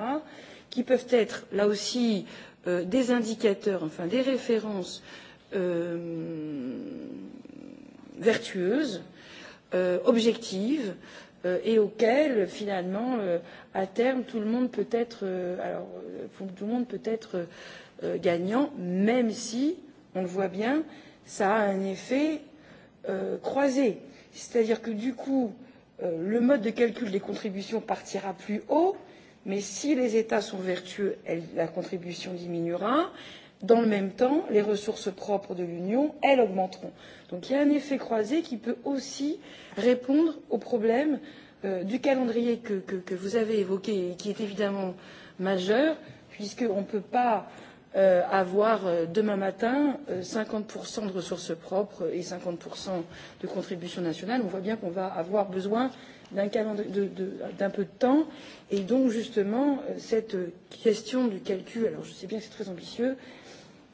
qui peuvent être là aussi euh, des indicateurs, enfin des références euh, vertueuse, euh, objective, euh, et auquel finalement, euh, à terme, tout le monde peut être, euh, alors, euh, tout le monde peut être euh, gagnant, même si, on le voit bien, ça a un effet euh, croisé. C'est-à-dire que du coup, euh, le mode de calcul des contributions partira plus haut, mais si les États sont vertueux, elle, la contribution diminuera. Dans le même temps, les ressources propres de l'Union, elles augmenteront. Donc il y a un effet croisé qui peut aussi répondre au problème euh, du calendrier que, que, que vous avez évoqué et qui est évidemment majeur, puisqu'on ne peut pas euh, avoir euh, demain matin 50% euh, de ressources propres et 50% de contributions nationales. On voit bien qu'on va avoir besoin d'un peu de temps. Et donc, justement, euh, cette question du calcul, alors je sais bien que c'est très ambitieux,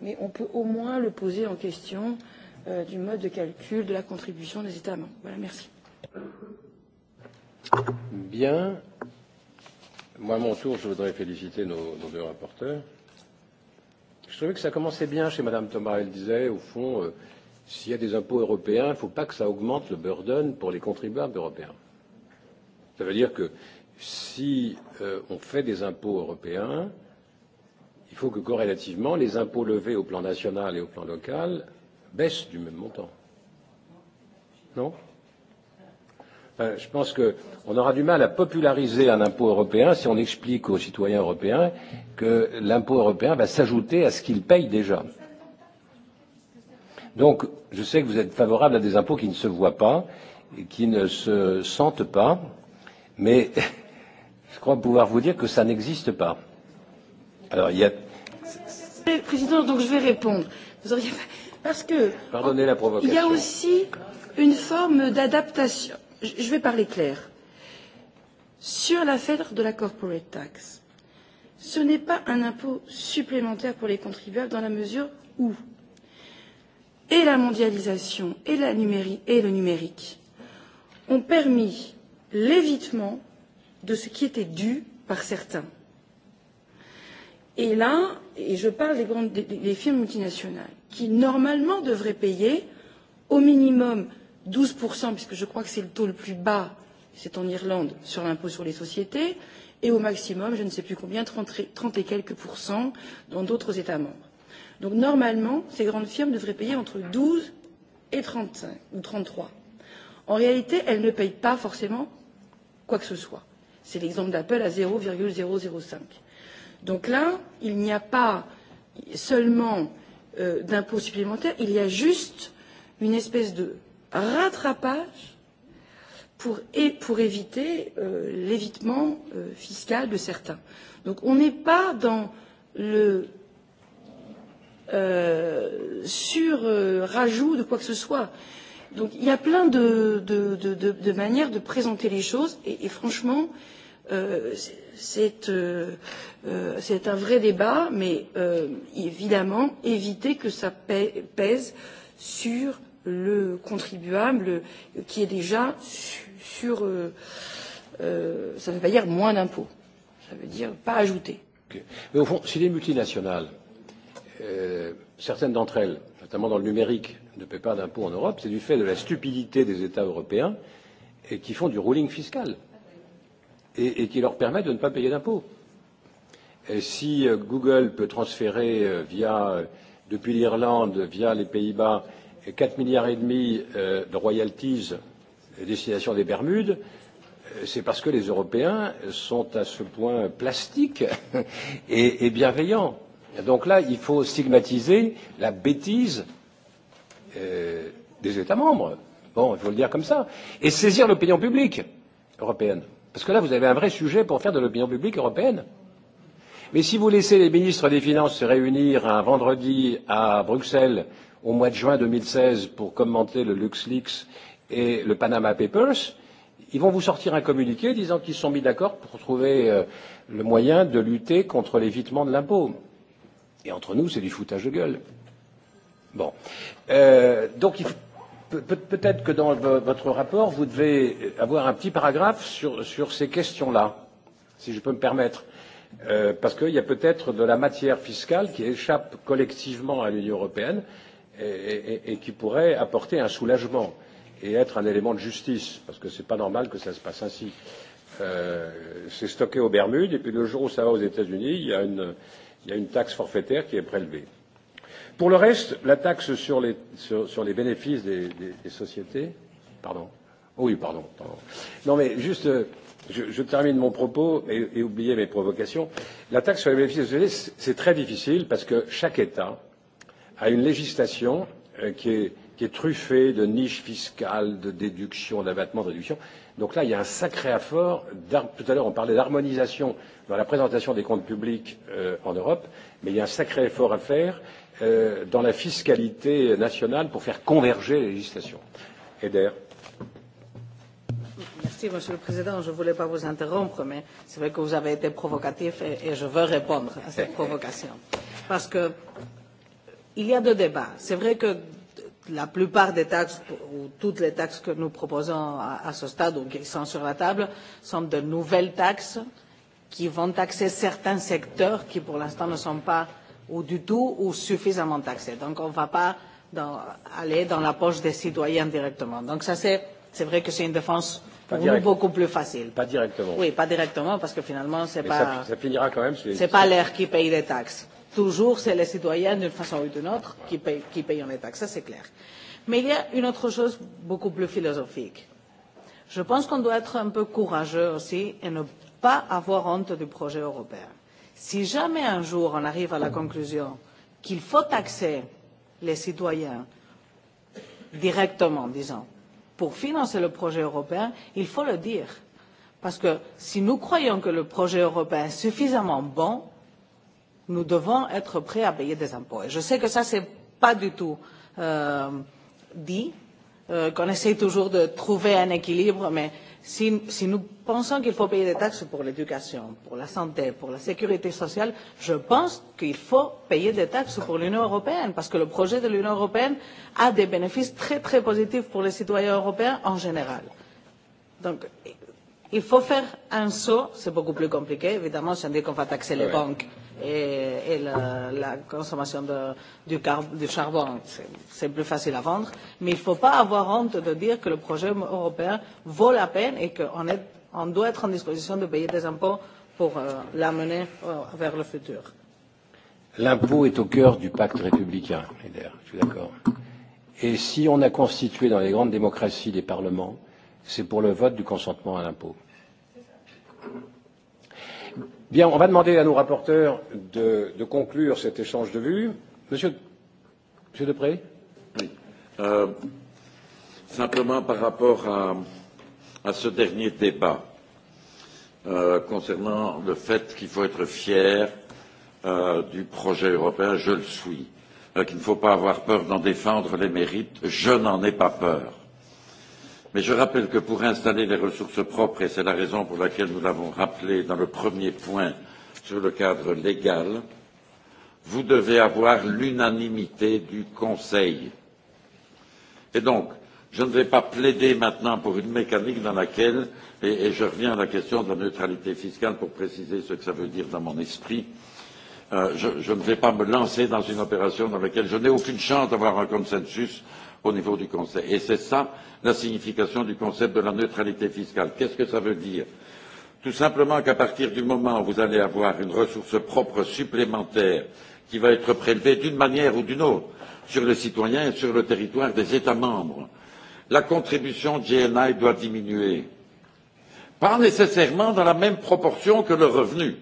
mais on peut au moins le poser en question euh, du mode de calcul de la contribution des États membres. Voilà, merci. Bien. Moi, à mon tour, je voudrais féliciter nos, nos deux rapporteurs. Je trouvais que ça commençait bien chez Madame Thomas. Elle disait, au fond, euh, s'il y a des impôts européens, il ne faut pas que ça augmente le burden pour les contribuables européens. Ça veut dire que si euh, on fait des impôts européens, euh, il faut que corrélativement, les impôts levés au plan national et au plan local baissent du même montant. Non euh, Je pense qu'on aura du mal à populariser un impôt européen si on explique aux citoyens européens que l'impôt européen va s'ajouter à ce qu'ils payent déjà. Donc, je sais que vous êtes favorable à des impôts qui ne se voient pas, et qui ne se sentent pas, mais *laughs* je crois pouvoir vous dire que ça n'existe pas. Alors, il y a Président, donc je vais répondre. Vous auriez... Parce que. Pardonnez la provocation. Il y a aussi une forme d'adaptation. Je vais parler clair. Sur l'affaire de la corporate tax, ce n'est pas un impôt supplémentaire pour les contribuables dans la mesure où et la mondialisation et, la numérique, et le numérique ont permis l'évitement de ce qui était dû par certains. Et là, et je parle des, grandes, des, des firmes multinationales, qui normalement devraient payer au minimum 12%, puisque je crois que c'est le taux le plus bas, c'est en Irlande, sur l'impôt sur les sociétés, et au maximum, je ne sais plus combien, 30, 30 et quelques pourcents dans d'autres États membres. Donc normalement, ces grandes firmes devraient payer entre 12 et 35 ou 33. En réalité, elles ne payent pas forcément quoi que ce soit. C'est l'exemple d'Apple à 0,005. Donc là, il n'y a pas seulement euh, d'impôts supplémentaires, il y a juste une espèce de rattrapage pour, et pour éviter euh, l'évitement euh, fiscal de certains. Donc on n'est pas dans le euh, sur euh, rajout de quoi que ce soit. Donc il y a plein de, de, de, de, de manières de présenter les choses et, et franchement, euh, c'est euh, euh, un vrai débat, mais euh, évidemment, éviter que ça pèse sur le contribuable qui est déjà sur, sur euh, euh, ça ne veut pas dire moins d'impôts, ça veut dire pas ajouter. Okay. Mais au fond, si les multinationales, euh, certaines d'entre elles, notamment dans le numérique, ne paient pas d'impôts en Europe, c'est du fait de la stupidité des États européens et qui font du ruling fiscal et, et qui leur permet de ne pas payer d'impôts. Si euh, Google peut transférer euh, via, euh, depuis l'Irlande, via les Pays-Bas, 4 milliards et demi de royalties destination des Bermudes, c'est parce que les Européens sont à ce point plastiques *laughs* et, et bienveillants. Donc là, il faut stigmatiser la bêtise euh, des États membres. Bon, il faut le dire comme ça. Et saisir l'opinion publique européenne. Parce que là, vous avez un vrai sujet pour faire de l'opinion publique européenne. Mais si vous laissez les ministres des Finances se réunir un vendredi à Bruxelles au mois de juin 2016 pour commenter le LuxLeaks et le Panama Papers, ils vont vous sortir un communiqué disant qu'ils sont mis d'accord pour trouver euh, le moyen de lutter contre l'évitement de l'impôt. Et entre nous, c'est du foutage de gueule. Bon. Euh, donc, il faut Peut-être que dans votre rapport, vous devez avoir un petit paragraphe sur, sur ces questions-là, si je peux me permettre. Euh, parce qu'il y a peut-être de la matière fiscale qui échappe collectivement à l'Union européenne et, et, et qui pourrait apporter un soulagement et être un élément de justice, parce que ce n'est pas normal que ça se passe ainsi. Euh, c'est stocké aux Bermudes, et puis le jour où ça va aux États-Unis, il y a une, il y a une taxe forfaitaire qui est prélevée. Pour le reste, la taxe sur les, sur, sur les bénéfices des, des, des sociétés. Pardon. Oh oui, pardon, pardon. Non, mais juste, euh, je, je termine mon propos et, et oubliez mes provocations. La taxe sur les bénéfices des sociétés, c'est très difficile parce que chaque État a une législation euh, qui est, qui est truffée de niches fiscales, de déductions, d'abattements, de réductions. Donc là, il y a un sacré effort. Tout à l'heure, on parlait d'harmonisation dans la présentation des comptes publics euh, en Europe, mais il y a un sacré effort à faire Euh, dans la fiscalité nationale pour faire converger les législations. Eder. Merci, Monsieur le Président. Je ne voulais pas vous interrompre, mais c'est vrai que vous avez été provocatif et, et je veux répondre à cette *laughs* provocation. Parce que il y a deux débats. C'est vrai que la plupart des taxes ou toutes les taxes que nous proposons à, à ce stade ou qui sont sur la table sont de nouvelles taxes qui vont taxer certains secteurs qui pour l'instant ne sont pas ou du tout ou suffisamment taxés. Donc on ne va pas dans, aller dans la poche des citoyens directement. Donc ça c'est, c'est vrai que c'est une défense pour direct, nous beaucoup plus facile. Pas directement. Oui, pas directement parce que finalement c'est pas. Ça, ça finira quand même. C'est pas l'air qui paye les taxes. Toujours c'est les citoyens d'une façon ou d'une autre qui payent, qui payent les taxes, ça c'est clair. Mais il y a une autre chose beaucoup plus philosophique. Je pense qu'on doit être un peu courageux aussi et ne pas avoir honte du projet européen. Si jamais un jour on arrive à la conclusion qu'il faut taxer les citoyens directement, disons, pour financer le projet européen, il faut le dire. Parce que si nous croyons que le projet européen est suffisamment bon, nous devons être prêts à payer des impôts. Et je sais que ça, ce n'est pas du tout euh, dit, euh, qu'on essaie toujours de trouver un équilibre, mais euh, Si, si nous pensons qu'il faut payer des taxes pour l'éducation, pour la santé, pour la sécurité sociale, je pense qu'il faut payer des taxes pour l'Union européenne, parce que le projet de l'Union européenne a des bénéfices très très positifs pour les citoyens européens en général. Donc, il faut faire un saut, c'est beaucoup plus compliqué, évidemment, si on dit qu'on va taxer les banques et, et la, la consommation de, du, car, du charbon. C'est plus facile à vendre. Mais il ne faut pas avoir honte de dire que le projet européen vaut la peine et qu'on on doit être en disposition de payer des impôts pour euh, l'amener euh, vers le futur. L'impôt est au cœur du pacte républicain, Leder, je suis d'accord. Et si on a constitué dans les grandes démocraties des parlements, c'est pour le vote du consentement à l'impôt. Bien, on va demander à nos rapporteurs de, de conclure cet échange de vues. Monsieur, Monsieur Depré Oui. Euh, simplement par rapport à, à ce dernier débat euh, concernant le fait qu'il faut être fier euh, du projet européen, je le suis, euh, qu'il ne faut pas avoir peur d'en défendre les mérites, je n'en ai pas peur Mais je rappelle que pour installer les ressources propres, et c'est la raison pour laquelle nous l'avons rappelé dans le premier point sur le cadre légal, vous devez avoir l'unanimité du Conseil. Et donc, je ne vais pas plaider maintenant pour une mécanique dans laquelle, et, et je reviens à la question de la neutralité fiscale pour préciser ce que ça veut dire dans mon esprit, euh, je, je ne vais pas me lancer dans une opération dans laquelle je n'ai aucune chance d'avoir un consensus au niveau du Conseil. Et c'est ça la signification du concept de la neutralité fiscale. Qu'est-ce que ça veut dire Tout simplement qu'à partir du moment où vous allez avoir une ressource propre supplémentaire qui va être prélevée d'une manière ou d'une autre sur les citoyens et sur le territoire des États membres, la contribution GNI doit diminuer. Pas nécessairement dans la même proportion que le revenu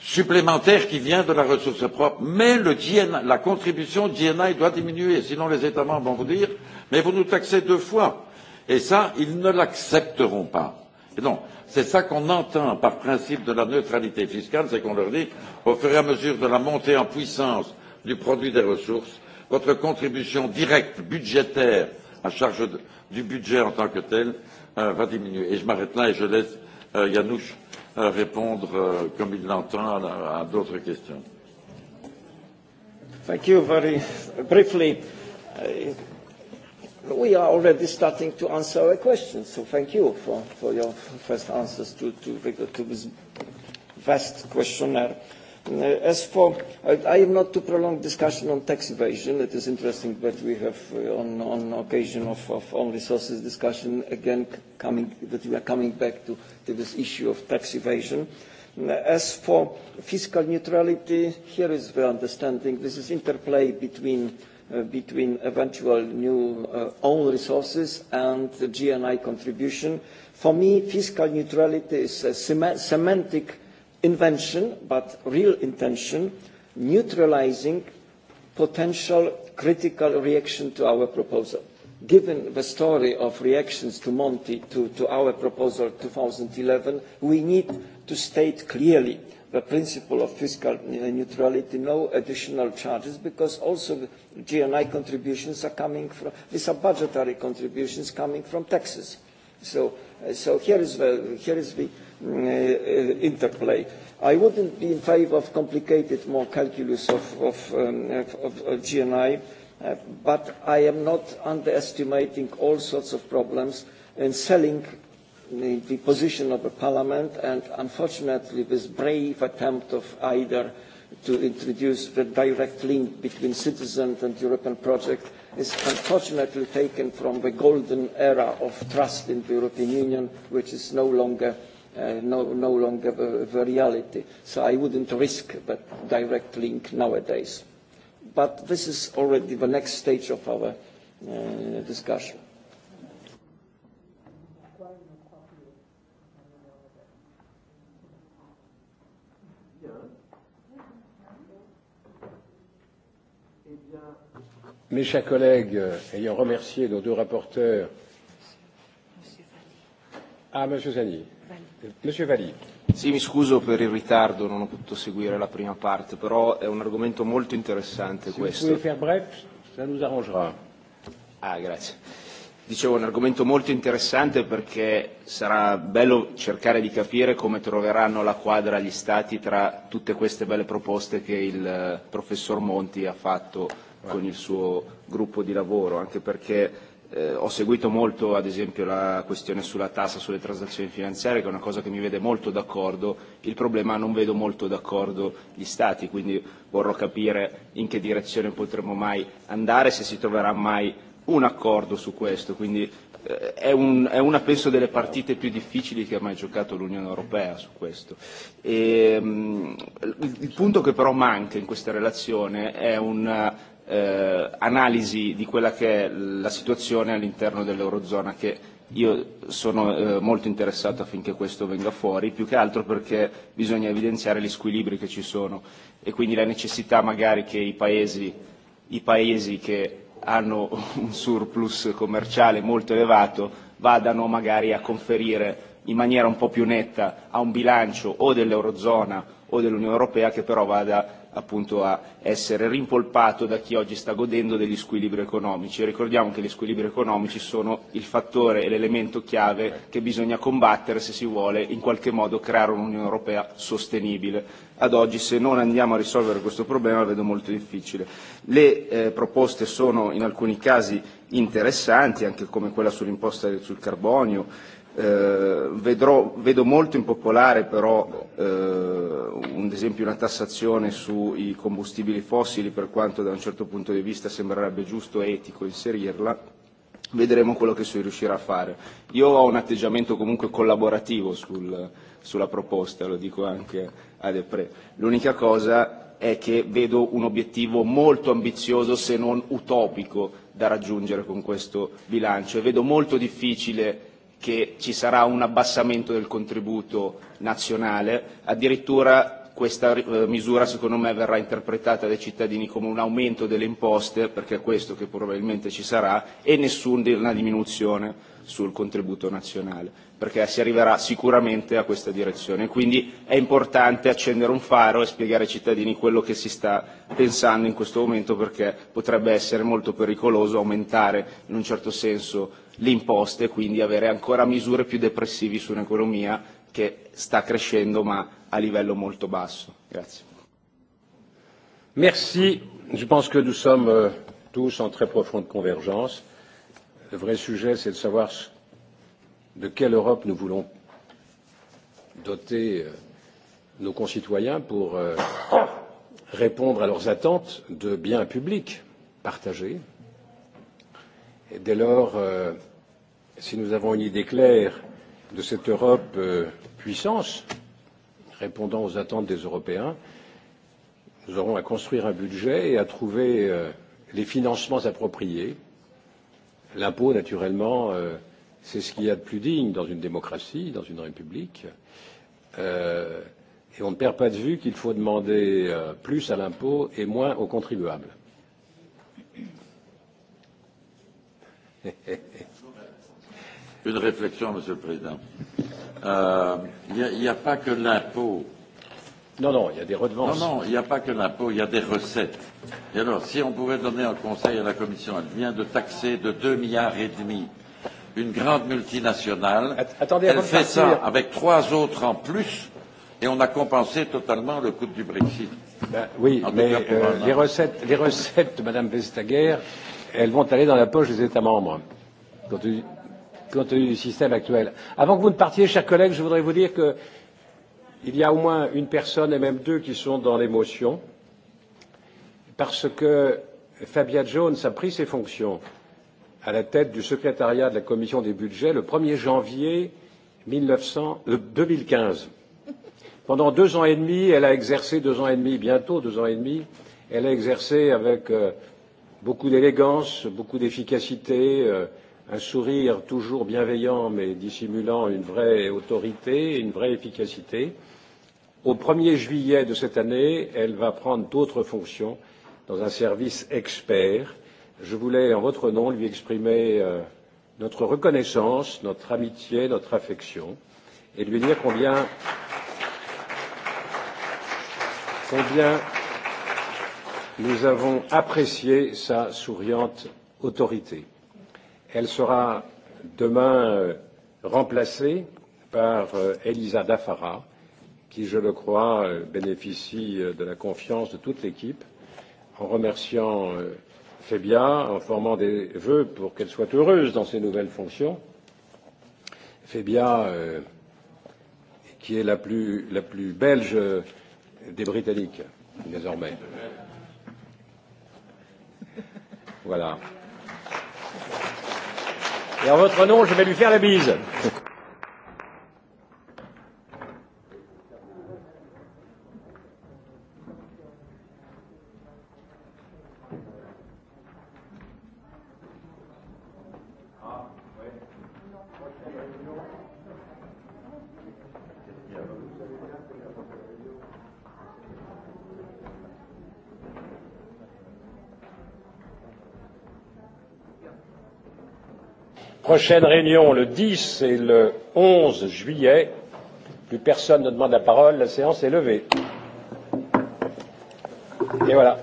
supplémentaire qui vient de la ressource propre, mais le GNI, la contribution GNI doit diminuer, sinon les États membres vont vous dire mais vous nous taxez deux fois et ça ils ne l'accepteront pas. Et donc, c'est ça qu'on entend par principe de la neutralité fiscale, c'est qu'on leur dit au fur et à mesure de la montée en puissance du produit des ressources, votre contribution directe budgétaire à charge de, du budget en tant que tel euh, va diminuer. Et je m'arrête là et je laisse euh, Yanouche à répondre euh, comme il l'entend à, d'autres questions. Thank you very briefly. Uh, we are already starting to answer a question, so thank you for, for your first answers to, to, to this vast questionnaire. Uh, as for, I, I am not to prolong discussion on tax evasion. It is interesting that we have uh, on, on occasion of, of own resources discussion again coming, that we are coming back to, to this issue of tax evasion. Uh, as for fiscal neutrality, here is the understanding. This is interplay between, uh, between eventual new uh, own resources and the GNI contribution. For me, fiscal neutrality is a sem semantic invention, but real intention, neutralizing potential critical reaction to our proposal. Given the story of reactions to Monty, to, to our proposal 2011, we need to state clearly the principle of fiscal neutrality, no additional charges, because also the GNI contributions are coming from, these are budgetary contributions coming from taxes. So, uh, so here is the, here is the uh, interplay. I wouldn't be in favor of complicated more calculus of, of, um, of, of GNI, uh, but I am not underestimating all sorts of problems in selling the, the position of the parliament and unfortunately this brave attempt of either to introduce the direct link between citizens and European project is unfortunately taken from the golden era of trust in the European Union, which is no longer uh, no, no longer the, the reality. So I wouldn't risk that direct link nowadays. But this is already the next stage of our uh, discussion. Mes chers collègues, euh, ayant remercié nos deux rapporteurs, ah, Monsieur Zani. Monsieur Sì, mi scuso per il ritardo, non ho potuto seguire la prima parte, però è un argomento molto interessante questo. Se ça nous Ah, grazie. Dicevo, un argomento molto interessante perché sarà bello cercare di capire come troveranno la quadra gli Stati tra tutte queste belle proposte che il eh, professor Monti ha fatto con il suo gruppo di lavoro, anche perché Eh, ho seguito molto ad esempio la questione sulla tassa sulle transazioni finanziarie che è una cosa che mi vede molto d'accordo, il problema non vedo molto d'accordo gli Stati, quindi vorrò capire in che direzione potremmo mai andare, se si troverà mai un accordo su questo, quindi eh, è, un, è una penso delle partite più difficili che ha mai giocato l'Unione Europea su questo. E, ehm, mh, il, il punto che però manca in questa relazione è un eh, analisi di quella che è la situazione all'interno dell'Eurozona che io sono eh, molto interessato affinché questo venga fuori, più che altro perché bisogna evidenziare gli squilibri che ci sono e quindi la necessità magari che i paesi, i paesi che hanno *laughs* un surplus commerciale molto elevato vadano magari a conferire in maniera un po' più netta a un bilancio o dell'Eurozona o dell'Unione Europea che però vada appunto a essere rimpolpato da chi oggi sta godendo degli squilibri economici. E ricordiamo che gli squilibri economici sono il fattore e l'elemento chiave che bisogna combattere se si vuole in qualche modo creare un'Unione Europea sostenibile. Ad oggi se non andiamo a risolvere questo problema vedo molto difficile. Le eh, proposte sono in alcuni casi interessanti, anche come quella sull'imposta sul carbonio, Eh, vedrò, vedo molto impopolare però eh, un esempio una tassazione sui combustibili fossili per quanto da un certo punto di vista sembrerebbe giusto e etico inserirla vedremo quello che si riuscirà a fare. Io ho un atteggiamento comunque collaborativo sul, sulla proposta, lo dico anche a Depre. L'unica cosa è che vedo un obiettivo molto ambizioso se non utopico da raggiungere con questo bilancio e vedo molto difficile che ci sarà un abbassamento del contributo nazionale, addirittura questa eh, misura secondo me verrà interpretata dai cittadini come un aumento delle imposte, perché è questo che probabilmente ci sarà, e nessuna diminuzione sul contributo nazionale, perché si arriverà sicuramente a questa direzione. Quindi è importante accendere un faro e spiegare ai cittadini quello che si sta pensando in questo momento, perché potrebbe essere molto pericoloso aumentare in un certo senso le imposte e quindi avere ancora misure più depressivi su un'economia che sta crescendo ma a livello molto basso. Grazie. Merci. Je pense que nous sommes euh, tous en très profonde convergence. Le vrai sujet, c'est de savoir de quelle Europe nous voulons doter euh, nos concitoyens pour euh, répondre à leurs attentes de biens publics partagés. Et dès lors, euh, si nous avons une idée claire de cette Europe euh, puissance, répondant aux attentes des Européens, nous aurons à construire un budget et à trouver euh, les financements appropriés. L'impôt, naturellement, euh, c'est ce qu'il y a de plus digne dans une démocratie, dans une république. Euh, et on ne perd pas de vue qu'il faut demander euh, plus à l'impôt et moins aux contribuables. *laughs* une réflexion, Monsieur le Président. Il euh, n'y a, a pas que l'impôt. Non, non, il y a des redevances. Non, non, il n'y a pas que l'impôt, il y a des recettes. Et alors, si on pouvait donner un conseil à la Commission, elle vient de taxer de 2 milliards et demi une grande multinationale. attendez, elle fait ça avec trois autres en plus et on a compensé totalement le coût du Brexit. Ben, oui, en mais cas, euh, les, recettes, les recettes de Vestager, elles vont aller dans la poche des États membres. Quand tu compte tenu du système actuel. Avant que vous ne partiez, chers collègues, je voudrais vous dire qu'il y a au moins une personne et même deux qui sont dans l'émotion parce que Fabia Jones a pris ses fonctions à la tête du secrétariat de la commission des budgets le 1er janvier 1900, euh, 2015. Pendant deux ans et demi, elle a exercé deux ans et demi, bientôt deux ans et demi, elle a exercé avec euh, beaucoup d'élégance, beaucoup d'efficacité, euh, un sourire toujours bienveillant mais dissimulant une vraie autorité, une vraie efficacité. Au 1er juillet de cette année, elle va prendre d'autres fonctions dans un service expert. Je voulais, en votre nom, lui exprimer euh, notre reconnaissance, notre amitié, notre affection et lui dire combien, combien nous avons apprécié sa souriante autorité. Elle sera demain euh, remplacée par euh, Elisa Dafara, qui, je le crois, euh, bénéficie de la confiance de toute l'équipe, en remerciant Fébia, en formant des vœux pour qu'elle soit heureuse dans ses nouvelles fonctions. Fébia, qui est la plus, la plus belge des Britanniques, désormais. Voilà. Et en votre nom, je vais lui faire la bise. prochaine réunion, le 10 et le 11 juillet. Plus personne ne demande la parole. La séance est levée. Et voilà.